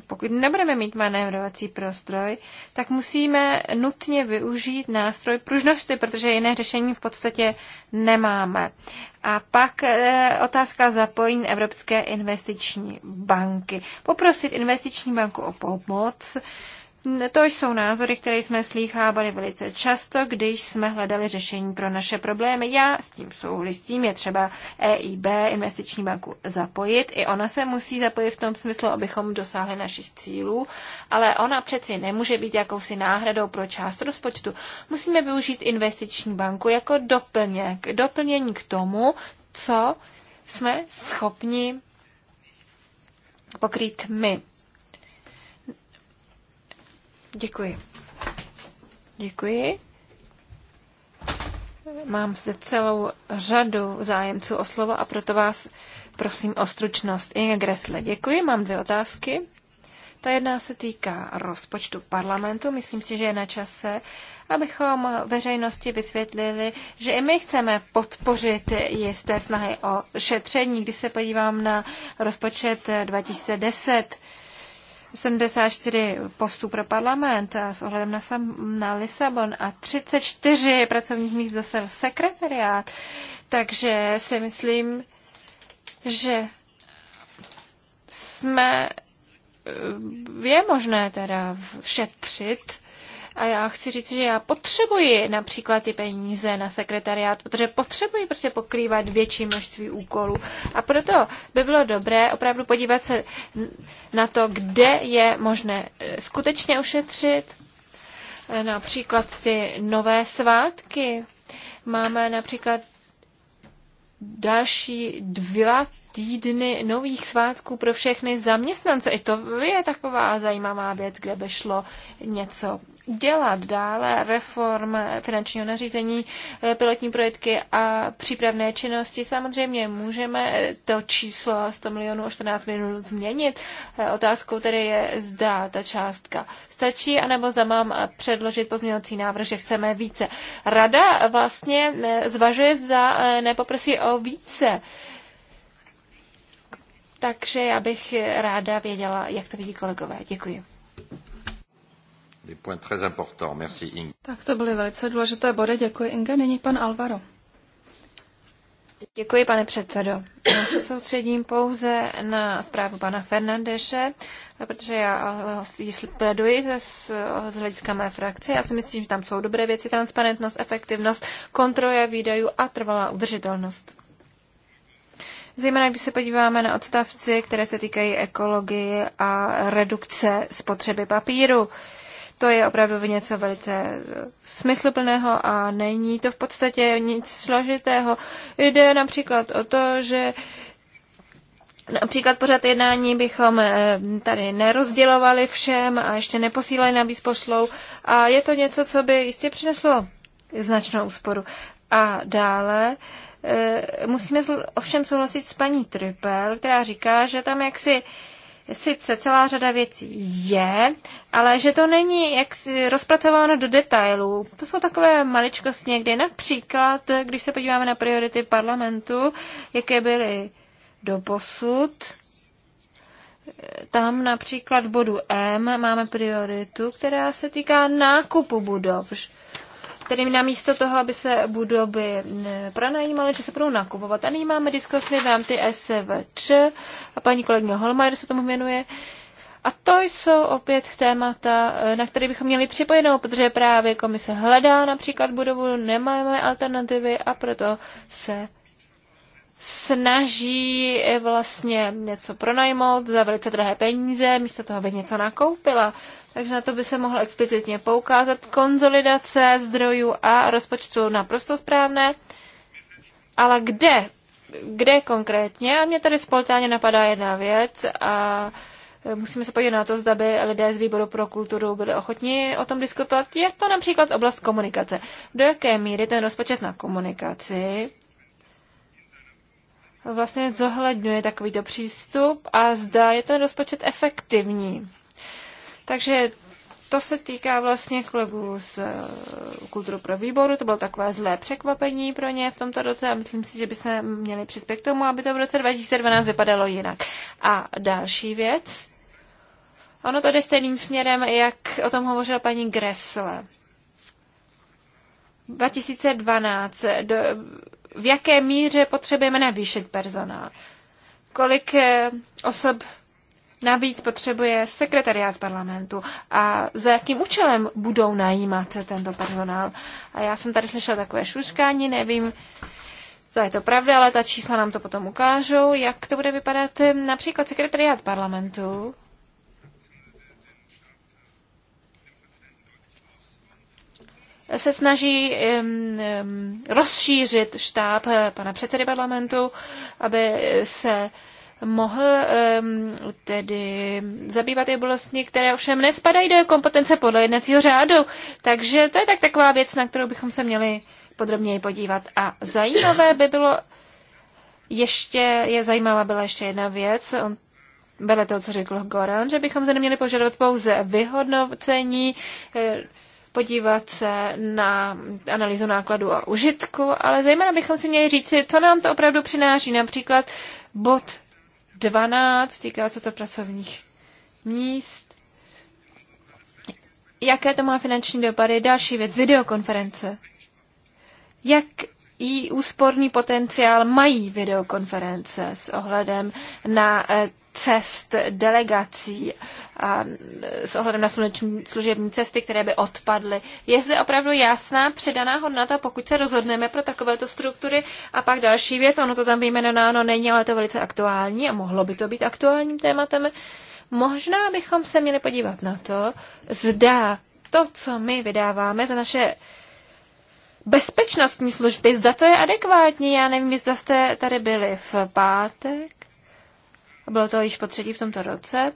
pokud nebudeme mít manévrovací prostroj, tak musíme nutně využít nástroj pružnosti, protože jiné řešení v podstatě nemáme. A pak e, otázka zapojení Evropské investiční banky. Poprosit investiční banku o pomoc, e, to jsou názory, které jsme slýchávali velice často, když jsme hledali řešení pro naše problémy. Já s tím souhlasím, je třeba EIB, investiční banku, zapojit. I ona se musí zapojit v tom smyslu, abychom dosáhli našich cílů, ale ona přeci nemůže být jakousi náhradou pro část rozpočtu. Musíme využít investiční banku jako doplněk, doplnění k tomu, co jsme schopni pokrýt my. Děkuji. Děkuji. Mám zde celou řadu zájemců o slovo a proto vás prosím o stručnost. Inge Gressle, děkuji. Mám dvě otázky. Ta jedna se týká rozpočtu parlamentu. Myslím si, že je na čase, abychom veřejnosti vysvětlili, že i my chceme podpořit jisté snahy o šetření. Když se podívám na rozpočet eh, 2010, 74 postů pro parlament a s ohledem na, sam, na Lisabon a 34 pracovních míst dostal sekretariát. Takže si myslím, že jsme, eh, je možné teda šetřit a já chci říct, že já potřebuji například ty peníze na sekretariát, protože potřebuji prostě pokrývat větší množství úkolů. A proto by bylo dobré opravdu podívat se na to, kde je možné eh, skutečně ušetřit, eh, například ty nové svátky. Máme například další dva týdny nových svátků pro všechny zaměstnance. I to je taková zajímavá věc, kde by šlo něco dělat dále. Reform finančního nařízení, eh, pilotní projekty a přípravné činnosti. Samozřejmě můžeme to číslo 100 milionů o 14 milionů změnit. Eh, otázkou tedy je, zda ta částka stačí, anebo zda mám předložit pozměňovací návrh, že chceme více. Rada vlastně eh, zvažuje, zda nepoprosí o více takže já bych ráda věděla, jak to vidí kolegové. Děkuji. Tak to byly velice důležité body. Děkuji, Inge. Nyní pan Alvaro. Děkuji, pane předsedo. Já se soustředím pouze na zprávu pana Fernandeše, protože já ji pleduji ze, z hlediska mé frakce. Já si myslím, že tam jsou dobré věci, transparentnost, efektivnost, kontrola výdajů a trvalá udržitelnost. Zejména když se podíváme na odstavci, které se týkají ekologie a redukce spotřeby papíru. To je opravdu něco velice smysluplného a není to v podstatě nic složitého. Jde například o to, že Například pořád jednání bychom eh, tady nerozdělovali všem a ještě neposílali na výspošlou. A je to něco, co by jistě přineslo značnou úsporu. A dále Eh, musíme ovšem souhlasit s paní Trypel, která říká, že tam jaksi sice celá řada věcí je, ale že to není jak rozpracováno do detailů. To jsou takové maličkosti někdy. Například, když se podíváme na priority parlamentu, jaké byly do posud, tam například bodu M máme prioritu, která se týká nákupu budov tedy namísto toho, aby se budovy mm, pronajímaly, že se budou nakupovat. A nyní máme diskusní v rámci SVČ a paní kolegyně Holmajer se tomu věnuje. A to jsou opět témata, eh, na které bychom měli připojenou, protože právě komise hledá například budovu, nemáme alternativy a proto se snaží eh, vlastně něco pronajmout za velice drahé peníze, místo toho, aby něco nakoupila takže na to by se mohlo explicitně poukázat. Konzolidace zdrojů a rozpočtu naprosto správné, ale kde? Kde konkrétně? A mě tady spontánně napadá jedna věc a e, musíme se podívat na to, zda by lidé z výboru pro kulturu byli ochotni o tom diskutovat. Je to například oblast komunikace. Do jaké míry ten rozpočet na komunikaci vlastně zohledňuje takovýto přístup a zda je ten rozpočet efektivní. Takže to se týká vlastně kolegů z eh, kulturu pro výboru, to bylo takové zlé překvapení pro ně v tomto roce a myslím si, že by se měli přispět k tomu, aby to v roce 2012 vypadalo jinak. A další věc, ono to jde stejným směrem, jak o tom hovořila paní Gressle. 2012, do, v jaké míře potřebujeme navýšit personál? Kolik eh, osob Navíc potřebuje sekretariát parlamentu. A za jakým účelem budou najímat tento personál? A já jsem tady slyšela takové šuškání, nevím, zda je to pravda, ale ta čísla nám to potom ukážou. Jak to bude vypadat například sekretariát parlamentu? se snaží um, um, rozšířit štáb eh, pana předsedy parlamentu, aby se uh, mohl um, tedy zabývat i bolestní, které ovšem nespadají do kompetence podle jednacího řádu. Takže to je tak taková věc, na kterou bychom se měli podrobněji podívat. A zajímavé by bylo ještě, je zajímavá byla ještě jedna věc, on vedle toho, co řekl Goran, že bychom se neměli požadovat pouze vyhodnocení, eh, podívat se na analýzu nákladu a užitku, ale zejména bychom si měli říci, co nám to opravdu přináší. Například bod 12, týká se to pracovních míst. Jaké to má finanční dopady? Další věc, videokonference. Jak i úsporný potenciál mají videokonference s ohledem na eh, cest delegací a s ohledem na sluneční služební cesty, které by odpadly. Je zde opravdu jasná předaná hodnota, pokud se rozhodneme pro takovéto struktury. A pak další věc, ono to tam vyjmenováno není, ale to velice aktuální a mohlo by to být aktuálním tématem. Možná bychom se měli podívat na to, zda to, co my vydáváme za naše bezpečnostní služby, zda to je adekvátní. Já nevím, zda jste tady byli v pátek bylo to již po třetí v tomto roce.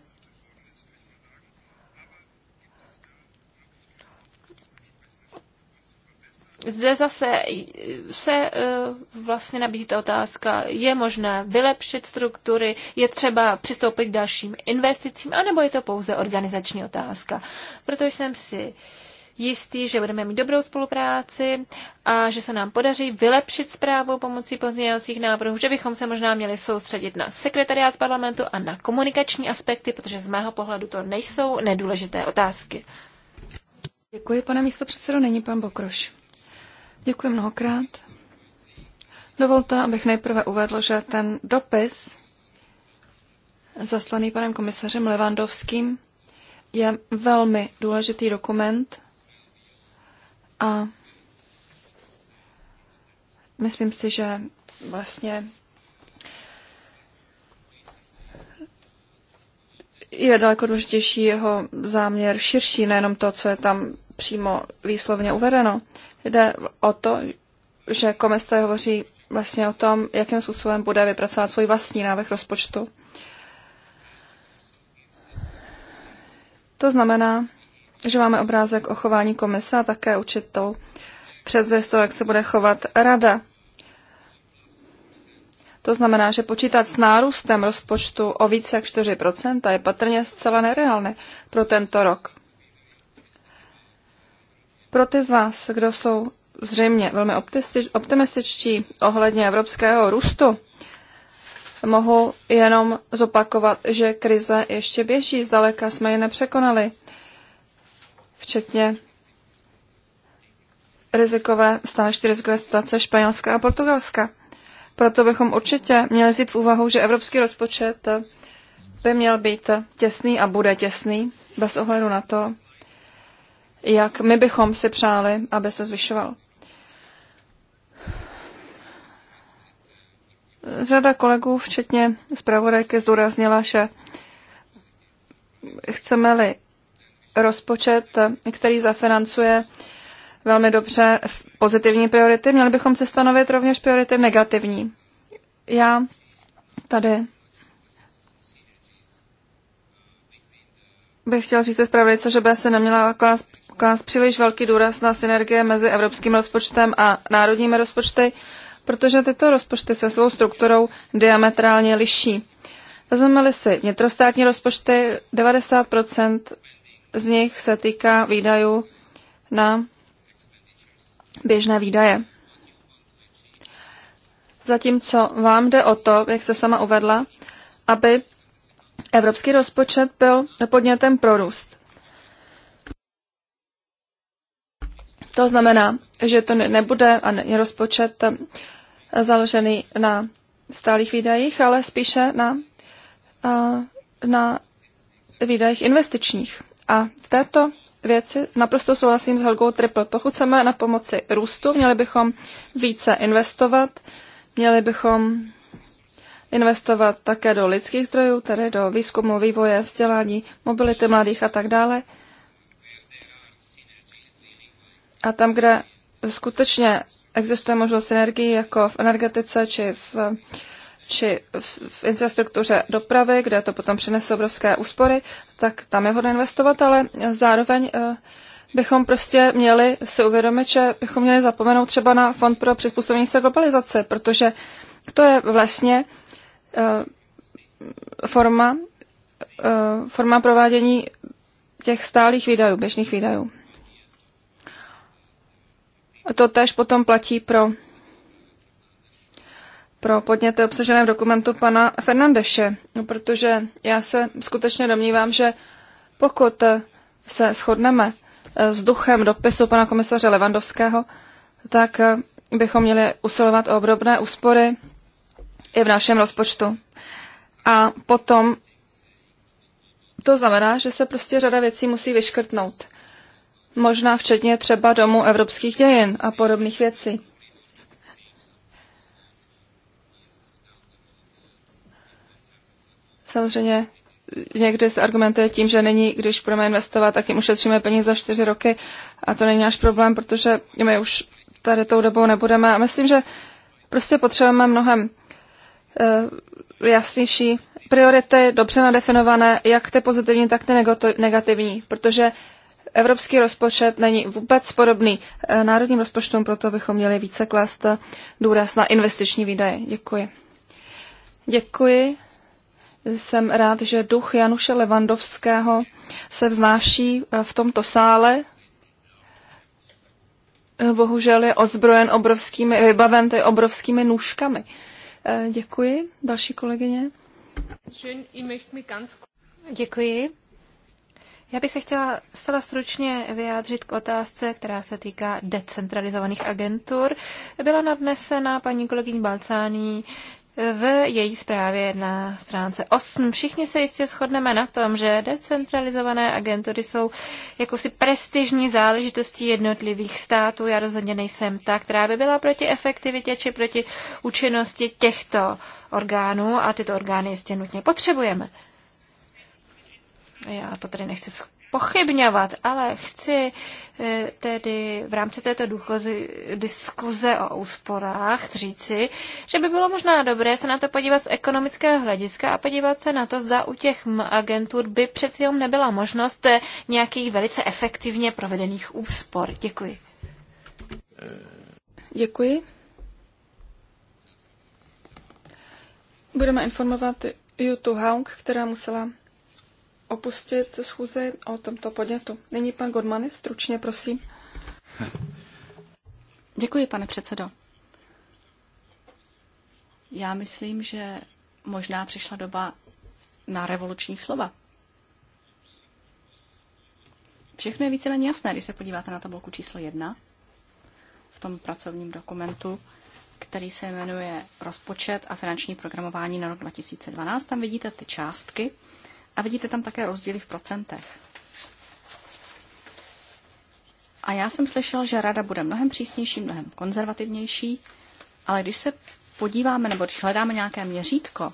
Zde zase se e, vlastně nabízí ta otázka, je možné vylepšit struktury, je třeba přistoupit k dalším investicím, anebo je to pouze organizační otázka. Protože jsem si uh, jistý, že budeme mít dobrou spolupráci a že se nám podaří vylepšit zprávu pomocí pozměňovacích návrhů, že bychom se možná měli soustředit na sekretariát parlamentu a na komunikační aspekty, protože z mého pohledu to nejsou nedůležité otázky. Děkuji, pane předsedo, není pan Bokroš. Děkuji mnohokrát. Dovolte, abych nejprve uvedl, že ten dopis zaslaný panem komisařem Levandovským je velmi důležitý dokument, a myslím si, že vlastně je daleko důležitější jeho záměr širší, nejenom to, co je tam přímo výslovně uvedeno. Jde o to, že komise hovoří vlastně o tom, jakým způsobem bude vypracovat svůj vlastní návrh rozpočtu. To znamená, že máme obrázek o chování komise a také určitou předzvěst jak se bude chovat rada. To znamená, že počítat s nárůstem rozpočtu o více jak 4% je patrně zcela nereálné pro tento rok. Pro ty z vás, kdo jsou zřejmě velmi optimističtí ohledně evropského růstu, mohu jenom zopakovat, že krize ještě běží, zdaleka jsme ji nepřekonali včetně rizikové, stále rizikové situace Španělska a Portugalska. Proto bychom určitě měli vzít v úvahu, že evropský rozpočet by měl být těsný a bude těsný, bez ohledu na to, jak my bychom si přáli, aby se zvyšoval. Řada kolegů, včetně zpravodajky, zdůraznila, že chceme-li rozpočet, který zafinancuje velmi dobře pozitivní priority, měli bychom se stanovit rovněž priority negativní. Já tady bych chtěl říct zpravodajce, že by se neměla klást, klást příliš velký důraz na synergie mezi evropským rozpočtem a národními rozpočty, protože tyto rozpočty se svou strukturou diametrálně liší. Vezmeme-li si vnitrostátní rozpočty, 90 z nich se týká výdajů na běžné výdaje. Zatímco vám jde o to, jak se sama uvedla, aby evropský rozpočet byl podnětem pro růst. To znamená, že to nebude a je rozpočet eh, založený na stálých výdajích, ale spíše na, eh, na výdajích investičních. A v této věci naprosto souhlasím s Helgou Triple. Pokud chceme na pomoci růstu, měli bychom více investovat, měli bychom investovat také do lidských zdrojů, tedy do výzkumu, vývoje, vzdělání, mobility mladých a tak dále. A tam, kde skutečně existuje možnost synergii, jako v energetice či v či v, infrastruktuře dopravy, kde to potom přinese obrovské úspory, tak tam je hodně investovat, ale zároveň eh, bychom prostě měli si uvědomit, že bychom měli zapomenout třeba na Fond pro přizpůsobení se globalizace, protože to je vlastně eh, forma, eh, forma provádění těch stálých výdajů, běžných výdajů. To tež potom platí pro pro podněty obsažené v dokumentu pana Fernandeše, no, protože já se skutečně domnívám, že pokud se shodneme eh, s duchem dopisu pana komisaře Levandovského, tak eh, bychom měli usilovat o obdobné úspory i v našem rozpočtu. A potom to znamená, že se prostě řada věcí musí vyškrtnout. Možná včetně třeba Domu evropských dějin a podobných věcí. Samozřejmě někdy se argumentuje tím, že není, když budeme investovat, tak jim ušetříme peníze za čtyři roky a to není náš problém, protože my už tady tou dobou nebudeme. A myslím, že prostě potřebujeme mnohem uh, jasnější priority, dobře nadefinované, jak ty pozitivní, tak ty negativní, protože evropský rozpočet není vůbec podobný eh, národním rozpočtům, proto bychom měli více klást eh, důraz na investiční výdaje. Děkuji. Děkuji. Jsem rád, že duch Januše Levandovského se vznáší eh, v tomto sále. Eh, bohužel je ozbrojen obrovskými, vybaven ty obrovskými nůžkami. Eh, děkuji. Další kolegyně. Děkuji. Já bych se chtěla zcela stručně vyjádřit k otázce, která se týká decentralizovaných agentur. Byla nadnesena paní kolegyní Balcání v její zprávě na stránce 8. Všichni se jistě shodneme na tom, že decentralizované agentury jsou jakousi prestižní záležitostí jednotlivých států. Já rozhodně nejsem ta, která by byla proti efektivitě či proti účinnosti těchto orgánů a tyto orgány jistě nutně potřebujeme. Já to tady nechci spochybňovat, ale chci eh, tedy v rámci této důchozy, diskuze o úsporách říci, že by bylo možná dobré se na to podívat z ekonomického hlediska a podívat se na to, zda u těch agentur by přeci jenom nebyla možnost eh, nějakých velice efektivně provedených úspor. Děkuji. Děkuji. Budeme informovat Jutu Haung, která musela opustit schůzi o tomto podnětu. Nyní pan Godmany, stručně prosím. [laughs] Děkuji, pane předsedo. Já myslím, že možná přišla doba na revoluční slova. Všechno je víceméně jasné, když se podíváte na tabulku číslo jedna v tom pracovním dokumentu, který se jmenuje Rozpočet a finanční programování na rok 2012. Tam vidíte ty částky a vidíte tam také rozdíly v procentech. A já jsem slyšel, že rada bude mnohem přísnější, mnohem konzervativnější, ale když se podíváme nebo když hledáme nějaké měřítko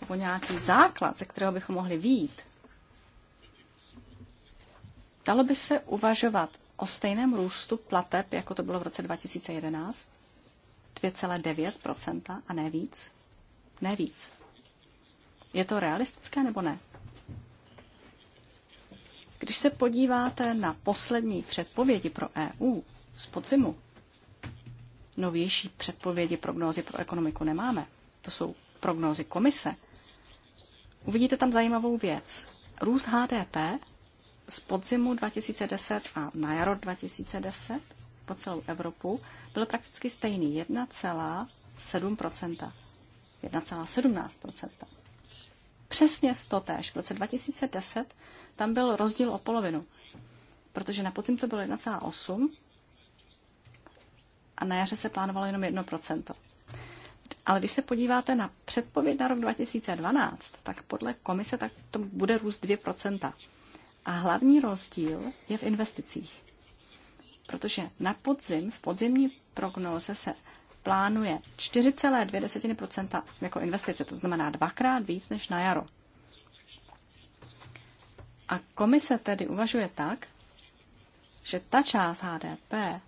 nebo nějaký základ, ze kterého bychom mohli výjít, dalo by se uvažovat o stejném růstu plateb, jako to bylo v roce 2011, 2,9% a ne víc? Ne víc. Je to realistické nebo ne? Když se podíváte na poslední předpovědi pro EU z podzimu, novější předpovědi prognózy pro ekonomiku nemáme. To jsou prognózy komise. Uvidíte tam zajímavou věc. Růst HDP z podzimu 2010 a na jaro 2010 po celou Evropu byl prakticky stejný 1,7%. 1,17% přesně to též. V roce 2010 tam byl rozdíl o polovinu, protože na podzim to bylo 1,8 a na jaře se plánovalo jenom 1%. Ale když se podíváte na předpověď na rok 2012, tak podle komise tak to bude růst 2%. A hlavní rozdíl je v investicích. Protože na podzim, v podzimní prognóze se plánuje 4,2 jako investice, to znamená dvakrát víc než na jaro. A komise tedy uvažuje tak, že ta část HDP,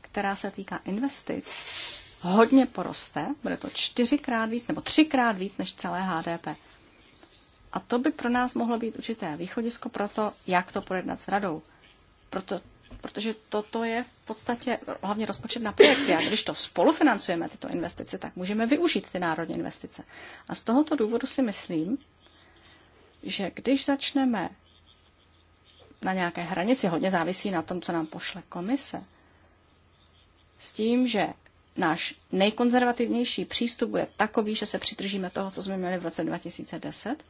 která se týká investic, hodně poroste, bude to čtyřikrát víc nebo třikrát víc než celé HDP. A to by pro nás mohlo být určité východisko pro to, jak to projednat s radou. Proto protože toto je v podstatě hlavně rozpočet na projekty. A když to spolufinancujeme, tyto investice, tak můžeme využít ty národní investice. A z tohoto důvodu si myslím, že když začneme na nějaké hranici, hodně závisí na tom, co nám pošle komise, s tím, že náš nejkonzervativnější přístup bude takový, že se přidržíme toho, co jsme měli v roce 2010,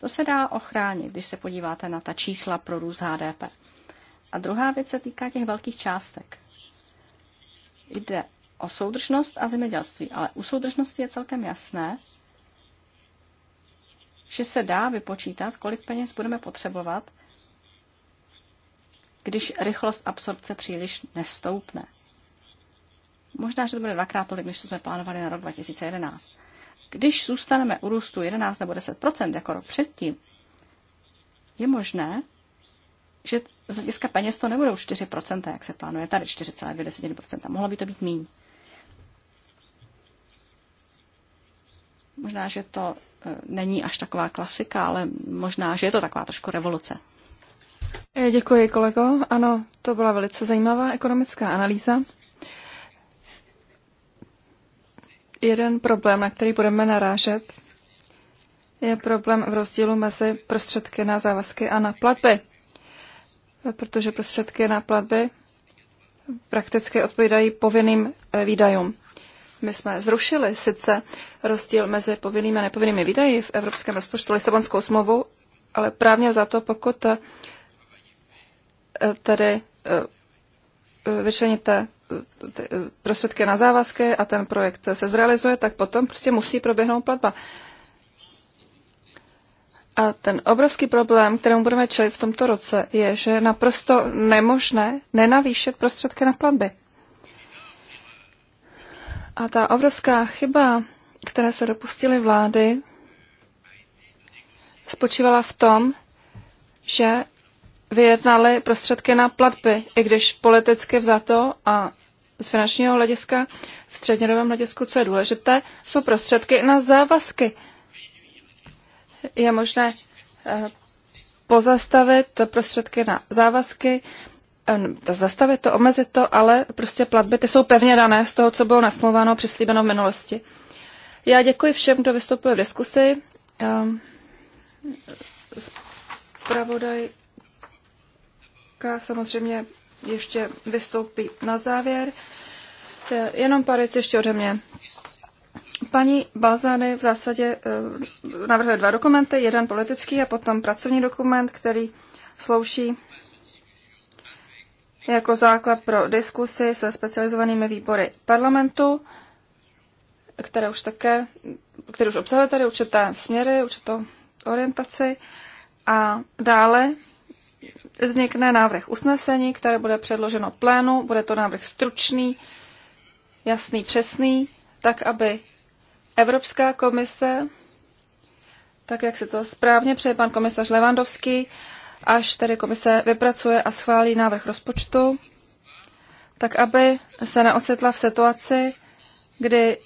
to se dá ochránit, když se podíváte na ta čísla pro růst HDP. A druhá věc se týká těch velkých částek. Jde o soudržnost a zemědělství, ale u soudržnosti je celkem jasné, že se dá vypočítat, kolik peněz budeme potřebovat, když rychlost absorpce příliš nestoupne. Možná, že to bude dvakrát tolik, než jsme plánovali na rok 2011. Když zůstaneme u růstu 11 nebo 10 jako rok předtím, je možné, že z hlediska peněz to nebudou 4%, jak se plánuje tady, 4,2%. Mohlo by to být míň. Možná, že to e, není až taková klasika, ale možná, že je to taková trošku revoluce. E, děkuji, kolego. Ano, to byla velice zajímavá ekonomická analýza. Jeden problém, na který budeme narážet, je problém v rozdílu mezi prostředky na závazky a na platby protože prostředky na platby prakticky odpovídají povinným eh, výdajům. My jsme zrušili sice rozdíl mezi povinnými a nepovinnými výdaji v evropském rozpočtu Lisabonskou smlouvou, ale právně za to, pokud eh, tedy eh, vyčleníte prostředky na závazky a ten projekt se zrealizuje, tak potom prostě musí proběhnout platba. A ten obrovský problém, kterému budeme čelit v tomto roce, je, že je naprosto nemožné nenavýšet prostředky na platby. A ta obrovská chyba, které se dopustily vlády, spočívala v tom, že vyjednali prostředky na platby, i když politicky vzato a z finančního hlediska v střednědobém hledisku, co je důležité, jsou prostředky na závazky je možné eh, pozastavit prostředky na závazky, eh, zastavit to, omezit to, ale prostě platby ty jsou pevně dané z toho, co bylo nasmluváno, přislíbeno v minulosti. Já děkuji všem, kdo vystoupil v diskusi. Spravodajka eh, samozřejmě ještě vystoupí na závěr. Jenom pár věcí ještě ode mě. Paní Balzány v zásadě eh, navrhuje dva dokumenty, jeden politický a potom pracovní dokument, který slouží jako základ pro diskusy se specializovanými výbory parlamentu, které už také, které už obsahuje tady určité směry, určitou orientaci. A dále vznikne návrh usnesení, které bude předloženo plénu. Bude to návrh stručný, jasný, přesný, tak, aby Evropská komise, tak jak se to správně přeje pan komisař Levandovský, až tedy komise vypracuje a schválí návrh rozpočtu, tak aby se neocitla v situaci, kdy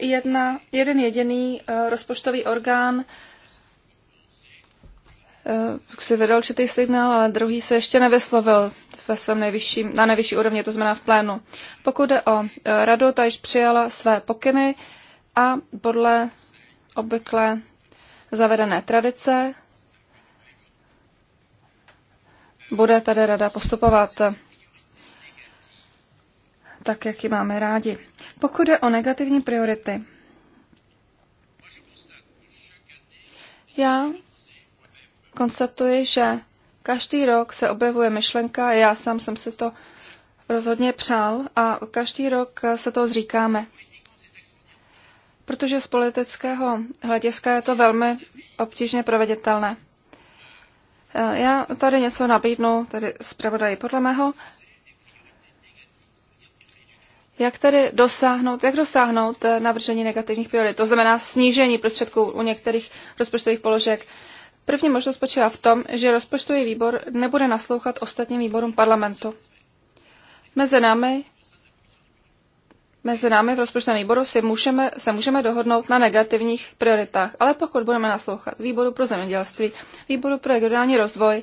jedna, jeden jediný eh, rozpočtový orgán eh, si vydal určitý signál, ale druhý se ještě nevyslovil ve svém nejvyšším, na nejvyšší úrovni, to znamená v plénu. Pokud jde o e, radu, ta již přijala své pokyny a podle obvykle zavedené tradice bude tady rada postupovat tak, jak ji máme rádi. Pokud jde o negativní priority, já konstatuji, že Každý rok se objevuje myšlenka, já sám jsem se to rozhodně přál a každý rok se toho zříkáme. Protože z politického hlediska je to velmi obtížně proveditelné. Eh, já tady něco nabídnu, tady zpravodaji podle mého. Jak tedy dosáhnout, jak dosáhnout eh, navržení negativních priorit? To znamená snížení prostředků u některých rozpočtových položek. První možnost spočívá v tom, že rozpočtový výbor nebude naslouchat ostatním výborům parlamentu. Mezi námi, mezi námi v rozpočtovém výboru si můžeme, se můžeme dohodnout na negativních prioritách, ale pokud budeme naslouchat výboru pro zemědělství, výboru pro regionální rozvoj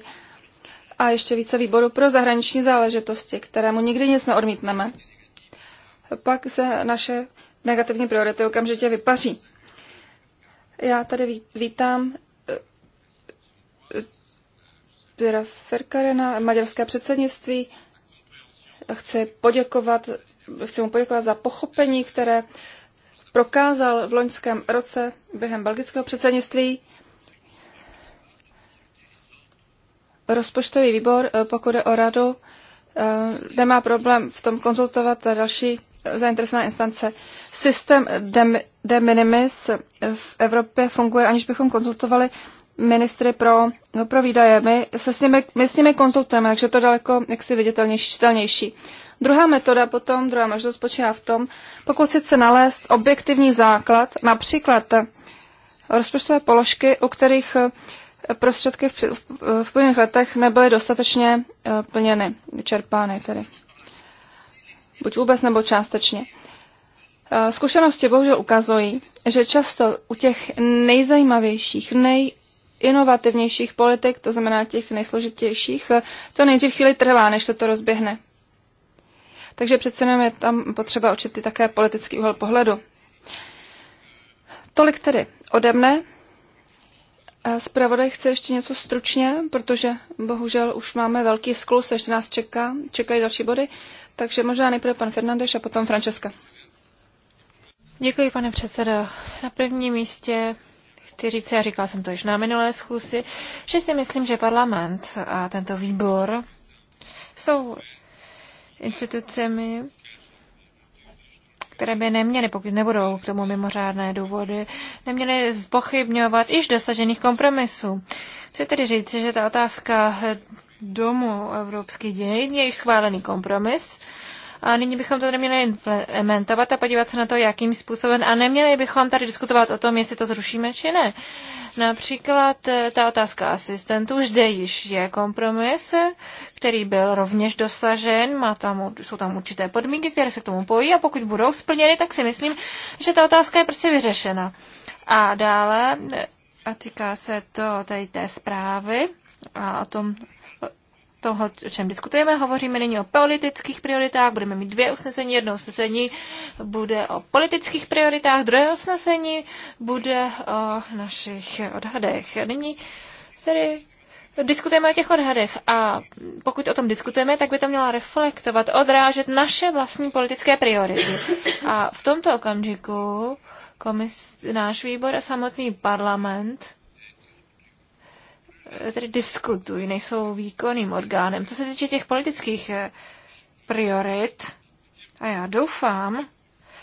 a ještě více výboru pro zahraniční záležitosti, kterému nikdy nic neodmítneme, pak se naše negativní priority okamžitě vypaří. Já tady vítám Pira Ferkarena, maďarské předsednictví. Chci, poděkovat, chci mu poděkovat za pochopení, které prokázal v loňském roce během belgického předsednictví. Rozpočtový výbor, eh, pokud je o radu, eh, nemá problém v tom konzultovat další zainteresované instance. Systém de, de minimis v Evropě funguje, aniž bychom konzultovali ministry pro, no, pro výdaje. My, se s nimi, my s nimi konzultujeme, takže to daleko jaksi viditelnější, čitelnější. Druhá metoda potom, druhá možnost spočívá v tom, pokusit se nalézt objektivní základ, například eh, rozpočtové položky, u kterých eh, prostředky v, v, v plných letech nebyly dostatečně eh, plněny, čerpány tedy. Buď vůbec nebo částečně. Zkušenosti bohužel ukazují, že často u těch nejzajímavějších, nej, inovativnějších politik, to znamená těch nejsložitějších, to nejdřív chvíli trvá, než se to rozběhne. Takže přece jenom je tam potřeba určitý také politický úhel pohledu. Tolik tedy ode mne. Zpravodaj chce ještě něco stručně, protože bohužel už máme velký sklus, ještě nás čeká, čekají další body, takže možná nejprve pan Fernandeš a potom Francesca. Děkuji, pane předsedo. Na prvním místě chci říct, já říkala jsem to již na minulé schůzi, že si myslím, že parlament a tento výbor jsou institucemi, které by neměly, pokud nebudou k tomu mimořádné důvody, neměly zpochybňovat již dosažených kompromisů. Chci tedy říct, že ta otázka domu evropských dějin je již schválený kompromis, a nyní bychom to tady měli implementovat a podívat se na to, jakým způsobem. A neměli bychom tady diskutovat o tom, jestli to zrušíme či ne. Například eh, ta otázka asistentů, zde již je kompromis, eh, který byl rovněž dosažen, má tam, jsou tam určité podmínky, které se k tomu pojí a pokud budou splněny, tak si myslím, že ta otázka je prostě vyřešena. A dále, eh, a týká se to tady té zprávy a o tom toho, o čem diskutujeme. Hovoříme nyní o politických prioritách, budeme mít dvě usnesení. Jedno usnesení bude o politických prioritách, druhé usnesení bude o našich odhadech. Nyní tedy diskutujeme o těch odhadech a pokud o tom diskutujeme, tak by to měla reflektovat, odrážet naše vlastní politické priority. A v tomto okamžiku komis, náš výbor a samotný parlament tedy diskutují, nejsou výkonným orgánem. Co se týče těch politických eh, priorit, a já doufám,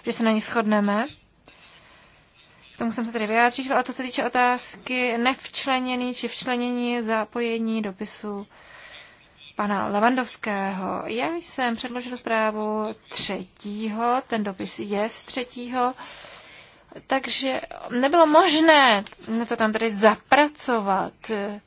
že se na ní shodneme, k tomu jsem se tedy vyjádřit, ale co se týče otázky nevčlenění či včlenění zapojení dopisu pana Levandovského. Já jsem předložil zprávu třetího, ten dopis je z třetího, takže nebylo možné to tam tady zapracovat. Eh,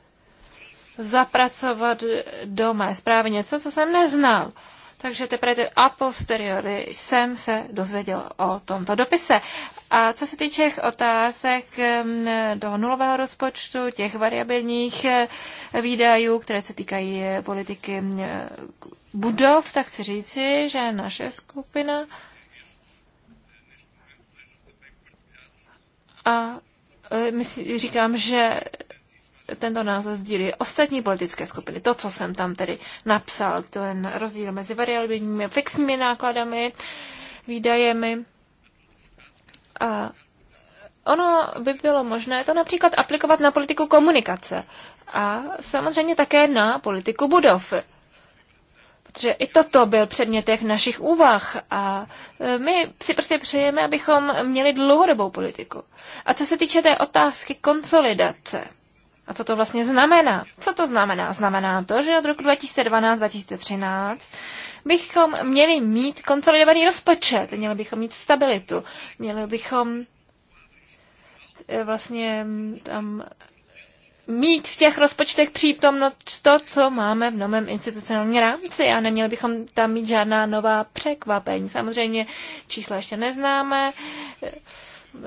zapracovat do mé zprávy něco, co jsem neznal. Takže teprve a posteriori jsem se dozvěděl o tomto dopise. A co se týče otázek mm, do nulového rozpočtu, těch variabilních eh, výdajů, které se týkají eh, politiky mm, eh, budov, tak chci říci, že naše skupina a my si říkám, že tento názor sdílí ostatní politické skupiny. To, co jsem tam tedy napsal, ten rozdíl mezi variabilními a fixními nákladami, výdajemi. A ono by bylo možné to například aplikovat na politiku komunikace a samozřejmě také na politiku budov. Protože i toto byl předmět těch našich úvah a e, my si prostě přejeme, abychom měli dlouhodobou politiku. A co se týče té otázky konsolidace, a co to vlastně znamená? Co to znamená? Znamená to, že od roku 2012-2013 bychom měli mít konsolidovaný rozpočet, měli bychom mít stabilitu, měli bychom eh, vlastně mm, tam mít v těch rozpočtech přítomno to, co máme v novém institucionálním rámci a neměli bychom tam mít žádná nová překvapení. Samozřejmě čísla ještě neznáme,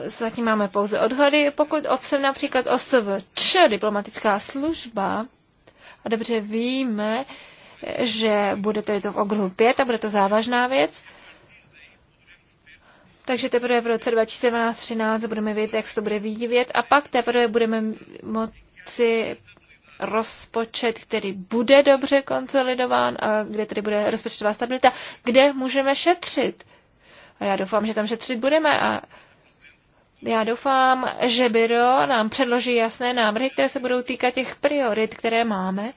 zatím máme pouze odhady. Pokud ovšem například OSVČ, diplomatická služba, a dobře víme, že bude tady to v okruhu 5 a bude to závažná věc, takže teprve v roce 2017-2013 budeme vědět, jak se to bude vidět a pak teprve budeme moci rozpočet, který bude dobře konsolidován a kde tedy bude rozpočtová stabilita, kde můžeme šetřit. A já doufám, že tam šetřit budeme a já doufám, že Byro nám předloží jasné návrhy, které se budou týkat těch priorit, které máme.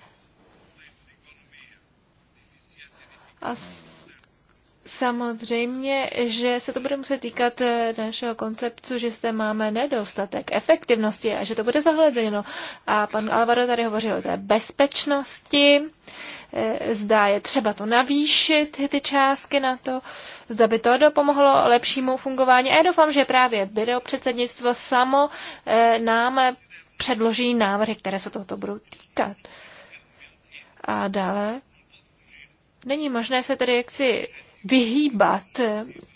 A samozřejmě, že se to bude muset týkat eh, našeho konceptu, že zde máme nedostatek efektivnosti a že to bude zahledeno. A pan Alvaro tady hovořil o té bezpečnosti. Uh, E, zda je třeba to navýšit, ty částky na to, zda by to dopomohlo lepšímu fungování. A já doufám, že právě byrou předsednictvo samo e, nám předloží návrhy, které se tohoto budou týkat. A dále není možné se tedy jaksi vyhýbat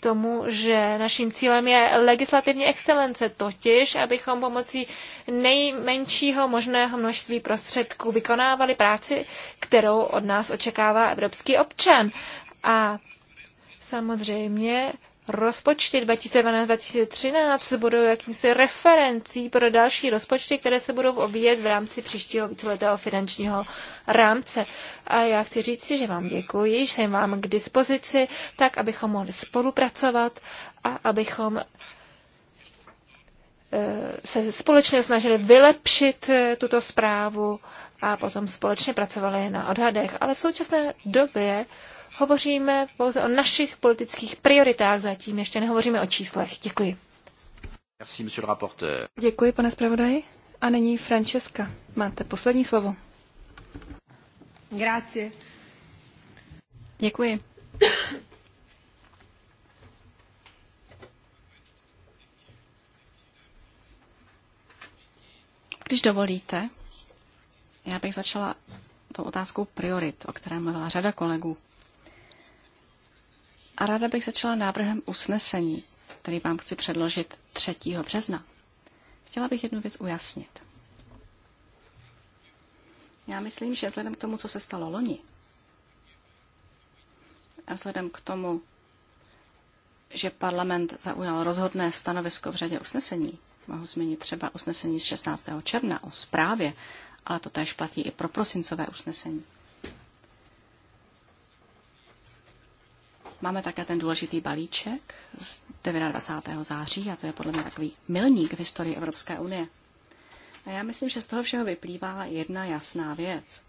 tomu, že naším cílem je legislativní excelence, totiž abychom pomocí nejmenšího možného množství prostředků vykonávali práci, kterou od nás očekává evropský občan. A samozřejmě rozpočty 2012-2013 budou jakýmsi referencí pro další rozpočty, které se budou obíjet v rámci příštího víceletého finančního rámce. A já chci říct si, že vám děkuji, že jsem vám k dispozici, tak abychom mohli spolupracovat a abychom eh, se společně snažili vylepšit eh, tuto zprávu a potom společně pracovali na odhadech. Ale v současné době Hovoříme pouze o našich politických prioritách zatím, ještě nehovoříme o číslech. Děkuji. Merci, Děkuji, pane zpravodaji. A nyní Francesca. Máte poslední slovo. Grazie. Děkuji. Když dovolíte, já bych začala tou otázkou priorit, o které mluvila řada kolegů. A ráda bych začala návrhem usnesení, který vám chci předložit 3. března. Chtěla bych jednu věc ujasnit. Já myslím, že vzhledem k tomu, co se stalo loni, a vzhledem k tomu, že parlament zaujal rozhodné stanovisko v řadě usnesení, mohu zmínit třeba usnesení z 16. června o zprávě, ale to též platí i pro prosincové usnesení. Máme také ten důležitý balíček z 29. září a to je podle mě takový milník v historii Evropské unie. A já myslím, že z toho všeho vyplývá jedna jasná věc.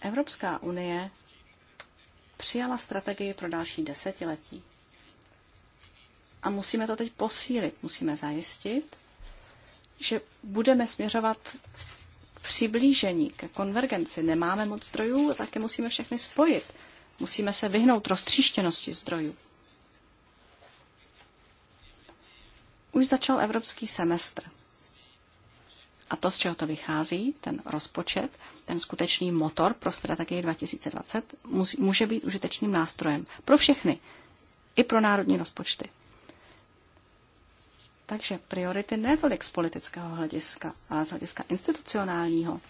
Evropská unie přijala strategii pro další desetiletí. A musíme to teď posílit, musíme zajistit, že budeme směřovat přiblížení, ke konvergenci. Nemáme moc zdrojů, také musíme všechny spojit. Musíme se vyhnout roztříštěnosti zdrojů. Už začal evropský semestr. A to, z čeho to vychází, ten rozpočet, ten skutečný motor pro strategii 2020, může být užitečným nástrojem pro všechny, i pro národní rozpočty. Takže priority ne tolik z politického hlediska, ale z hlediska institucionálního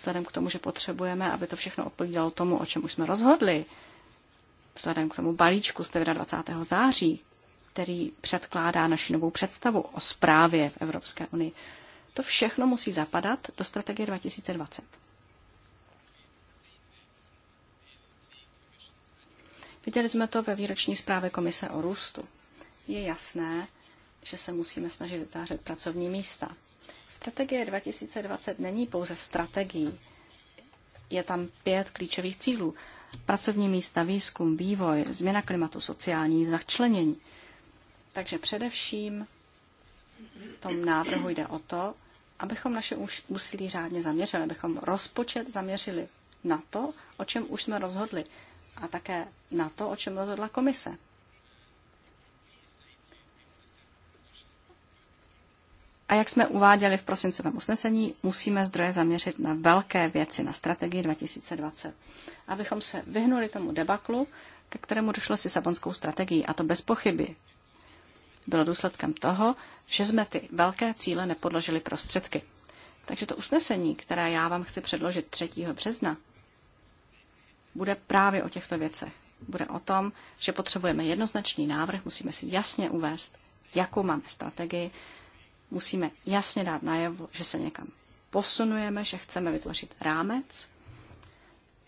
vzhledem k tomu, že potřebujeme, aby to všechno odpovídalo tomu, o čem už jsme rozhodli, vzhledem k tomu balíčku z 29. září, který předkládá naši novou představu o správě v Evropské unii. To všechno musí zapadat do strategie 2020. Viděli jsme to ve výroční zprávě Komise o růstu. Je jasné, že se musíme snažit vytvářet pracovní místa. Strategie 2020 není pouze strategií. Je tam pět klíčových cílů. Pracovní místa, výzkum, vývoj, změna klimatu, sociální začlenění. Takže především v tom návrhu jde o to, abychom naše úsilí řádně zaměřili, abychom rozpočet zaměřili na to, o čem už jsme rozhodli a také na to, o čem rozhodla komise. A jak jsme uváděli v prosincovém usnesení, musíme zdroje zaměřit na velké věci, na strategii 2020. Abychom se vyhnuli tomu debaklu, ke kterému došlo s Lisabonskou strategií, a to bez pochyby bylo důsledkem toho, že jsme ty velké cíle nepodložili prostředky. Takže to usnesení, které já vám chci předložit 3. března, bude právě o těchto věcech. Bude o tom, že potřebujeme jednoznačný návrh, musíme si jasně uvést, jakou máme strategii Musíme jasně dát najevo, že se někam posunujeme, že chceme vytvořit rámec,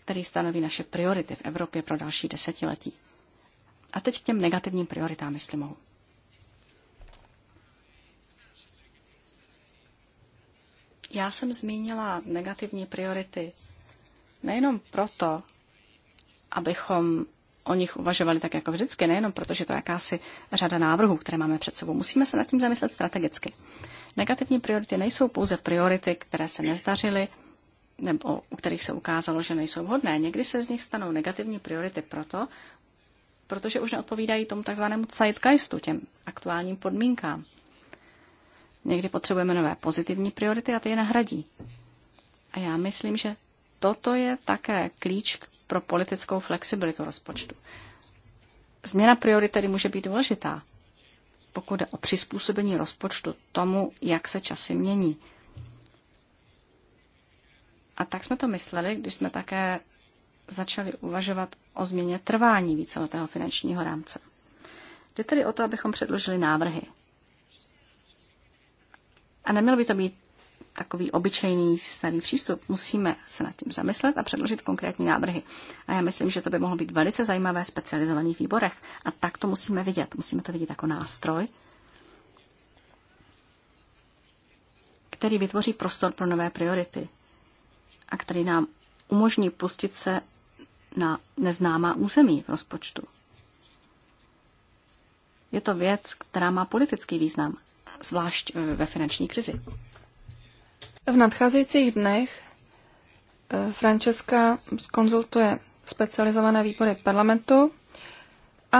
který stanoví naše priority v Evropě pro další desetiletí. A teď k těm negativním prioritám, jestli mohu. Já jsem zmínila negativní priority nejenom proto, abychom o nich uvažovali tak jako vždycky, nejenom protože to je jakási řada návrhů, které máme před sebou. Musíme se nad tím zamyslet strategicky. Negativní priority nejsou pouze priority, které se nezdařily nebo u kterých se ukázalo, že nejsou vhodné. Někdy se z nich stanou negativní priority proto, protože už neodpovídají tomu takzvanému zeitgeistu, těm aktuálním podmínkám. Někdy potřebujeme nové pozitivní priority a ty je nahradí. A já myslím, že toto je také klíč k pro politickou flexibilitu rozpočtu. Změna priorit tedy může být důležitá, pokud jde o přizpůsobení rozpočtu tomu, jak se časy mění. A tak jsme to mysleli, když jsme také začali uvažovat o změně trvání víceletého finančního rámce. Jde tedy o to, abychom předložili návrhy. A nemělo by to být takový obyčejný starý přístup. Musíme se nad tím zamyslet a předložit konkrétní návrhy. A já myslím, že to by mohlo být velice zajímavé v specializovaných výborech. A tak to musíme vidět. Musíme to vidět jako nástroj, který vytvoří prostor pro nové priority a který nám umožní pustit se na neznámá území v rozpočtu. Je to věc, která má politický význam, zvlášť eh, ve finanční krizi. V nadcházejících dnech eh, Francesca konzultuje specializované výbory parlamentu a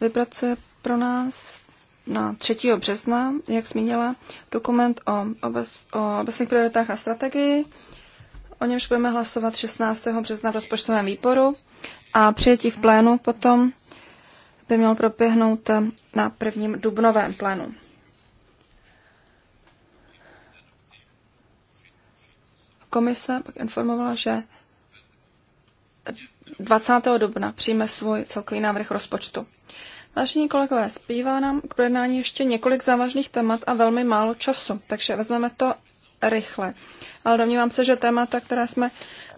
vypracuje pro nás na 3. března, jak zmínila, dokument o, obes, o obecných prioritách a strategii. O němž budeme hlasovat 16. března v rozpočtovém výboru a přijetí v plénu potom by mělo proběhnout na prvním dubnovém plénu. Komise pak informovala, že 20. dubna přijme svůj celkový návrh rozpočtu. Vážení kolegové, zpívá nám k projednání ještě několik závažných témat a velmi málo času, takže vezmeme to rychle. Ale domnívám se, že témata, která jsme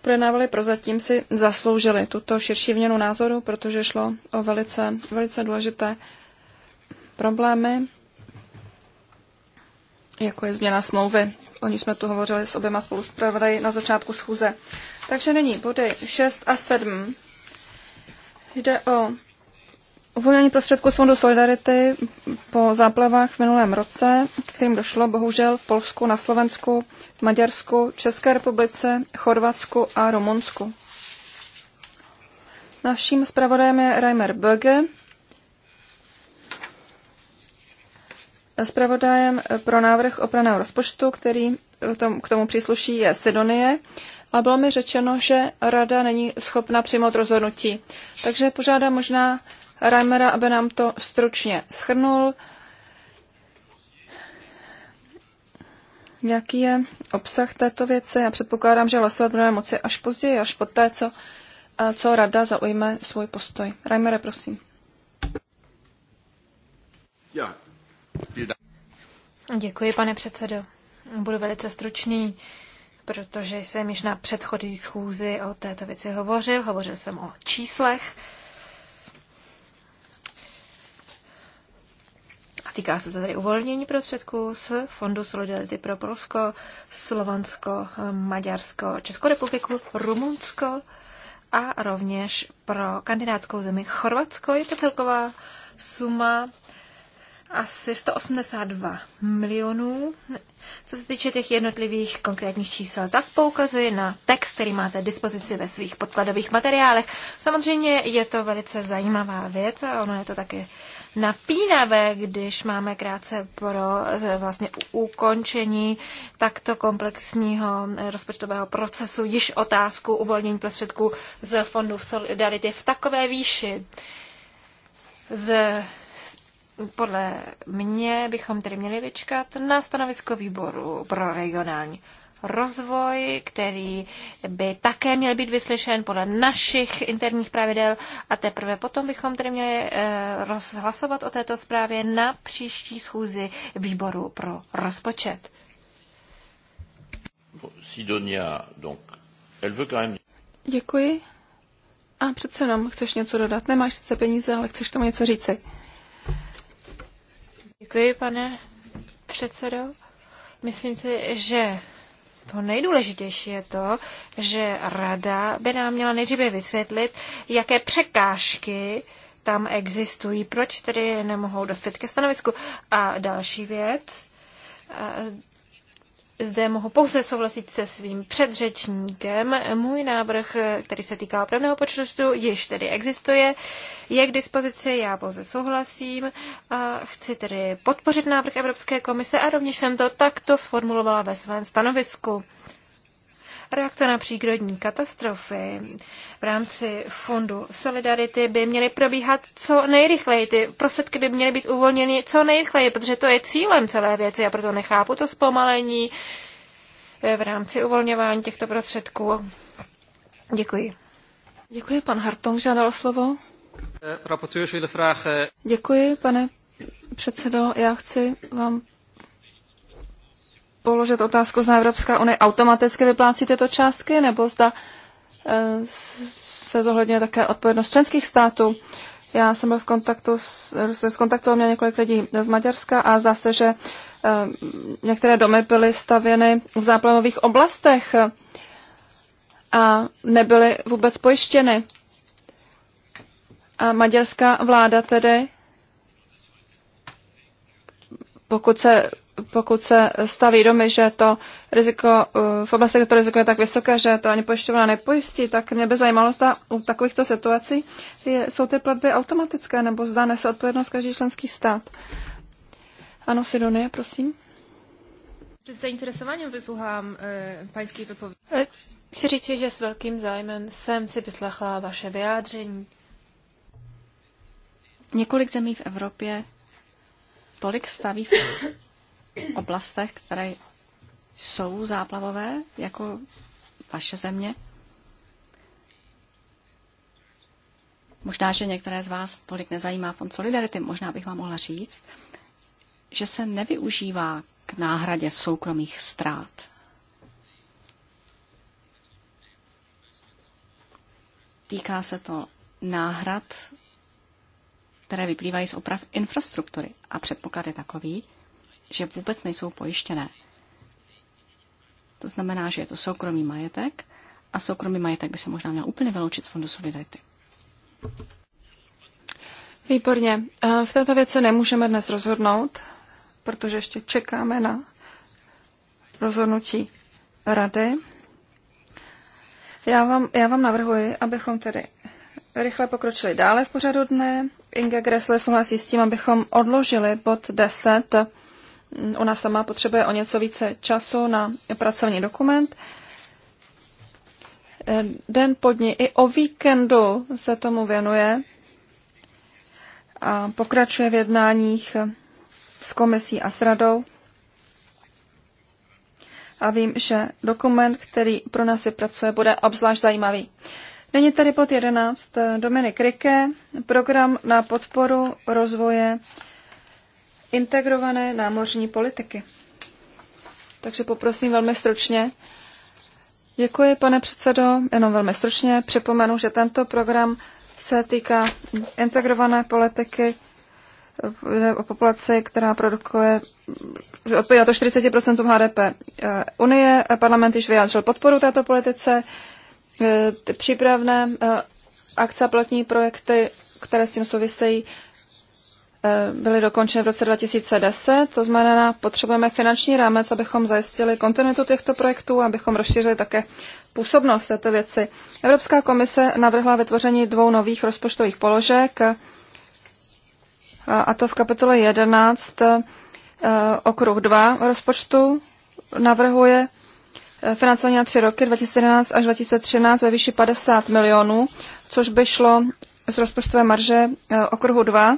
projednávali prozatím, si zasloužili tuto širší vměnu názoru, protože šlo o velice, velice důležité problémy, jako je změna smlouvy o ní jsme tu hovořili s oběma spoluzpravodaji na začátku schůze. Takže nyní body 6 a 7. Jde o uvolnění prostředků z Fondu Solidarity po záplavách v minulém roce, kterým došlo bohužel v Polsku, na Slovensku, Maďarsku, České republice, Chorvatsku a Rumunsku. Naším zpravodajem je Reimer Böge, Spravodajem pro návrh opraného rozpočtu, který k tomu přísluší, je Sidonie. A bylo mi řečeno, že rada není schopna přijmout rozhodnutí. Takže požádám možná Reimera, aby nám to stručně schrnul. Jaký je obsah této věci? Já předpokládám, že hlasovat budeme moci až později, až poté, co, co rada zaujme svůj postoj. Reimere, prosím. Děkuji, pane předsedo. Budu velice stručný, protože jsem již na předchozí schůzi o této věci hovořil. Hovořil jsem o číslech. A týká se to tedy uvolnění prostředků z Fondu Solidarity pro Polsko, Slovensko, Maďarsko, Českou republiku, Rumunsko a rovněž pro kandidátskou zemi Chorvatsko. Je to celková suma asi 182 milionů. Co se týče těch jednotlivých konkrétních čísel, tak poukazuje na text, který máte dispozici ve svých podkladových materiálech. Samozřejmě je to velice zajímavá věc a ono je to také napínavé, když máme krátce pro eh, vlastně ukončení takto komplexního eh, rozpočtového procesu již otázku uvolnění prostředků z fondu Solidarity v takové výši z podle mě bychom tedy měli vyčkat na stanovisko výboru pro regionální rozvoj, který by také měl být vyslyšen podle našich interních pravidel a teprve potom bychom tedy měli eh, rozhlasovat o této zprávě na příští schůzi výboru pro rozpočet. Sidonia, donc, elle veut quand même... Děkuji. A přece jenom chceš něco dodat. Nemáš sice peníze, ale chceš tomu něco říci. Děkuji, pane předsedo. Myslím si, že to nejdůležitější je to, že rada by nám měla nejdříve vysvětlit, jaké překážky tam existují, proč tedy nemohou dospět ke stanovisku. A další věc, zde mohu pouze souhlasit se svým předřečníkem. Můj návrh, který se týká opravného počtu, již tedy existuje, je k dispozici, já pouze souhlasím a chci tedy podpořit návrh Evropské komise a rovněž jsem to takto sformulovala ve svém stanovisku. Reakce na přírodní katastrofy v rámci Fondu Solidarity by měly probíhat co nejrychleji. Ty prostředky by měly být uvolněny co nejrychleji, protože to je cílem celé věci. Já proto nechápu to zpomalení eh, v rámci uvolňování těchto prostředků. Děkuji. Děkuji, pan Hartong žádal slovo. Eh, eh. Děkuji, pane předsedo. Já chci vám položit otázku, zda Evropská unie automaticky vyplácí tyto částky, nebo zda eh, se zohledňuje také odpovědnost členských států. Já jsem byl v kontaktu, skontaktoval mě několik lidí z Maďarska a zdá se, že eh, některé domy byly stavěny v záplavových oblastech a nebyly vůbec pojištěny. A maďarská vláda tedy, pokud se pokud se staví domy, že to riziko, eh, v oblasti, kde to riziko je tak vysoké, že to ani pojišťovna nepojistí, tak mě by zajímalo, zda u takovýchto situací je, jsou ty platby automatické, nebo zda nese odpovědnost každý členský stát. Ano, Sidonie, prosím. S zainteresováním vyslouchám e, pańskiej wypowiedzi. E, chci říct, že s velkým zájmem jsem si vyslechla vaše vyjádření. Několik zemí v Evropě tolik staví oblastech, které jsou záplavové, jako vaše země? Možná, že některé z vás tolik nezajímá fond Solidarity, možná bych vám mohla říct, že se nevyužívá k náhradě soukromých ztrát. Týká se to náhrad, které vyplývají z oprav infrastruktury. A předpoklad je takový, že vůbec nejsou pojištěné. To znamená, že je to soukromý majetek a soukromý majetek by se možná měl úplně vyloučit z Fondu Solidarity. Výborně. Eh, v této věci nemůžeme dnes rozhodnout, protože ještě čekáme na rozhodnutí rady. Já vám, já vám navrhuji, abychom tedy rychle pokročili dále v pořadu dne. Inge Gressle souhlasí s tím, abychom odložili bod 10 Ona sama potřebuje o něco více času na pracovní dokument. Den pod ní i o víkendu se tomu věnuje a pokračuje v jednáních s komisí a s radou. A vím, že dokument, který pro nás vypracuje, bude obzvlášť zajímavý. Není tady pod 11 Dominik Rike, program na podporu rozvoje integrované námořní politiky. Takže poprosím velmi stručně. Děkuji, pane předsedo. Jenom velmi stručně připomenu, že tento program se týká integrované politiky o populaci, která produkuje, odpovídá to 40% HDP eh, Unie. Parlament již vyjádřil podporu této politice. Eh, přípravné eh, akce pilotní projekty, které s tím souvisejí, byly dokončeny v roce 2010. To znamená, potřebujeme finanční rámec, abychom zajistili kontinuitu těchto projektů, abychom rozšířili také působnost této věci. Evropská komise navrhla vytvoření dvou nových rozpočtových položek, a to v kapitole 11 eh, okruh 2 rozpočtu navrhuje eh, financování na tři roky 2011 až 2013 ve výši 50 milionů, což by šlo z rozpočtové marže eh, okruhu 2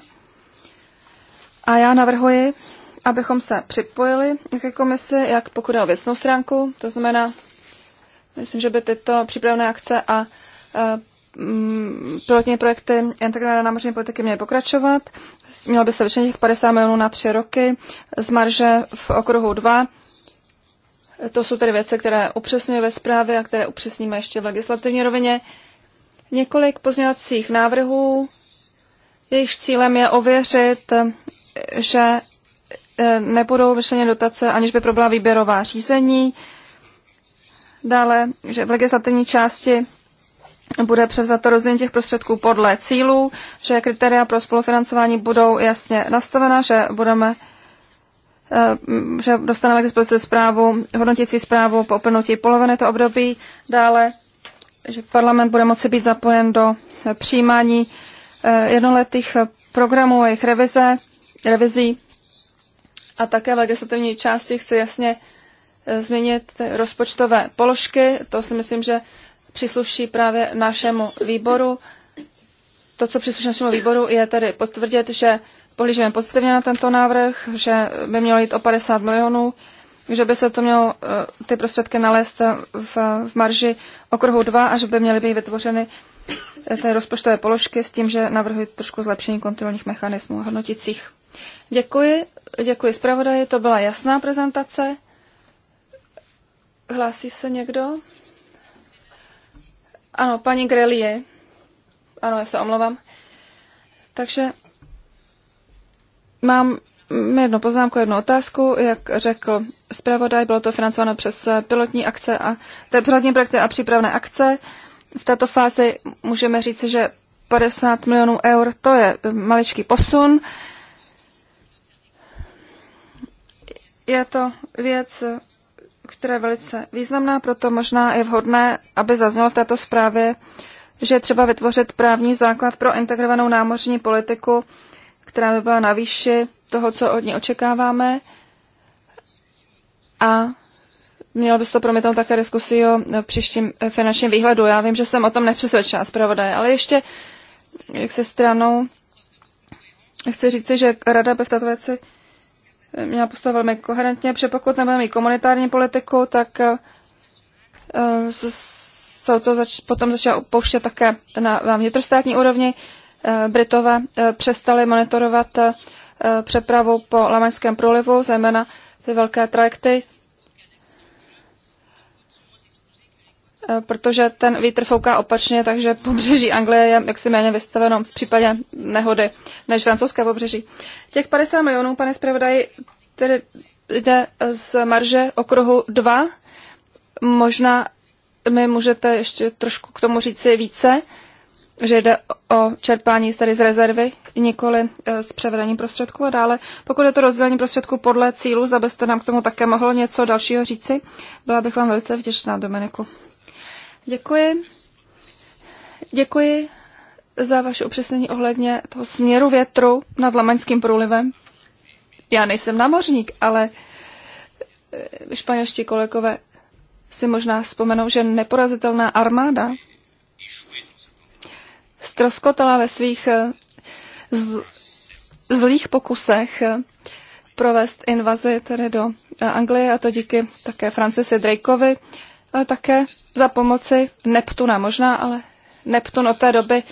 a já navrhuji, abychom se připojili ke komisi, jak pokud je o věcnou stránku, to znamená, myslím, že by tyto přípravné akce a e, mm, pilotní projekty integrované námořní politiky měly pokračovat. Mělo by se vyčlenit těch 50 milionů na tři roky z marže v okruhu 2. To jsou tedy věci, které upřesňuje ve zprávě a které upřesníme ještě v legislativní rovině. Několik pozměňovacích návrhů, jejichž cílem je ověřit že e, nebudou vyšleně dotace, aniž by proběhla výběrová řízení. Dále, že v legislativní části bude převzato rozdělení těch prostředků podle cílů, že kritéria pro spolufinancování budou jasně nastavena, že budeme e, že dostaneme k dispozici zprávu, hodnotící zprávu po uplynutí poloviny to období. Dále, že parlament bude moci být zapojen do přijímání e, jednoletých programů a jejich revize revizí. A také v legislativní části chci jasně e, změnit rozpočtové položky. To si myslím, že přísluší právě našemu výboru. To, co přísluší našemu výboru, je tedy potvrdit, že pohlížíme pozitivně na tento návrh, že by mělo jít o 50 milionů, že by se to mělo e, ty prostředky nalézt v, v marži okruhu 2 a že by měly být vytvořeny e, ty rozpočtové položky s tím, že navrhuji trošku zlepšení kontrolních mechanismů hodnotících. Děkuji, děkuji zpravodaji, to byla jasná prezentace. Hlásí se někdo? Ano, paní Grelie. Ano, já se omlouvám. Takže mám jednu poznámku, jednu otázku. Jak řekl zpravodaj, bylo to financováno přes pilotní akce a té pilotní projekty a přípravné akce. V této fázi můžeme říct, že 50 milionů eur to je maličký posun. Uh, Je to věc, která je velice významná, proto možná je vhodné, aby zaznělo v této zprávě, že je třeba vytvořit právní základ pro integrovanou námořní politiku, která by byla na výši toho, co od ní očekáváme. A mělo by se to promítnout také diskusí o příštím finančním výhledu. Já vím, že jsem o tom nepřesvědčila zpravodaje, ale ještě jak se stranou chci říci, že Rada by v této věci měla postavit velmi koherentně, protože pokud nebudeme mít komunitární politiku, tak eh, se to zač- potom začalo pouštět také na, na vnitrostátní úrovni. Eh, Britové eh, přestali monitorovat přepravu po Lamaňském průlivu, zejména ty velké trajekty Eh, protože ten vítr fouká opačně, takže pobřeží Anglie je jaksi méně vystaveno v případě nehody než francouzské pobřeží. Těch 50 milionů, pane zpravodaji, tedy jde z marže okruhu 2. Možná mi můžete ještě trošku k tomu říci více, že jde o čerpání tady z rezervy, nikoli eh, z převedení prostředků a dále. Pokud je to rozdělení prostředků podle cílu, zda byste nám k tomu také mohl něco dalšího říci, byla bych vám velice vděčná, Dominiku. Děkuji. Děkuji za vaše upřesnění ohledně toho směru větru nad Lamaňským průlivem. Já nejsem námořník, ale e, španělští kolegové si možná vzpomenou, že neporazitelná armáda stroskotala ve svých e, zl- zlých pokusech e, provést invazi tedy do Anglie, a to díky také Francisi Drakeovi, ale také za pomoci Neptuna. Možná, ale Neptun od té doby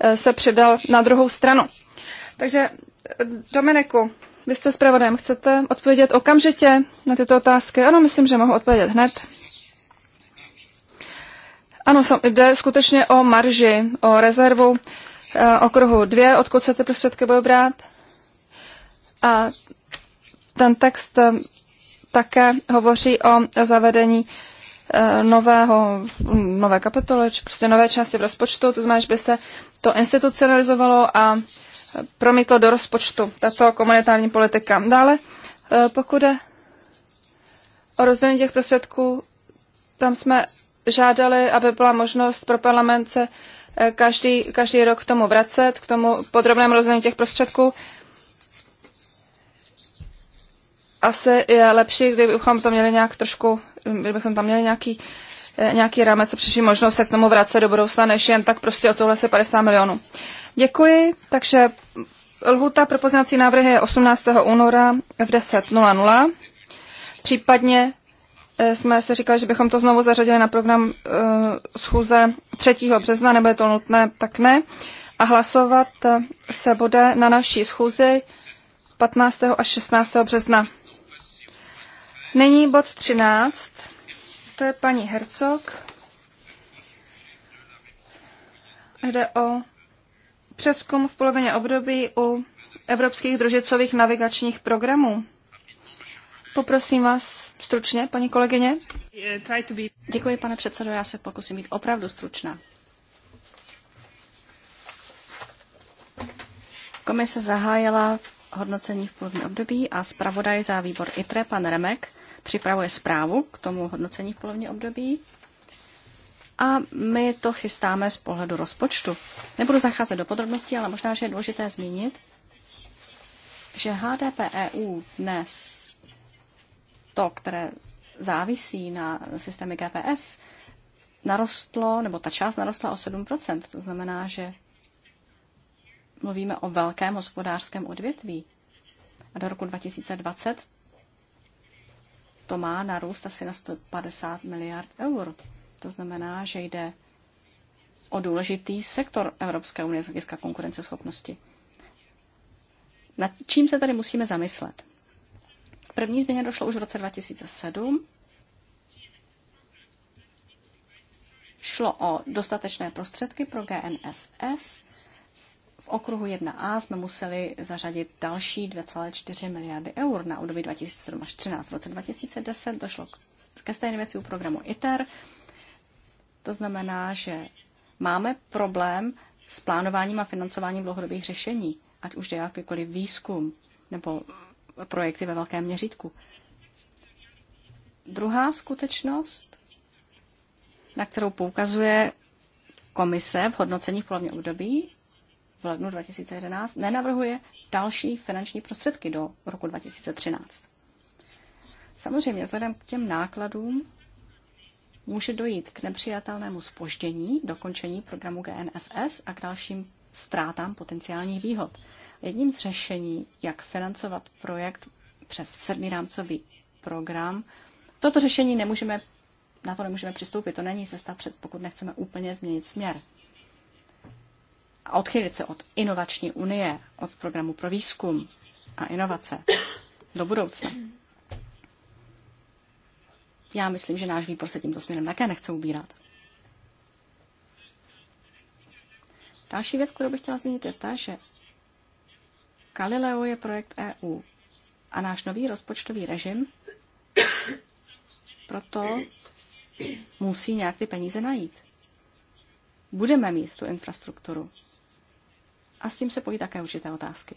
eh, se přidal na druhou stranu. Takže eh, Dominiku, vy jste zpravodajem, chcete odpovědět okamžitě na tyto otázky? Ano, myslím, že mohu odpovědět hned. Ano, jde skutečně o marži, o rezervu eh, okruhu dvě, odkud se ty prostředky budou brát. A ten text také hovoří o zavedení Eh, nového, nové kapitoly, či prostě nové části v rozpočtu, to znamená, že by se to institucionalizovalo a promítlo do rozpočtu, tato komunitární politika. Dále, eh, pokud je o rozdělení těch prostředků, tam jsme žádali, aby byla možnost pro parlament se eh, každý, každý rok k tomu vracet, k tomu podrobnému rozdělení těch prostředků. Asi je lepší, kdybychom to měli nějak trošku kdybychom tam měli nějaký, eh, nějaký rámec a přišli možnost se k tomu vrátit do budoucna, než jen tak prostě se 50 milionů. Děkuji, takže lhuta pro poznací návrhy je 18. února v 10.00. Případně eh, jsme se říkali, že bychom to znovu zařadili na program uh, schůze 3. března, nebo je to nutné, tak ne. A hlasovat se bude na naší schůzi 15. až 16. března. Nyní bod 13, to je paní Hercog. Jde o přeskum v polovině období u evropských družicových navigačních programů. Poprosím vás stručně, paní kolegyně. Děkuji, pane předsedo, já se pokusím být opravdu stručná. Komise zahájila hodnocení v polovině období a zpravodaj za výbor ITRE, pan Remek, připravuje zprávu k tomu hodnocení v polovině období a my to chystáme z pohledu rozpočtu. Nebudu zacházet do podrobností, ale možná, že je důležité zmínit, že HDP EU dnes, to, které závisí na systémy GPS, narostlo, nebo ta část narostla o 7%. To znamená, že mluvíme o velkém hospodářském odvětví. A do roku 2020 to má narůst asi na 150 miliard eur. To znamená, že jde o důležitý sektor Evropské unie z hlediska konkurenceschopnosti. Nad čím se tady musíme zamyslet? K první změně došlo už v roce 2007. Šlo o dostatečné prostředky pro GNSS, v okruhu 1a jsme museli zařadit další 2,4 miliardy eur na období 2007 až 2013. V roce 2010 došlo ke stejné věci u programu ITER. To znamená, že máme problém s plánováním a financováním dlouhodobých řešení, ať už jde jakýkoliv výzkum nebo projekty ve velkém měřítku. Druhá skutečnost, na kterou poukazuje komise v hodnocení v polovně období, v lednu 2011 nenavrhuje další finanční prostředky do roku 2013. Samozřejmě vzhledem k těm nákladům může dojít k nepřijatelnému spoždění dokončení programu GNSS a k dalším ztrátám potenciálních výhod. Jedním z řešení, jak financovat projekt přes sedmý rámcový program, toto řešení nemůžeme, na to nemůžeme přistoupit. To není cesta před, pokud nechceme úplně změnit směr a odchylit se od inovační unie, od programu pro výzkum a inovace do budoucna. Já myslím, že náš výbor se tímto směrem také nechce ubírat. Další věc, kterou bych chtěla zmínit, je ta, že Galileo je projekt EU a náš nový rozpočtový režim proto musí nějak ty peníze najít. Budeme mít tu infrastrukturu. A s tím se pojí také určité otázky.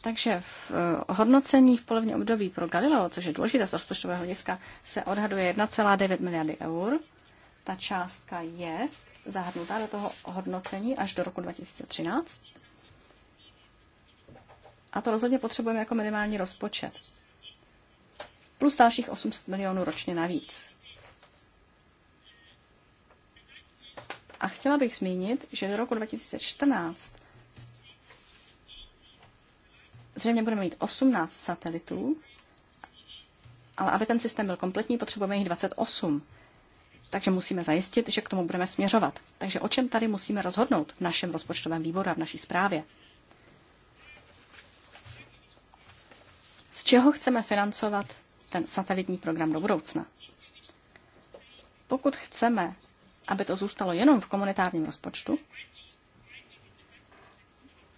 Takže v eh, hodnocení v polovině období pro Galileo, což je důležité z rozpočtového hlediska, se odhaduje 1,9 miliardy eur. Ta částka je zahrnutá do toho hodnocení až do roku 2013. A to rozhodně potřebujeme jako minimální rozpočet. Plus dalších 800 milionů ročně navíc. A chtěla bych zmínit, že do roku 2014 zřejmě budeme mít 18 satelitů, ale aby ten systém byl kompletní, potřebujeme jich 28. Takže musíme zajistit, že k tomu budeme směřovat. Takže o čem tady musíme rozhodnout v našem rozpočtovém výboru a v naší zprávě? Z čeho chceme financovat ten satelitní program do budoucna? Pokud chceme aby to zůstalo jenom v komunitárním rozpočtu.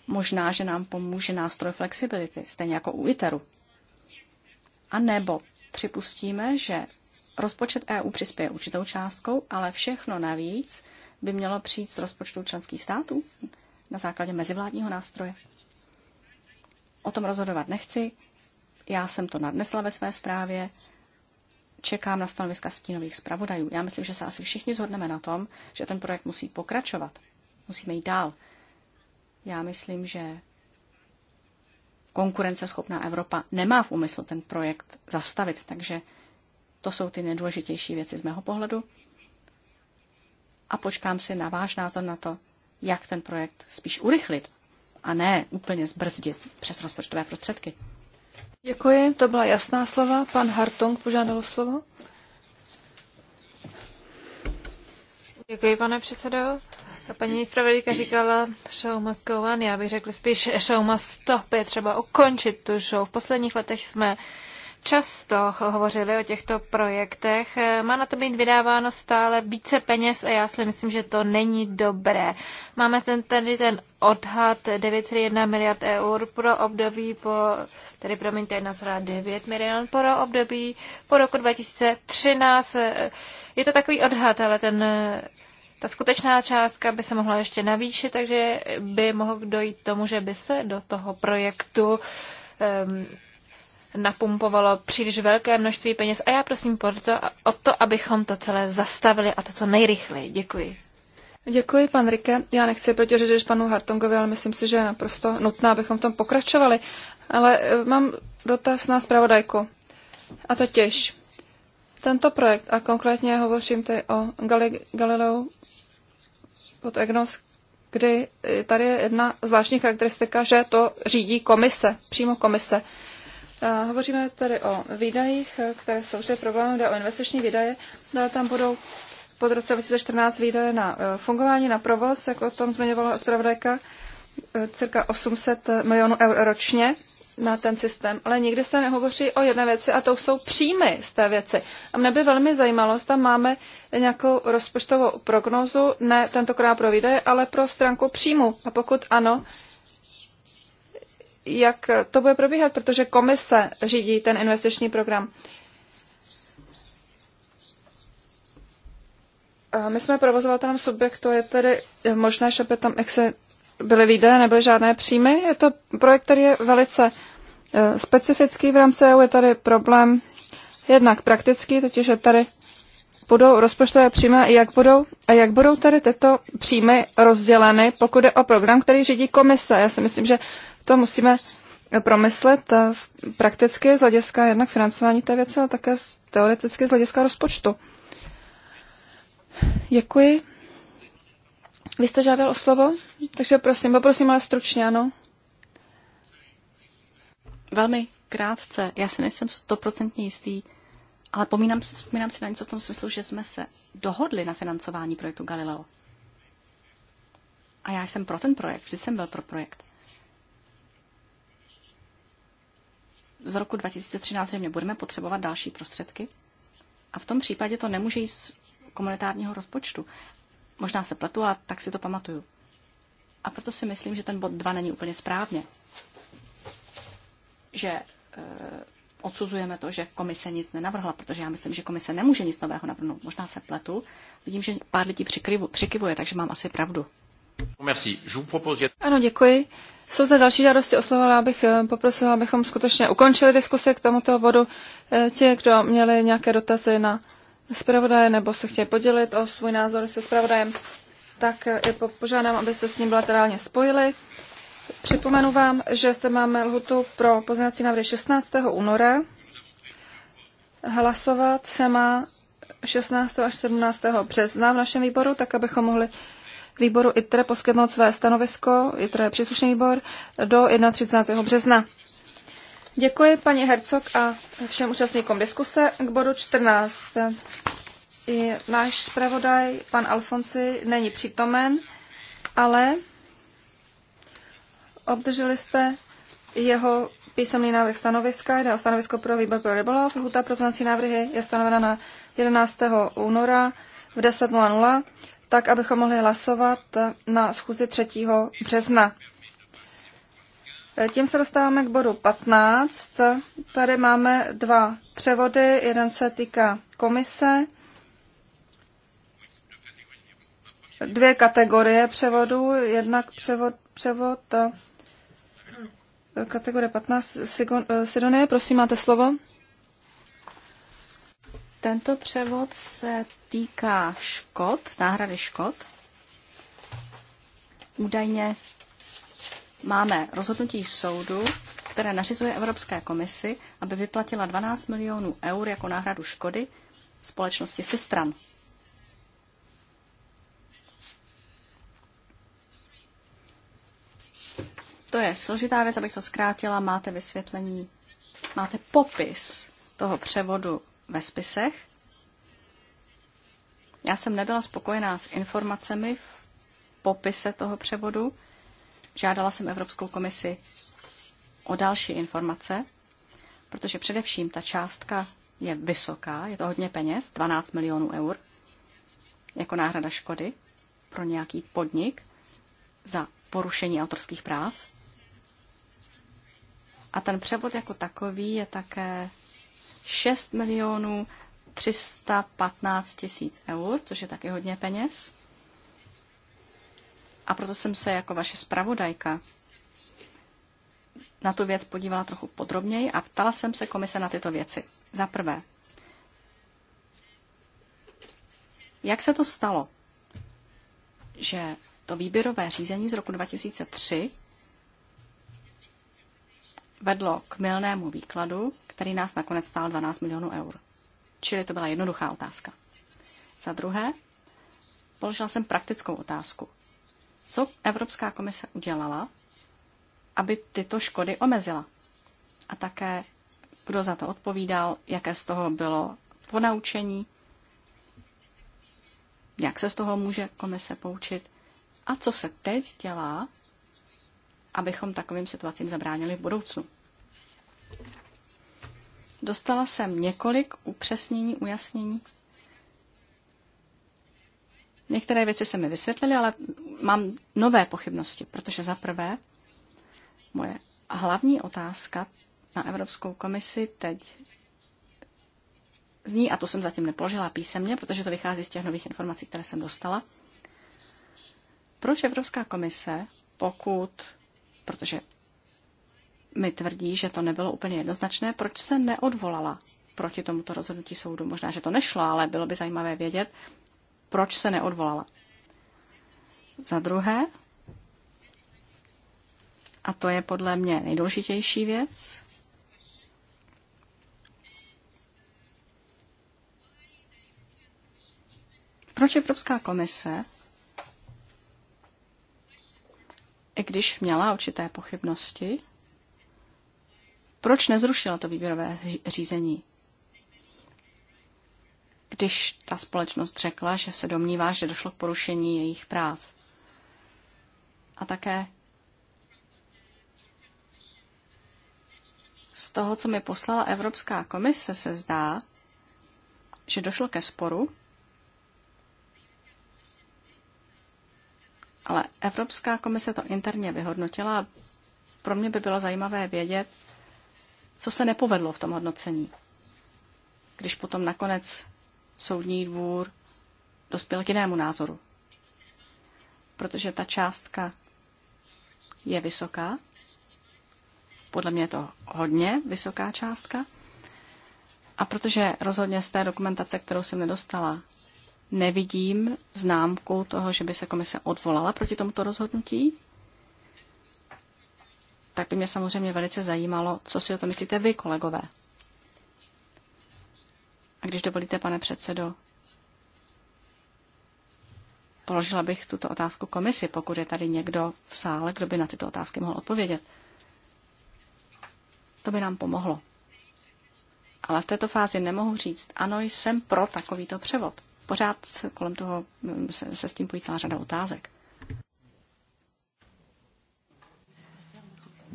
Možná, že nám pomůže nástroj flexibility, stejně jako u ITERu. A nebo připustíme, že rozpočet EU přispěje určitou částkou, ale všechno navíc by mělo přijít z rozpočtu členských států na základě mezivládního nástroje. O tom rozhodovat nechci. Já jsem to nadnesla ve své zprávě čekám na stanoviska stínových zpravodajů. Já myslím, že se asi všichni zhodneme na tom, že ten projekt musí pokračovat. Musíme jít dál. Já myslím, že konkurenceschopná Evropa nemá v úmyslu ten projekt zastavit, takže to jsou ty nejdůležitější věci z mého pohledu. A počkám si na váš názor na to, jak ten projekt spíš urychlit a ne úplně zbrzdit přes rozpočtové prostředky. Děkuji, to byla jasná slova. Pan Hartong požádal slovo. Děkuji, pane předsedo. A paní zpravodajka říkala show must go on, já bych řekl spíš show must stop, je třeba ukončit tu show. V posledních letech jsme uh, často hovořili o těchto projektech. Eh, má na to být vydáváno stále více peněz a já si myslím, že to není dobré. Máme ten, tady ten odhad 9,1 miliard eur pro období po, tedy promiňte, 1,9 miliard pro období po roku 2013. Eh, je to takový odhad, ale ten eh, ta skutečná částka by se mohla ještě navýšit, takže by mohlo dojít tomu, že by se do toho projektu um, napumpovalo příliš velké množství peněz a já prosím proto, o to, abychom to celé zastavili a to co nejrychleji. Děkuji. Děkuji, pan Rike. Já nechci protože protiřečit panu Hartongovi, ale myslím si, že je naprosto nutné, abychom v tom pokračovali. Ale e, mám dotaz na zpravodajku. A to těž. Tento projekt, a konkrétně hovořím tady o Gali- Galileu pod EGNOS, kdy e, tady je jedna zvláštní charakteristika, že to řídí komise, přímo komise. Hovoříme tady o výdajích, které jsou vždy problémem, jde o investiční výdaje, no ale tam budou pod roce 2014 výdaje na e, fungování, na provoz, jak o tom zmiňovala zpravodajka, e, cirka 800 milionů eur ročně na ten systém, ale nikdy se nehovoří o jedné věci a to jsou příjmy z té věci. A mne by velmi zajímalo, tam máme nějakou rozpočtovou prognozu, ne tentokrát pro výdaje, ale pro stránku příjmu. A pokud ano, jak to bude probíhat, protože komise řídí ten investiční program. My jsme provozovatelem subjektu, je tedy možné, že by tam exe byly výdaje, nebyly žádné příjmy. Je to projekt, který je velice e, specifický v rámci EU. Je tady problém jednak praktický, totiž je tady budou rozpočtové příjmy a jak budou, a jak budou tady tyto příjmy rozděleny, pokud je o program, který řídí komise. Já si myslím, že to musíme promyslet eh, prakticky z hlediska jednak financování té věci, ale také teoreticky z hlediska rozpočtu. Děkuji. Vy jste žádal o slovo, takže prosím, poprosím ale stručně, ano. Velmi krátce, já si nejsem stoprocentně jistý, ale pomínám, vzpomínám si na něco v tom smyslu, že jsme se dohodli na financování projektu Galileo. A já jsem pro ten projekt, vždy jsem byl pro projekt. z roku 2013 zřejmě budeme potřebovat další prostředky. A v tom případě to nemůže jít z komunitárního rozpočtu. Možná se pletu, ale tak si to pamatuju. A proto si myslím, že ten bod 2 není úplně správně. Že e, odsuzujeme to, že komise nic nenavrhla, protože já myslím, že komise nemůže nic nového navrhnout. Možná se pletu. Vidím, že pár lidí přikivuje, takže mám asi pravdu. Merci. Je vous propose... Ano, děkuji. Jsou zde další žádosti oslovila. Abych eh, poprosila, abychom skutečně ukončili diskuse k tomuto bodu. Eh, ti, kdo měli nějaké dotazy na zpravodaje nebo se chtějí podělit o svůj názor se zpravodajem, tak eh, je požádám, aby se s ním bilaterálně spojili. Připomenu vám, že zde máme lhutu pro pozměňovací návrhy 16. února. Hlasovat se má 16. až 17. března v našem výboru, tak abychom mohli výboru ITRE poskytnout své stanovisko, ITRE příslušný výbor, do 31. března. Děkuji paní Hercog a všem účastníkům diskuse k bodu 14. I náš zpravodaj, pan Alfonsi, není přítomen, ale obdrželi jste jeho písemný návrh stanoviska, jde o stanovisko pro výbor pro rybolov. Lhuta pro návrhy je stanovena na 11. února v 10.00 tak abychom mohli hlasovat na schůzi 3. března. Tím se dostáváme k bodu 15. Tady máme dva převody. Jeden se týká komise. Dvě kategorie převodů. Jednak převod, převod eh, kategorie 15. Eh, Sidonie, prosím, máte slovo. Tento převod se týká škod, náhrady škod, údajně máme rozhodnutí soudu, které nařizuje Evropské komisi, aby vyplatila 12 milionů eur jako náhradu škody společnosti Sistran. To je složitá věc, abych to zkrátila. Máte vysvětlení, máte popis toho převodu ve spisech já jsem nebyla spokojená s informacemi v popise toho převodu. Žádala jsem Evropskou komisi o další informace, protože především ta částka je vysoká, je to hodně peněz, 12 milionů eur, jako náhrada škody pro nějaký podnik za porušení autorských práv. A ten převod jako takový je také 6 milionů 315 tisíc eur, což je taky hodně peněz. A proto jsem se jako vaše zpravodajka na tu věc podívala trochu podrobněji a ptala jsem se komise na tyto věci. Za prvé, jak se to stalo, že to výběrové řízení z roku 2003 vedlo k milnému výkladu, který nás nakonec stál 12 milionů eur. Čili to byla jednoduchá otázka. Za druhé, položila jsem praktickou otázku. Co Evropská komise udělala, aby tyto škody omezila? A také, kdo za to odpovídal, jaké z toho bylo ponaučení, jak se z toho může komise poučit a co se teď dělá, abychom takovým situacím zabránili v budoucnu. Dostala jsem několik upřesnění, ujasnění. Některé věci se mi vysvětlily, ale mám nové pochybnosti, protože za prvé moje hlavní otázka na Evropskou komisi teď zní, a to jsem zatím nepoložila písemně, protože to vychází z těch nových informací, které jsem dostala, proč Evropská komise, pokud, protože mi tvrdí, že to nebylo úplně jednoznačné. Proč se neodvolala proti tomuto rozhodnutí soudu? Možná, že to nešlo, ale bylo by zajímavé vědět, proč se neodvolala. Za druhé, a to je podle mě nejdůležitější věc, proč Evropská komise, i když měla určité pochybnosti, proč nezrušila to výběrové řízení? Když ta společnost řekla, že se domnívá, že došlo k porušení jejich práv. A také z toho, co mi poslala Evropská komise, se zdá, že došlo ke sporu, ale Evropská komise to interně vyhodnotila. Pro mě by bylo zajímavé vědět, co se nepovedlo v tom hodnocení? Když potom nakonec soudní dvůr dospěl k jinému názoru. Protože ta částka je vysoká, podle mě je to hodně vysoká částka, a protože rozhodně z té dokumentace, kterou jsem nedostala, nevidím známku toho, že by se komise odvolala proti tomuto rozhodnutí, tak by mě samozřejmě velice zajímalo, co si o to myslíte vy, kolegové. A když dovolíte, pane předsedo, položila bych tuto otázku komisi, pokud je tady někdo v sále, kdo by na tyto otázky mohl odpovědět. To by nám pomohlo. Ale v této fázi nemohu říct, ano, jsem pro takovýto převod. Pořád kolem toho se, se s tím pojí celá řada otázek.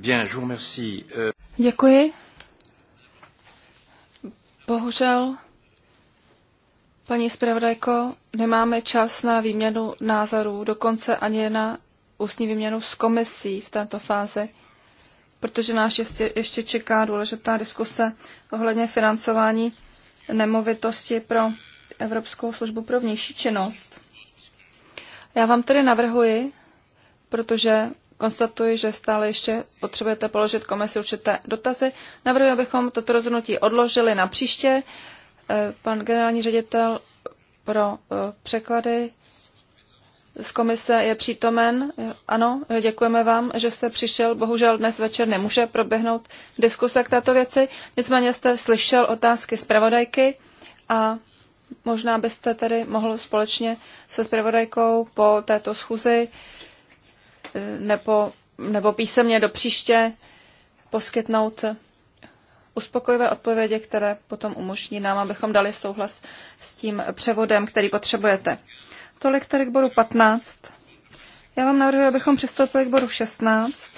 Euh, Děkuji. Bohužel, paní zpravodajko, nemáme čas na výměnu názorů, dokonce ani na ústní výměnu s komisí v této fázi, protože nás ještě, ještě čeká důležitá diskuse ohledně financování nemovitosti pro Evropskou službu pro vnější činnost. Já vám tedy navrhuji, protože konstatuji, že stále ještě potřebujete položit komisi určité dotazy. Navrhuji, abychom toto rozhodnutí odložili na příště. Eh, pan generální ředitel pro eh, překlady z komise je přítomen. Ano, děkujeme vám, že jste přišel. Bohužel dnes večer nemůže proběhnout diskuse k této věci. Nicméně jste slyšel otázky zpravodajky a možná byste tedy mohl společně se zpravodajkou po této schůzi uh, nebo, nebo písemně do příště poskytnout uspokojivé odpovědi, které potom umožní nám, abychom dali souhlas s tím převodem, který potřebujete. Tolik tedy k bodu 15. Já vám navrhuji, abychom přistoupili k bodu 16,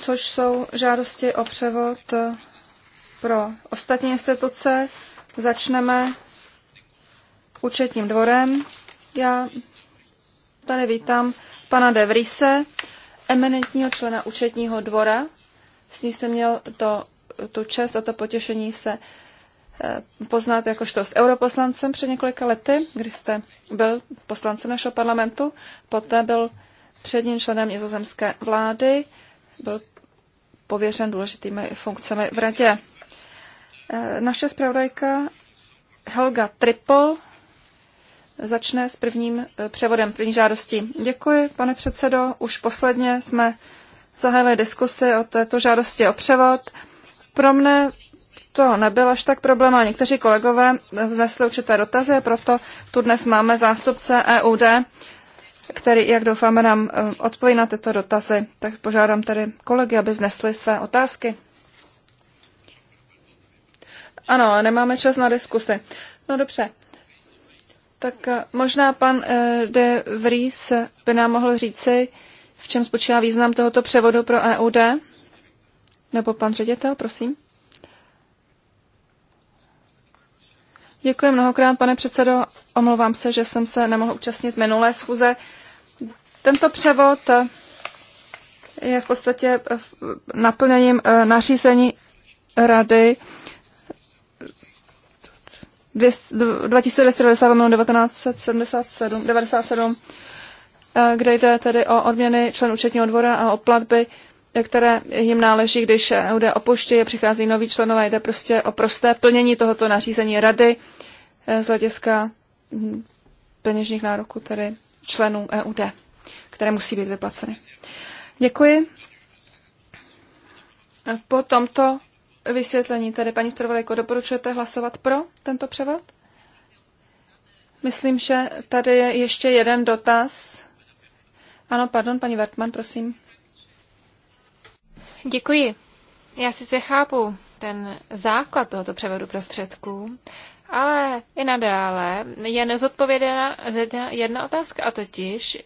což jsou žádosti o převod pro ostatní instituce. Začneme účetním dvorem. Já tady vítám pana De Vrise, eminentního člena účetního dvora. S ní jsem měl to, tu čest a to potěšení se eh, poznat jakožto s europoslancem před několika lety, kdy jste byl poslancem našeho parlamentu. Poté byl předním členem nizozemské vlády, byl pověřen důležitými funkcemi v radě. Eh, naše zpravodajka Helga Tripol začne s prvním eh, převodem, první žádosti. Děkuji, pane předsedo. Už posledně jsme zahájili diskusy o této žádosti o převod. Pro mne to nebyl až tak problém, ale někteří kolegové vznesli určité dotazy proto tu dnes máme zástupce EUD, který, jak doufáme, nám eh, odpoví na tyto dotazy. Tak požádám tedy kolegy, aby znesli své otázky. Ano, ale nemáme čas na diskusy. No dobře. Tak eh, možná pan eh, de Vries by nám mohl říci, v čem spočívá význam tohoto převodu pro EUD? Nebo pan ředitel, prosím. Děkuji mnohokrát, pane předsedo. Omlouvám se, že jsem se nemohl účastnit minulé schůze. Tento převod eh, je v podstatě naplněním nařízení Rady 1977, kde jde tedy o odměny členů účetního dvora a o platby, které jim náleží, když opuští, opuštějí, přichází noví členové, jde prostě o prosté plnění tohoto nařízení rady eh, z hlediska hm, peněžních nároků, tedy členů EUD, které musí být vyplaceny. Děkuji. Po tomto vysvětlení. Tedy, paní Strovalejko, doporučujete hlasovat pro tento převod? Myslím, že tady je ještě jeden dotaz. Ano, pardon, paní Wertmann, prosím. Děkuji. Já sice chápu ten základ tohoto převodu prostředků, ale i nadále je nezodpovědná jedna otázka, a totiž,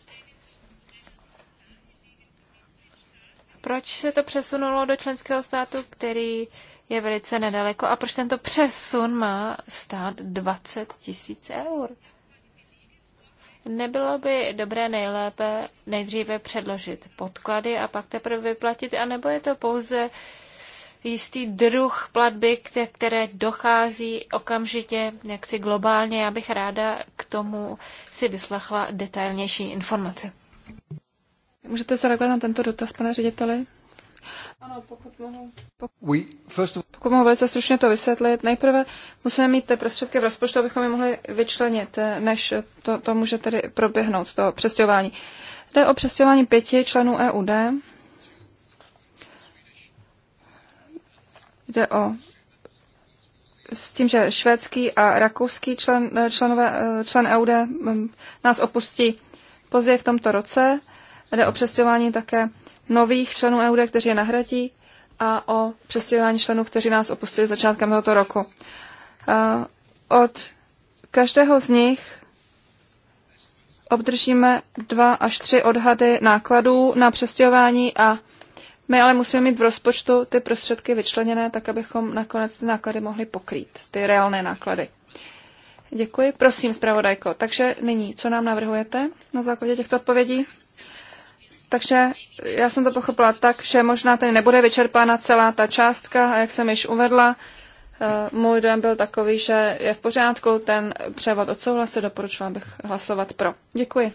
Proč se to přesunulo do členského státu, který je velice nedaleko a proč tento přesun má stát 20 tisíc eur? Nebylo by dobré nejlépe nejdříve předložit podklady a pak teprve vyplatit, anebo je to pouze jistý druh platby, které dochází okamžitě jaksi globálně. Já bych ráda k tomu si vyslechla detailnější informace. Můžete zareagovat na tento dotaz, pane řediteli? Ano, pokud mohu. Pokud, pokud mohu velice stručně to vysvětlit, nejprve musíme mít ty prostředky v rozpočtu, abychom je mohli vyčlenit, eh, než to, to může tedy proběhnout, to přestěhování. Jde o přestěhování pěti členů EUD. Jde o s tím, že švédský a rakouský člen, eh, členové, eh, člen EUD mm, nás opustí později v tomto roce. Jde o přestěhování také nových členů EUD, kteří je nahradí a o přestěhování členů, kteří nás opustili začátkem tohoto roku. Od každého z nich obdržíme dva až tři odhady nákladů na přestěhování a my ale musíme mít v rozpočtu ty prostředky vyčleněné, tak abychom nakonec ty náklady mohli pokrýt, ty reálné náklady. Děkuji. Prosím, zpravodajko. Takže nyní, co nám navrhujete na základě těchto odpovědí? Takže já jsem to pochopila tak, že možná tady nebude vyčerpána celá ta částka a jak jsem již uvedla, eh, můj dojem byl takový, že je v pořádku ten převod odsouhlasit, doporučila bych hlasovat pro. Děkuji.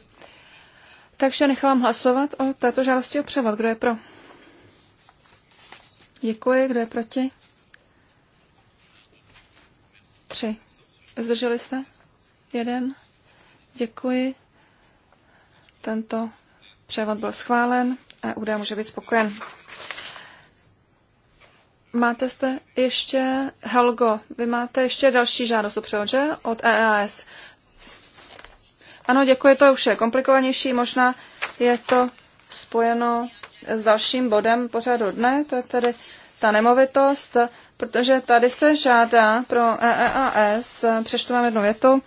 Takže nechám hlasovat o této žádosti o převod. Kdo je pro? Děkuji. Kdo je proti? Tři. Zdrželi se? Jeden. Děkuji. Tento Převod byl schválen a údaj může být spokojen. Máte jste ještě, Helgo, vy máte ještě další žádost o převod, že? Od EAS. Ano, děkuji, to už je komplikovanější, možná je to spojeno s dalším bodem pořadu dne, to je tedy ta nemovitost, protože tady se žádá pro EEAS, přečtu vám jednu větu,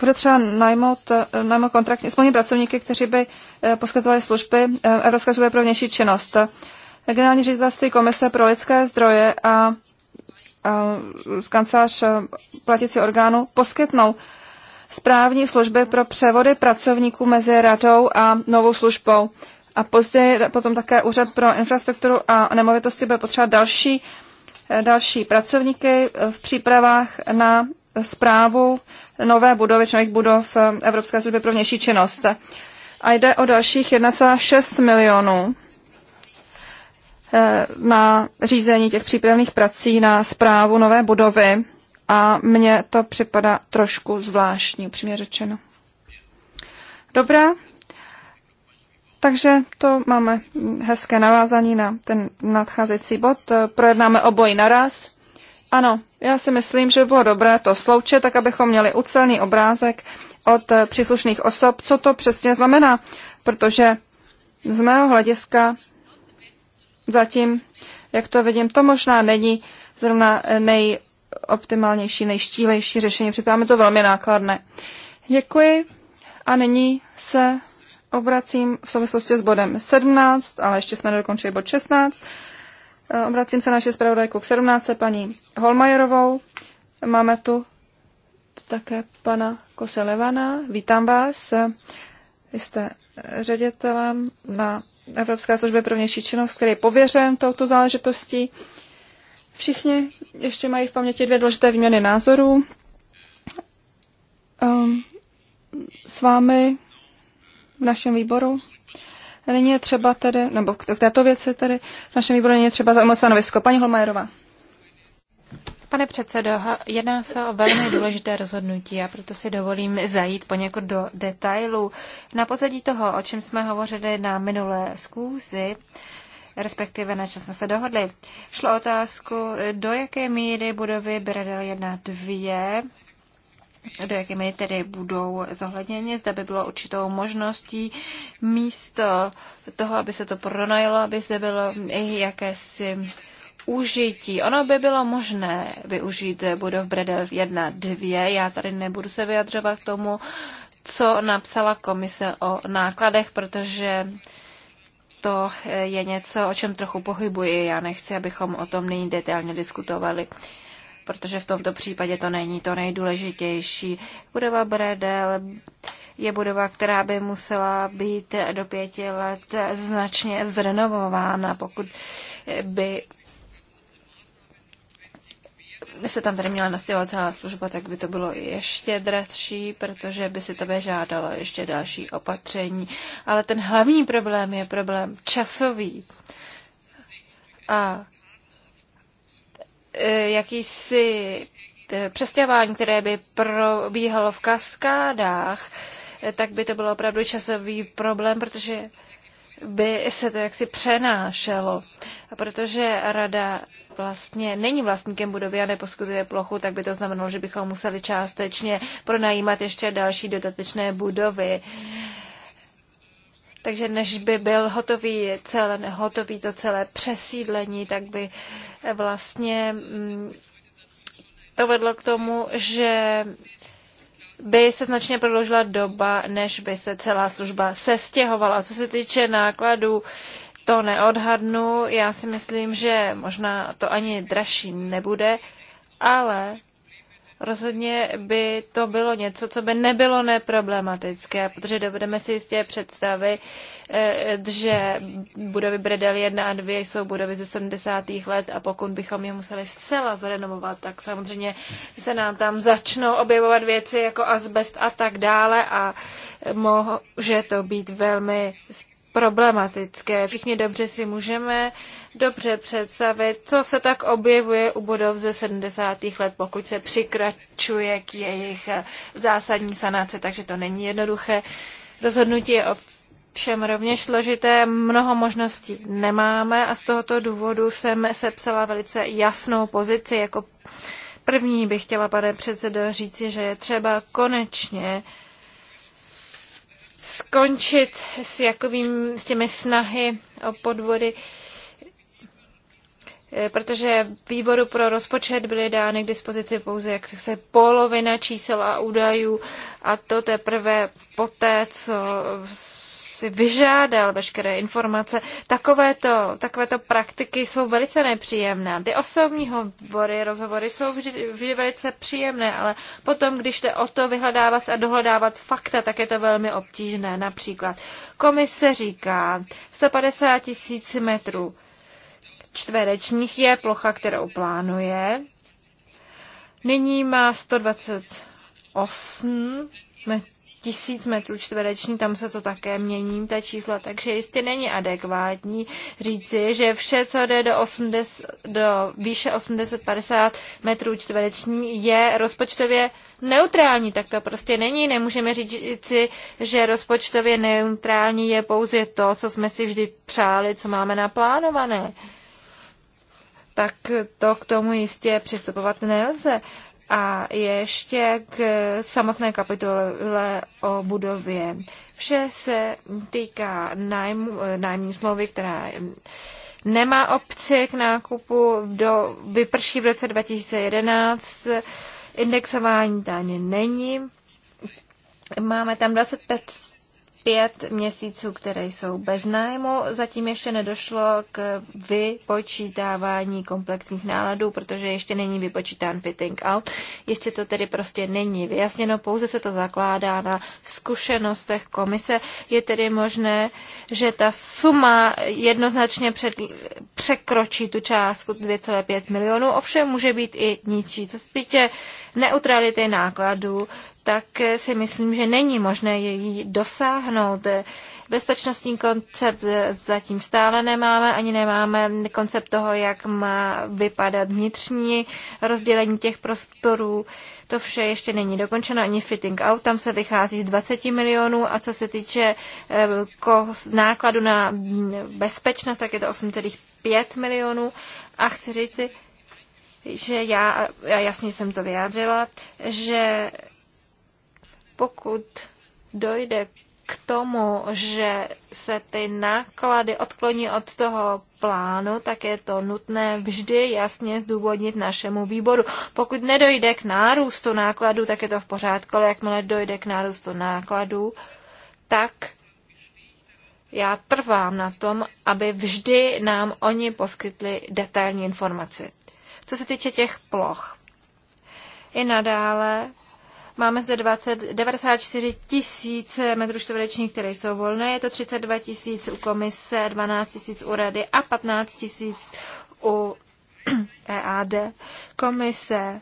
bude třeba najmout, eh, najmout kontraktní smluvní pracovníky, kteří by eh, poskytovali služby eh, Evropské služby pro vnější činnost. Generální ředitelství Komise pro lidské zdroje a, a kancelář platící orgánu poskytnou správní služby pro převody pracovníků mezi radou a novou službou. A později potom také Úřad pro infrastrukturu a nemovitosti bude potřebovat další, další pracovníky v přípravách na zprávu nové budovy, člověk budov eh, Evropské služby pro vnější činnost. A jde o dalších 1,6 milionů eh, na řízení těch přípravných prací na zprávu nové budovy a mně to připadá trošku zvláštní, upřímně řečeno. Dobrá, takže to máme hezké navázání na ten nadcházející bod. Eh, projednáme obojí naraz. Ano, já si myslím, že by bylo dobré to sloučit, tak abychom měli ucelný obrázek od eh, příslušných osob, co to přesně znamená, protože z mého hlediska zatím, jak to vidím, to možná není zrovna eh, nejoptimálnější, nejštílejší řešení. Připadáme to velmi nákladné. Děkuji a nyní se obracím v souvislosti s bodem 17, ale ještě jsme nedokončili bod 16. Eh, obracím se naše zpravodajku k 17. paní Holmajerovou. Máme tu také pana Koselevana. Vítám vás. Vy jste ředitelem na Evropské službě pro vnější činnost, který je pověřen touto záležitostí. Všichni ještě mají v paměti dvě důležité výměny názorů. Ehm, s vámi v našem výboru Není je třeba tedy, nebo k této věci tedy v našem výboru není je třeba zaujímat stanovisko. Paní Holmajerová. Pane předsedo, jedná se o velmi důležité rozhodnutí a proto si dovolím zajít poněkud do detailů. Na pozadí toho, o čem jsme hovořili na minulé zkůzi, respektive na čem jsme se dohodli, šlo otázku, do jaké míry budovy Bredel 1 2 do jaké míry tedy budou zohledněni. Zda by bylo určitou možností místo toho, aby se to pronajelo, aby zde bylo i jakési užití. Ono by bylo možné využít budov Bredel 1, 2. Já tady nebudu se vyjadřovat k tomu, co napsala komise o nákladech, protože to je něco, o čem trochu pohybuji. Já nechci, abychom o tom nyní detailně diskutovali. Uh, protože v tomto případě to není to nejdůležitější. Budova Bredel je budova, která by musela být do pěti let značně zrenovována, pokud by by se tam tady měla nastěhovat celá služba, tak by to bylo ještě dražší, protože by si to vyžádalo ještě další opatření. Ale ten hlavní problém je problém časový. A E, jakýsi e, přestěhování, které by probíhalo v kaskádách, e, tak by to bylo opravdu časový problém, protože by se to jaksi přenášelo. A protože rada vlastně není vlastníkem budovy a neposkytuje plochu, tak by to znamenalo, že bychom museli částečně pronajímat ještě další dodatečné budovy takže než by byl hotový, celé, hotový to celé přesídlení, tak by eh, vlastně mm, to vedlo k tomu, že by se značně prodloužila doba, než by se celá služba sestěhovala. Co se týče nákladů, to neodhadnu. Já si myslím, že možná to ani dražší nebude, ale Rozhodně by to bylo něco, co by nebylo neproblematické, protože dovedeme si jistě představit, eh, že budovy Bredel 1 a 2 jsou budovy ze 70. let a pokud bychom je museli zcela zrenovovat, tak samozřejmě se nám tam začnou objevovat věci jako asbest a tak dále a může to být velmi problematické. Všichni dobře si můžeme dobře představit, co se tak objevuje u budov ze 70. let, pokud se přikračuje k jejich zásadní sanace, takže to není jednoduché. Rozhodnutí je všem rovněž složité, mnoho možností nemáme a z tohoto důvodu jsem sepsala velice jasnou pozici. Jako první bych chtěla, pane předsedo, říci, že je třeba konečně skončit s, jakovým, s těmi snahy o podvody, eh, protože výboru pro rozpočet byly dány k dispozici pouze jak se polovina čísel a údajů a to teprve poté, co si vyžádal veškeré informace. Takovéto, takovéto praktiky jsou velice nepříjemné. Ty osobní hovory, rozhovory jsou vždy, vždy velice příjemné, ale potom, když jde o to vyhledávat a dohledávat fakta, tak je to velmi obtížné. Například komise říká 150 tisíc metrů čtverečních je plocha, kterou plánuje. Nyní má 128 metrů tisíc metrů čtvereční, tam se to také mění, ta čísla, takže jistě není adekvátní říci, že vše, co jde do, 80, do výše 850 metrů čtvereční, je rozpočtově neutrální, tak to prostě není. Nemůžeme říci, že rozpočtově neutrální je pouze to, co jsme si vždy přáli, co máme naplánované tak to k tomu jistě přistupovat nelze. A ještě k samotné kapitole o budově. Vše se týká nájmu, nájmní smlouvy, která nemá obci k nákupu, do, vyprší v roce 2011, indexování daně není. Máme tam 25 pět měsíců, které jsou bez nájmu. Zatím ještě nedošlo k vypočítávání komplexních náladů, protože ještě není vypočítán fitting out. Ještě to tedy prostě není vyjasněno, pouze se to zakládá na zkušenostech komise. Je tedy možné, že ta suma jednoznačně před, překročí tu částku 2,5 milionů, ovšem může být i ničí. Co se týče neutrality nákladů, tak si myslím, že není možné její dosáhnout. Bezpečnostní koncept zatím stále nemáme, ani nemáme koncept toho, jak má vypadat vnitřní rozdělení těch prostorů. To vše ještě není dokončeno, ani fitting out, tam se vychází z 20 milionů a co se týče eh, nákladu na bezpečnost, tak je to 8,5 milionů. A chci říci, že já, já jasně jsem to vyjádřila, že pokud dojde k tomu, že se ty náklady odkloní od toho plánu, tak je to nutné vždy jasně zdůvodnit našemu výboru. Pokud nedojde k nárůstu nákladů, tak je to v pořádku, ale jakmile dojde k nárůstu nákladů, tak já trvám na tom, aby vždy nám oni poskytli detailní informaci. Co se týče těch ploch, i nadále Máme zde 20, 94 tisíc metrů čtverečních, které jsou volné. Je to 32 tisíc u komise, 12 tisíc u rady a 15 tisíc u EAD. [clears throat] E komise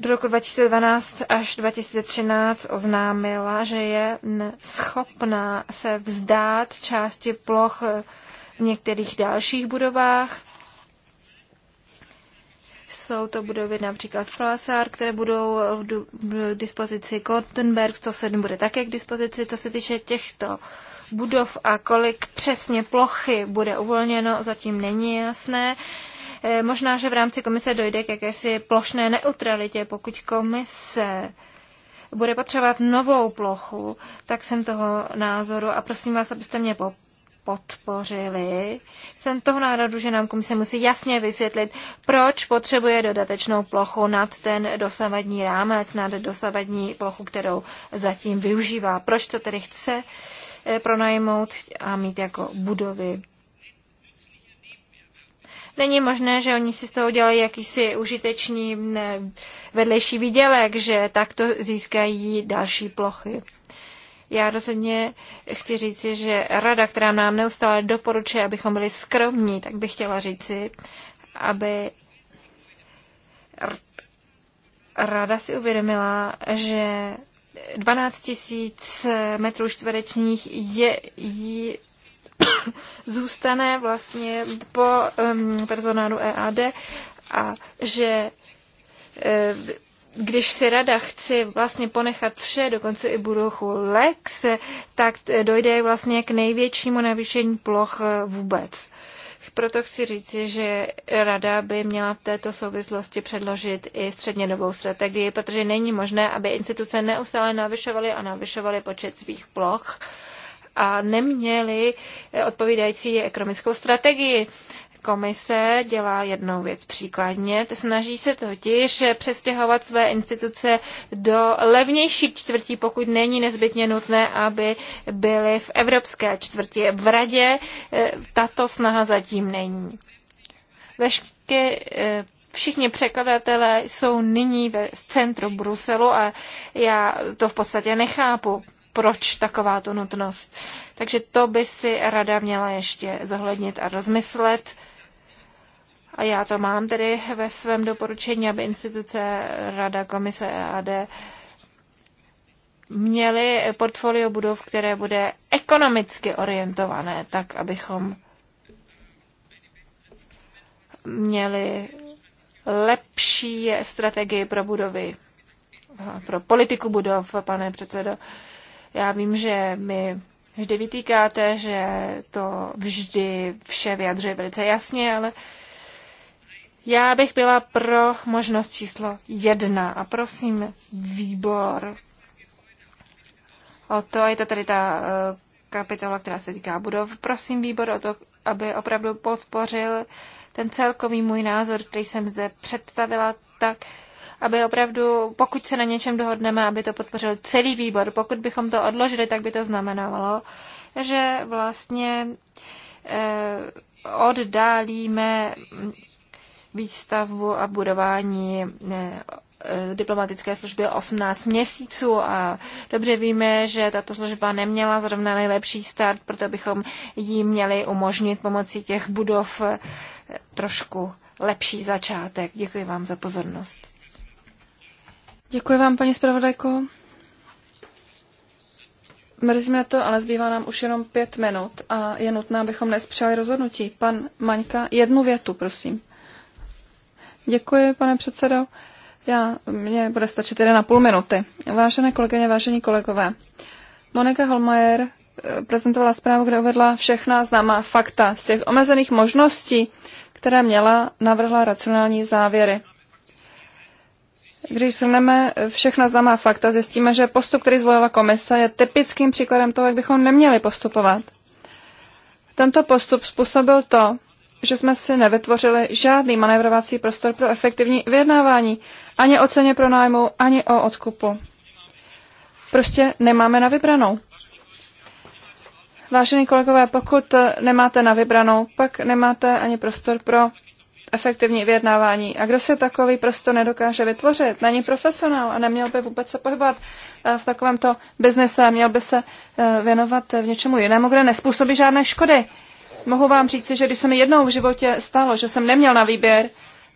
do roku 2012 až 2013 oznámila, že je schopná se vzdát části ploch v některých dalších budovách jsou to budovy například Flasár, které budou v dispozici, Kottenberg 107 bude také k dispozici. Co se týče těchto budov a kolik přesně plochy bude uvolněno, zatím není jasné. Eh, možná, že v rámci komise dojde k jakési plošné neutralitě, pokud komise bude potřebovat novou plochu, tak jsem toho názoru a prosím vás, abyste mě podpořili. Jsem toho národu, že nám komise musí jasně vysvětlit, proč potřebuje dodatečnou plochu nad ten dosavadní rámec, nad dosavadní plochu, kterou zatím využívá. Proč to tedy chce eh, pronajmout a mít jako budovy. Není možné, že oni si z toho udělají jakýsi užitečný vedlejší výdělek, že takto získají další plochy. Já rozhodně chci říci, že rada, která nám neustále doporučuje, abychom byli skromní, tak bych chtěla říci, aby rada si uvědomila, že 12 000 metrů čtverečních je, je zůstane vlastně po um, personálu EAD a že eh, když si rada chce vlastně ponechat vše, dokonce i budoucí lex, tak dojde vlastně k největšímu navýšení ploch eh, vůbec. Proto chci říci, že rada by měla v této souvislosti předložit i střednědobou strategii, protože není možné, aby instituce neustále navyšovaly a navyšovaly počet svých ploch a neměli eh, odpovídající ekonomickou strategii komise dělá jednou věc příkladně. Snaží se totiž přestěhovat své instituce do levnější čtvrtí, pokud není nezbytně nutné, aby byly v evropské čtvrti. V radě eh, tato snaha zatím není. Vešky, eh, všichni překladatelé jsou nyní ve centru Bruselu a já to v podstatě nechápu proč taková to nutnost. Takže to by si rada měla ještě zohlednit a rozmyslet a já to mám tedy ve svém doporučení, aby instituce Rada, Komise EAD měly portfolio budov, které bude ekonomicky orientované, tak abychom měli lepší strategii pro budovy, pro politiku budov, pane předsedo. Já vím, že mi vždy vytýkáte, že to vždy vše vyjadřuje velice jasně, ale já bych byla pro možnost číslo jedna a prosím výbor o to, je to tady ta eh, kapitola, která se týká budov. Prosím výbor o to, aby opravdu podpořil ten celkový můj názor, který jsem zde představila, tak aby opravdu, pokud se na něčem dohodneme, aby to podpořil celý výbor. Pokud bychom to odložili, tak by to znamenalo, že vlastně eh, oddálíme výstavbu a budování eh, eh, diplomatické služby 18 měsíců a dobře víme, že tato služba neměla zrovna nejlepší start, proto bychom jí měli umožnit pomocí těch budov eh, trošku lepší začátek. Děkuji vám za pozornost. Děkuji vám, paní zpravodajko. Mrzí mě to, ale zbývá nám už jenom pět minut a je nutné, abychom nespřeli rozhodnutí. Pan Maňka, jednu větu, prosím. Děkuji, pane předsedo. Já, mě bude stačit jeden na půl minuty. Vážené kolegyně, vážení kolegové, Monika Holmajer eh, prezentovala zprávu, kde uvedla všechna známá fakta. Z těch omezených možností, které měla, navrhla racionální závěry. Když shrneme všechna známá fakta, zjistíme, že postup, který zvolila komise, je typickým příkladem toho, jak bychom neměli postupovat. Tento postup způsobil to, že jsme si nevytvořili žádný manévrovací prostor pro efektivní vyjednávání, ani o ceně pronájmu, ani o odkupu. Prostě nemáme na vybranou. Vážení kolegové, pokud nemáte na vybranou, pak nemáte ani prostor pro efektivní vyjednávání. A kdo si takový prostor nedokáže vytvořit, není profesionál a neměl by vůbec se pohybovat eh, v takovémto biznise, měl by se eh, věnovat v něčemu jinému, kde nespůsobí žádné škody. Mohu vám říci, že když se mi jednou v životě stalo, že jsem neměl na výběr,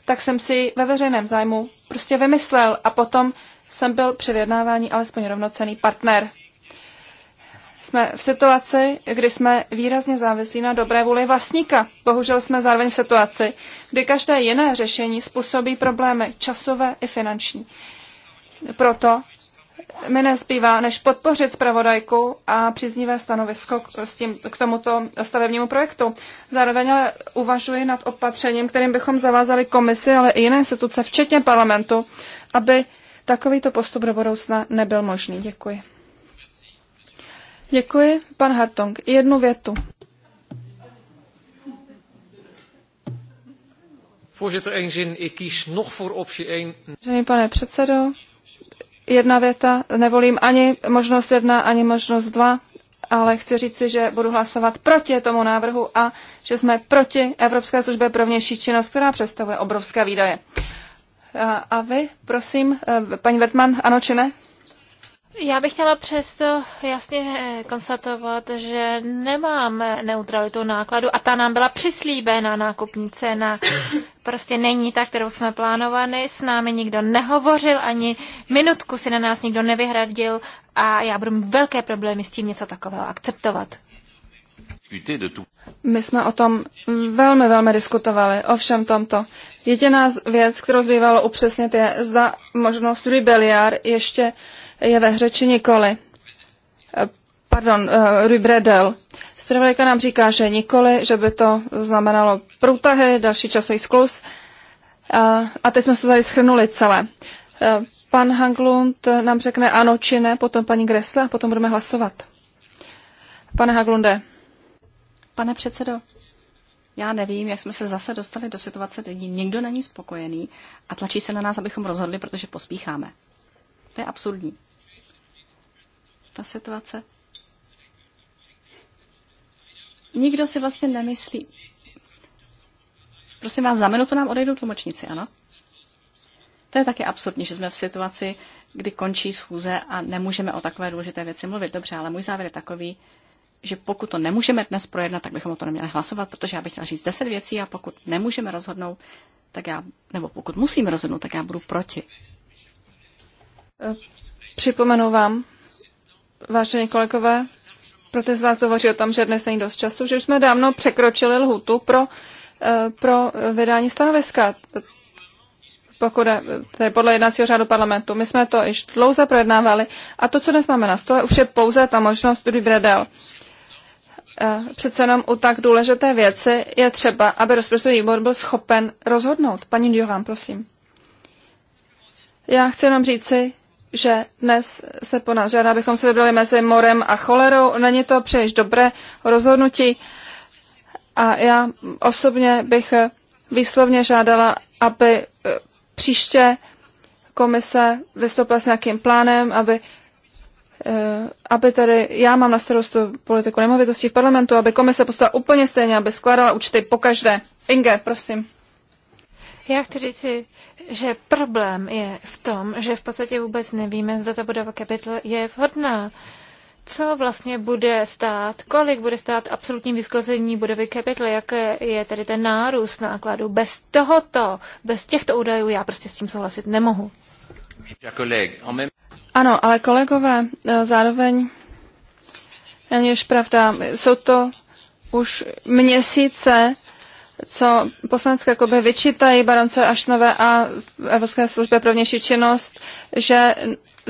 tak jsem si ve veřejném zájmu prostě vymyslel a potom jsem byl při vyjednávání alespoň rovnocený partner. Jsme v situaci, kdy jsme výrazně závislí na dobré vůli vlastníka. Bohužel jsme zároveň v situaci, kdy každé jiné řešení způsobí problémy časové i finanční. Proto mi nezbývá, než podpořit zpravodajku a příznivé stanovisko k, s tím, k tomuto stavebnímu projektu. Zároveň ale uvažuji nad opatřením, kterým bychom zavázali komisi, ale i jiné instituce, včetně parlamentu, aby takovýto postup do budoucna nebyl možný. Děkuji. Děkuji, pan Hartong. Jednu větu. Voorzitter, één zin. Ik kies nog voor optie 1. Pane předsedo, jedna věta, nevolím ani možnost jedna, ani možnost dva, ale chci říci, že budu hlasovat proti tomu návrhu a že jsme proti Evropské službě pro vnější činnost, která představuje obrovské výdaje. A vy, prosím, eh, paní Vertman, ano či ne? Já bych chtěla přesto jasně eh, konstatovat, že nemáme neutralitu nákladu a ta nám byla přislíbená nákupní cena. Prostě není ta, kterou jsme plánovali, s námi nikdo nehovořil, ani minutku si na nás nikdo nevyhradil a já budu mít velké problémy s tím něco takového akceptovat. My jsme o tom velmi, velmi diskutovali, o všem tomto. Jediná věc, kterou zbývalo upřesnit, je, za možnost rebeliár ještě uh, je ve hře či nikoli. Pardon, eh, Rui Bredel. Stravodajka nám říká, že nikoli, že by to znamenalo průtahy, další časový sklus. A teď jsme to tady schrnuli celé. Eh, pan Hanglund nám řekne ano či ne, potom paní Gressle a potom budeme hlasovat. Pane Haglunde. Pane předsedo, já nevím, jak jsme se zase dostali do situace, kdy nikdo není spokojený a tlačí se na nás, abychom rozhodli, protože pospícháme. To je absurdní ta situace. Nikdo si vlastně nemyslí. Prosím vás, za minutu nám odejdou tlumočníci, ano? To je taky absurdní, že jsme v situaci, kdy končí schůze a nemůžeme o takové důležité věci mluvit. Dobře, ale můj závěr je takový, že pokud to nemůžeme dnes projednat, tak bychom o to neměli hlasovat, protože já bych chtěla říct deset věcí a pokud nemůžeme rozhodnout, tak já, nebo pokud musím rozhodnout, tak já budu proti. Eh, připomenu vám, Vážení kolegové, pro z vás hovoří o tom, že dnes není dost času, že už jsme dávno překročili lhutu pro, eh, pro vydání stanoviska, pokud je, tedy podle jednacího řádu parlamentu. My jsme to již dlouze projednávali a to, co dnes máme na stole, už je pouze ta možnost studií vredel. Eh, přece jenom u tak důležité věci je třeba, aby rozpočtový výbor byl schopen rozhodnout. Paní Johan, prosím. Já chci jenom říci, že dnes se po nás žádá, abychom se vybrali mezi morem a cholerou. Není to příliš dobré rozhodnutí a já osobně bych výslovně žádala, aby eh, příště komise vystoupila s nějakým plánem, aby, eh, aby tady, já mám na starost politiku nemovitostí v parlamentu, aby komise postala úplně stejně, aby skládala účty pokaždé. Inge, prosím. Já chci říct, že problém je v tom, že v podstatě vůbec nevíme, zda ta budova Capital je vhodná. Co vlastně bude stát, kolik bude stát absolutní vyskození budovy Capital, jaké je tedy ten nárůst nákladů. Bez tohoto, bez těchto údajů já prostě s tím souhlasit nemohu. Ano, ale kolegové, e, zároveň není už pravda, jsou to už měsíce, co poslanské kluby vyčítají Barance Ašnové a Evropské službě pro vnější činnost, že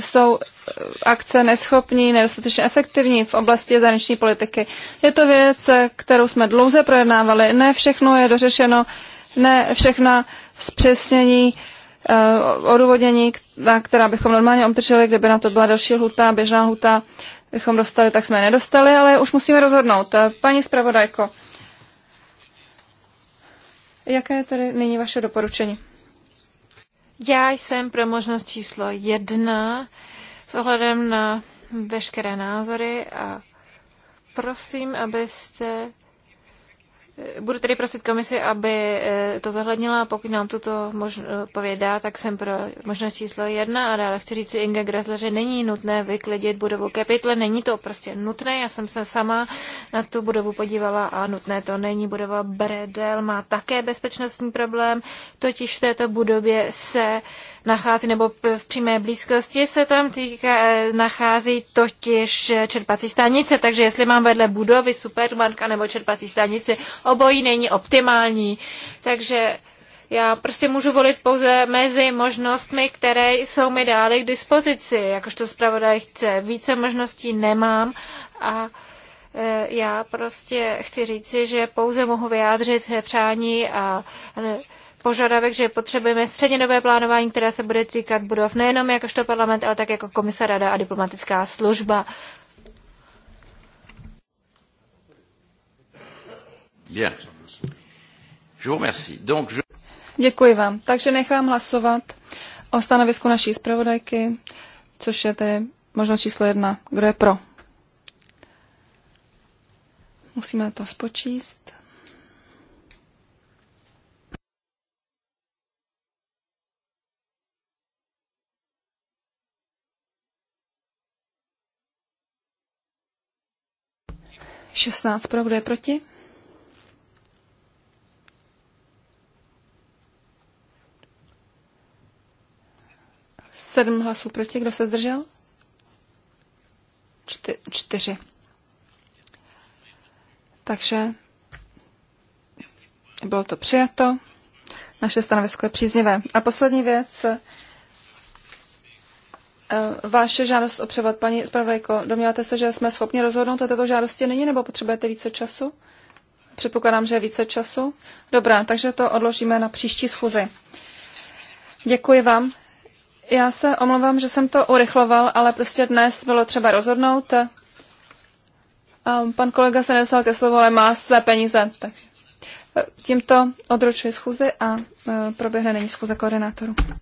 jsou eh, akce neschopní, nedostatečně efektivní v oblasti zahraniční politiky. Je to věc, kterou jsme dlouze projednávali. Ne všechno je dořešeno, ne všechna zpřesnění eh, odůvodnění, která bychom normálně obdrželi, kdyby na to byla další lhuta, běžná lhuta, bychom dostali, tak jsme nedostali, ale už musíme rozhodnout. Eh, paní zpravodajko, Jaké je tedy nyní vaše doporučení? Já jsem pro možnost číslo jedna s ohledem na veškeré názory a prosím, abyste Budu tedy prosit komisi, aby e, to zohlednila, pokud nám tuto odpovědá, tak jsem pro možnost číslo jedna a dále chci říct si Inge Gressler, že není nutné vyklidit budovu Kapitle, není to prostě nutné, já jsem se sama na tu budovu podívala a nutné to není. Budova Bredel má také bezpečnostní problém, totiž v této budově se uh, nachází, nebo v přímé blízkosti se tam týká, eh, nachází totiž čerpací stanice, takže jestli mám vedle budovy supermarka nebo čerpací stanice, obojí není optimální. Takže já prostě můžu volit pouze mezi možnostmi, které jsou mi dále k dispozici, jakožto zpravodaj chce. Více možností nemám a eh, já prostě chci říci, že pouze mohu vyjádřit přání a eh, požadavek, že potřebujeme střednědobé plánování, které se bude týkat budov nejenom jakožto parlament, ale tak jako komise rada a diplomatická služba. Bien. Je vous remercie. Donc je... Děkuji vám. Takže nechám hlasovat o stanovisku naší zpravodajky, což je tedy možnost číslo jedna. Kdo je pro? Musíme to spočíst. 16 pro, kdo je proti? Sedm hlasů proti, kdo se zdržel? Čty, čtyři. Takže bylo to přijato. Naše stanovisko je příznivé. A poslední věc, Eh, Vaše žádost o převod, paní zpravodajko, domníváte se, že jsme schopni rozhodnout o této žádosti nyní, nebo potřebujete více času? Předpokládám, že je více času. Dobrá, takže to odložíme na příští schůzi. Děkuji vám. Já se omlouvám, že jsem to urychloval, ale prostě dnes bylo třeba rozhodnout. Eh, pan kolega se nedostal ke slovu, ale má své peníze. Tak eh, tímto odročuji schůzi a proběhne není schůze koordinátoru.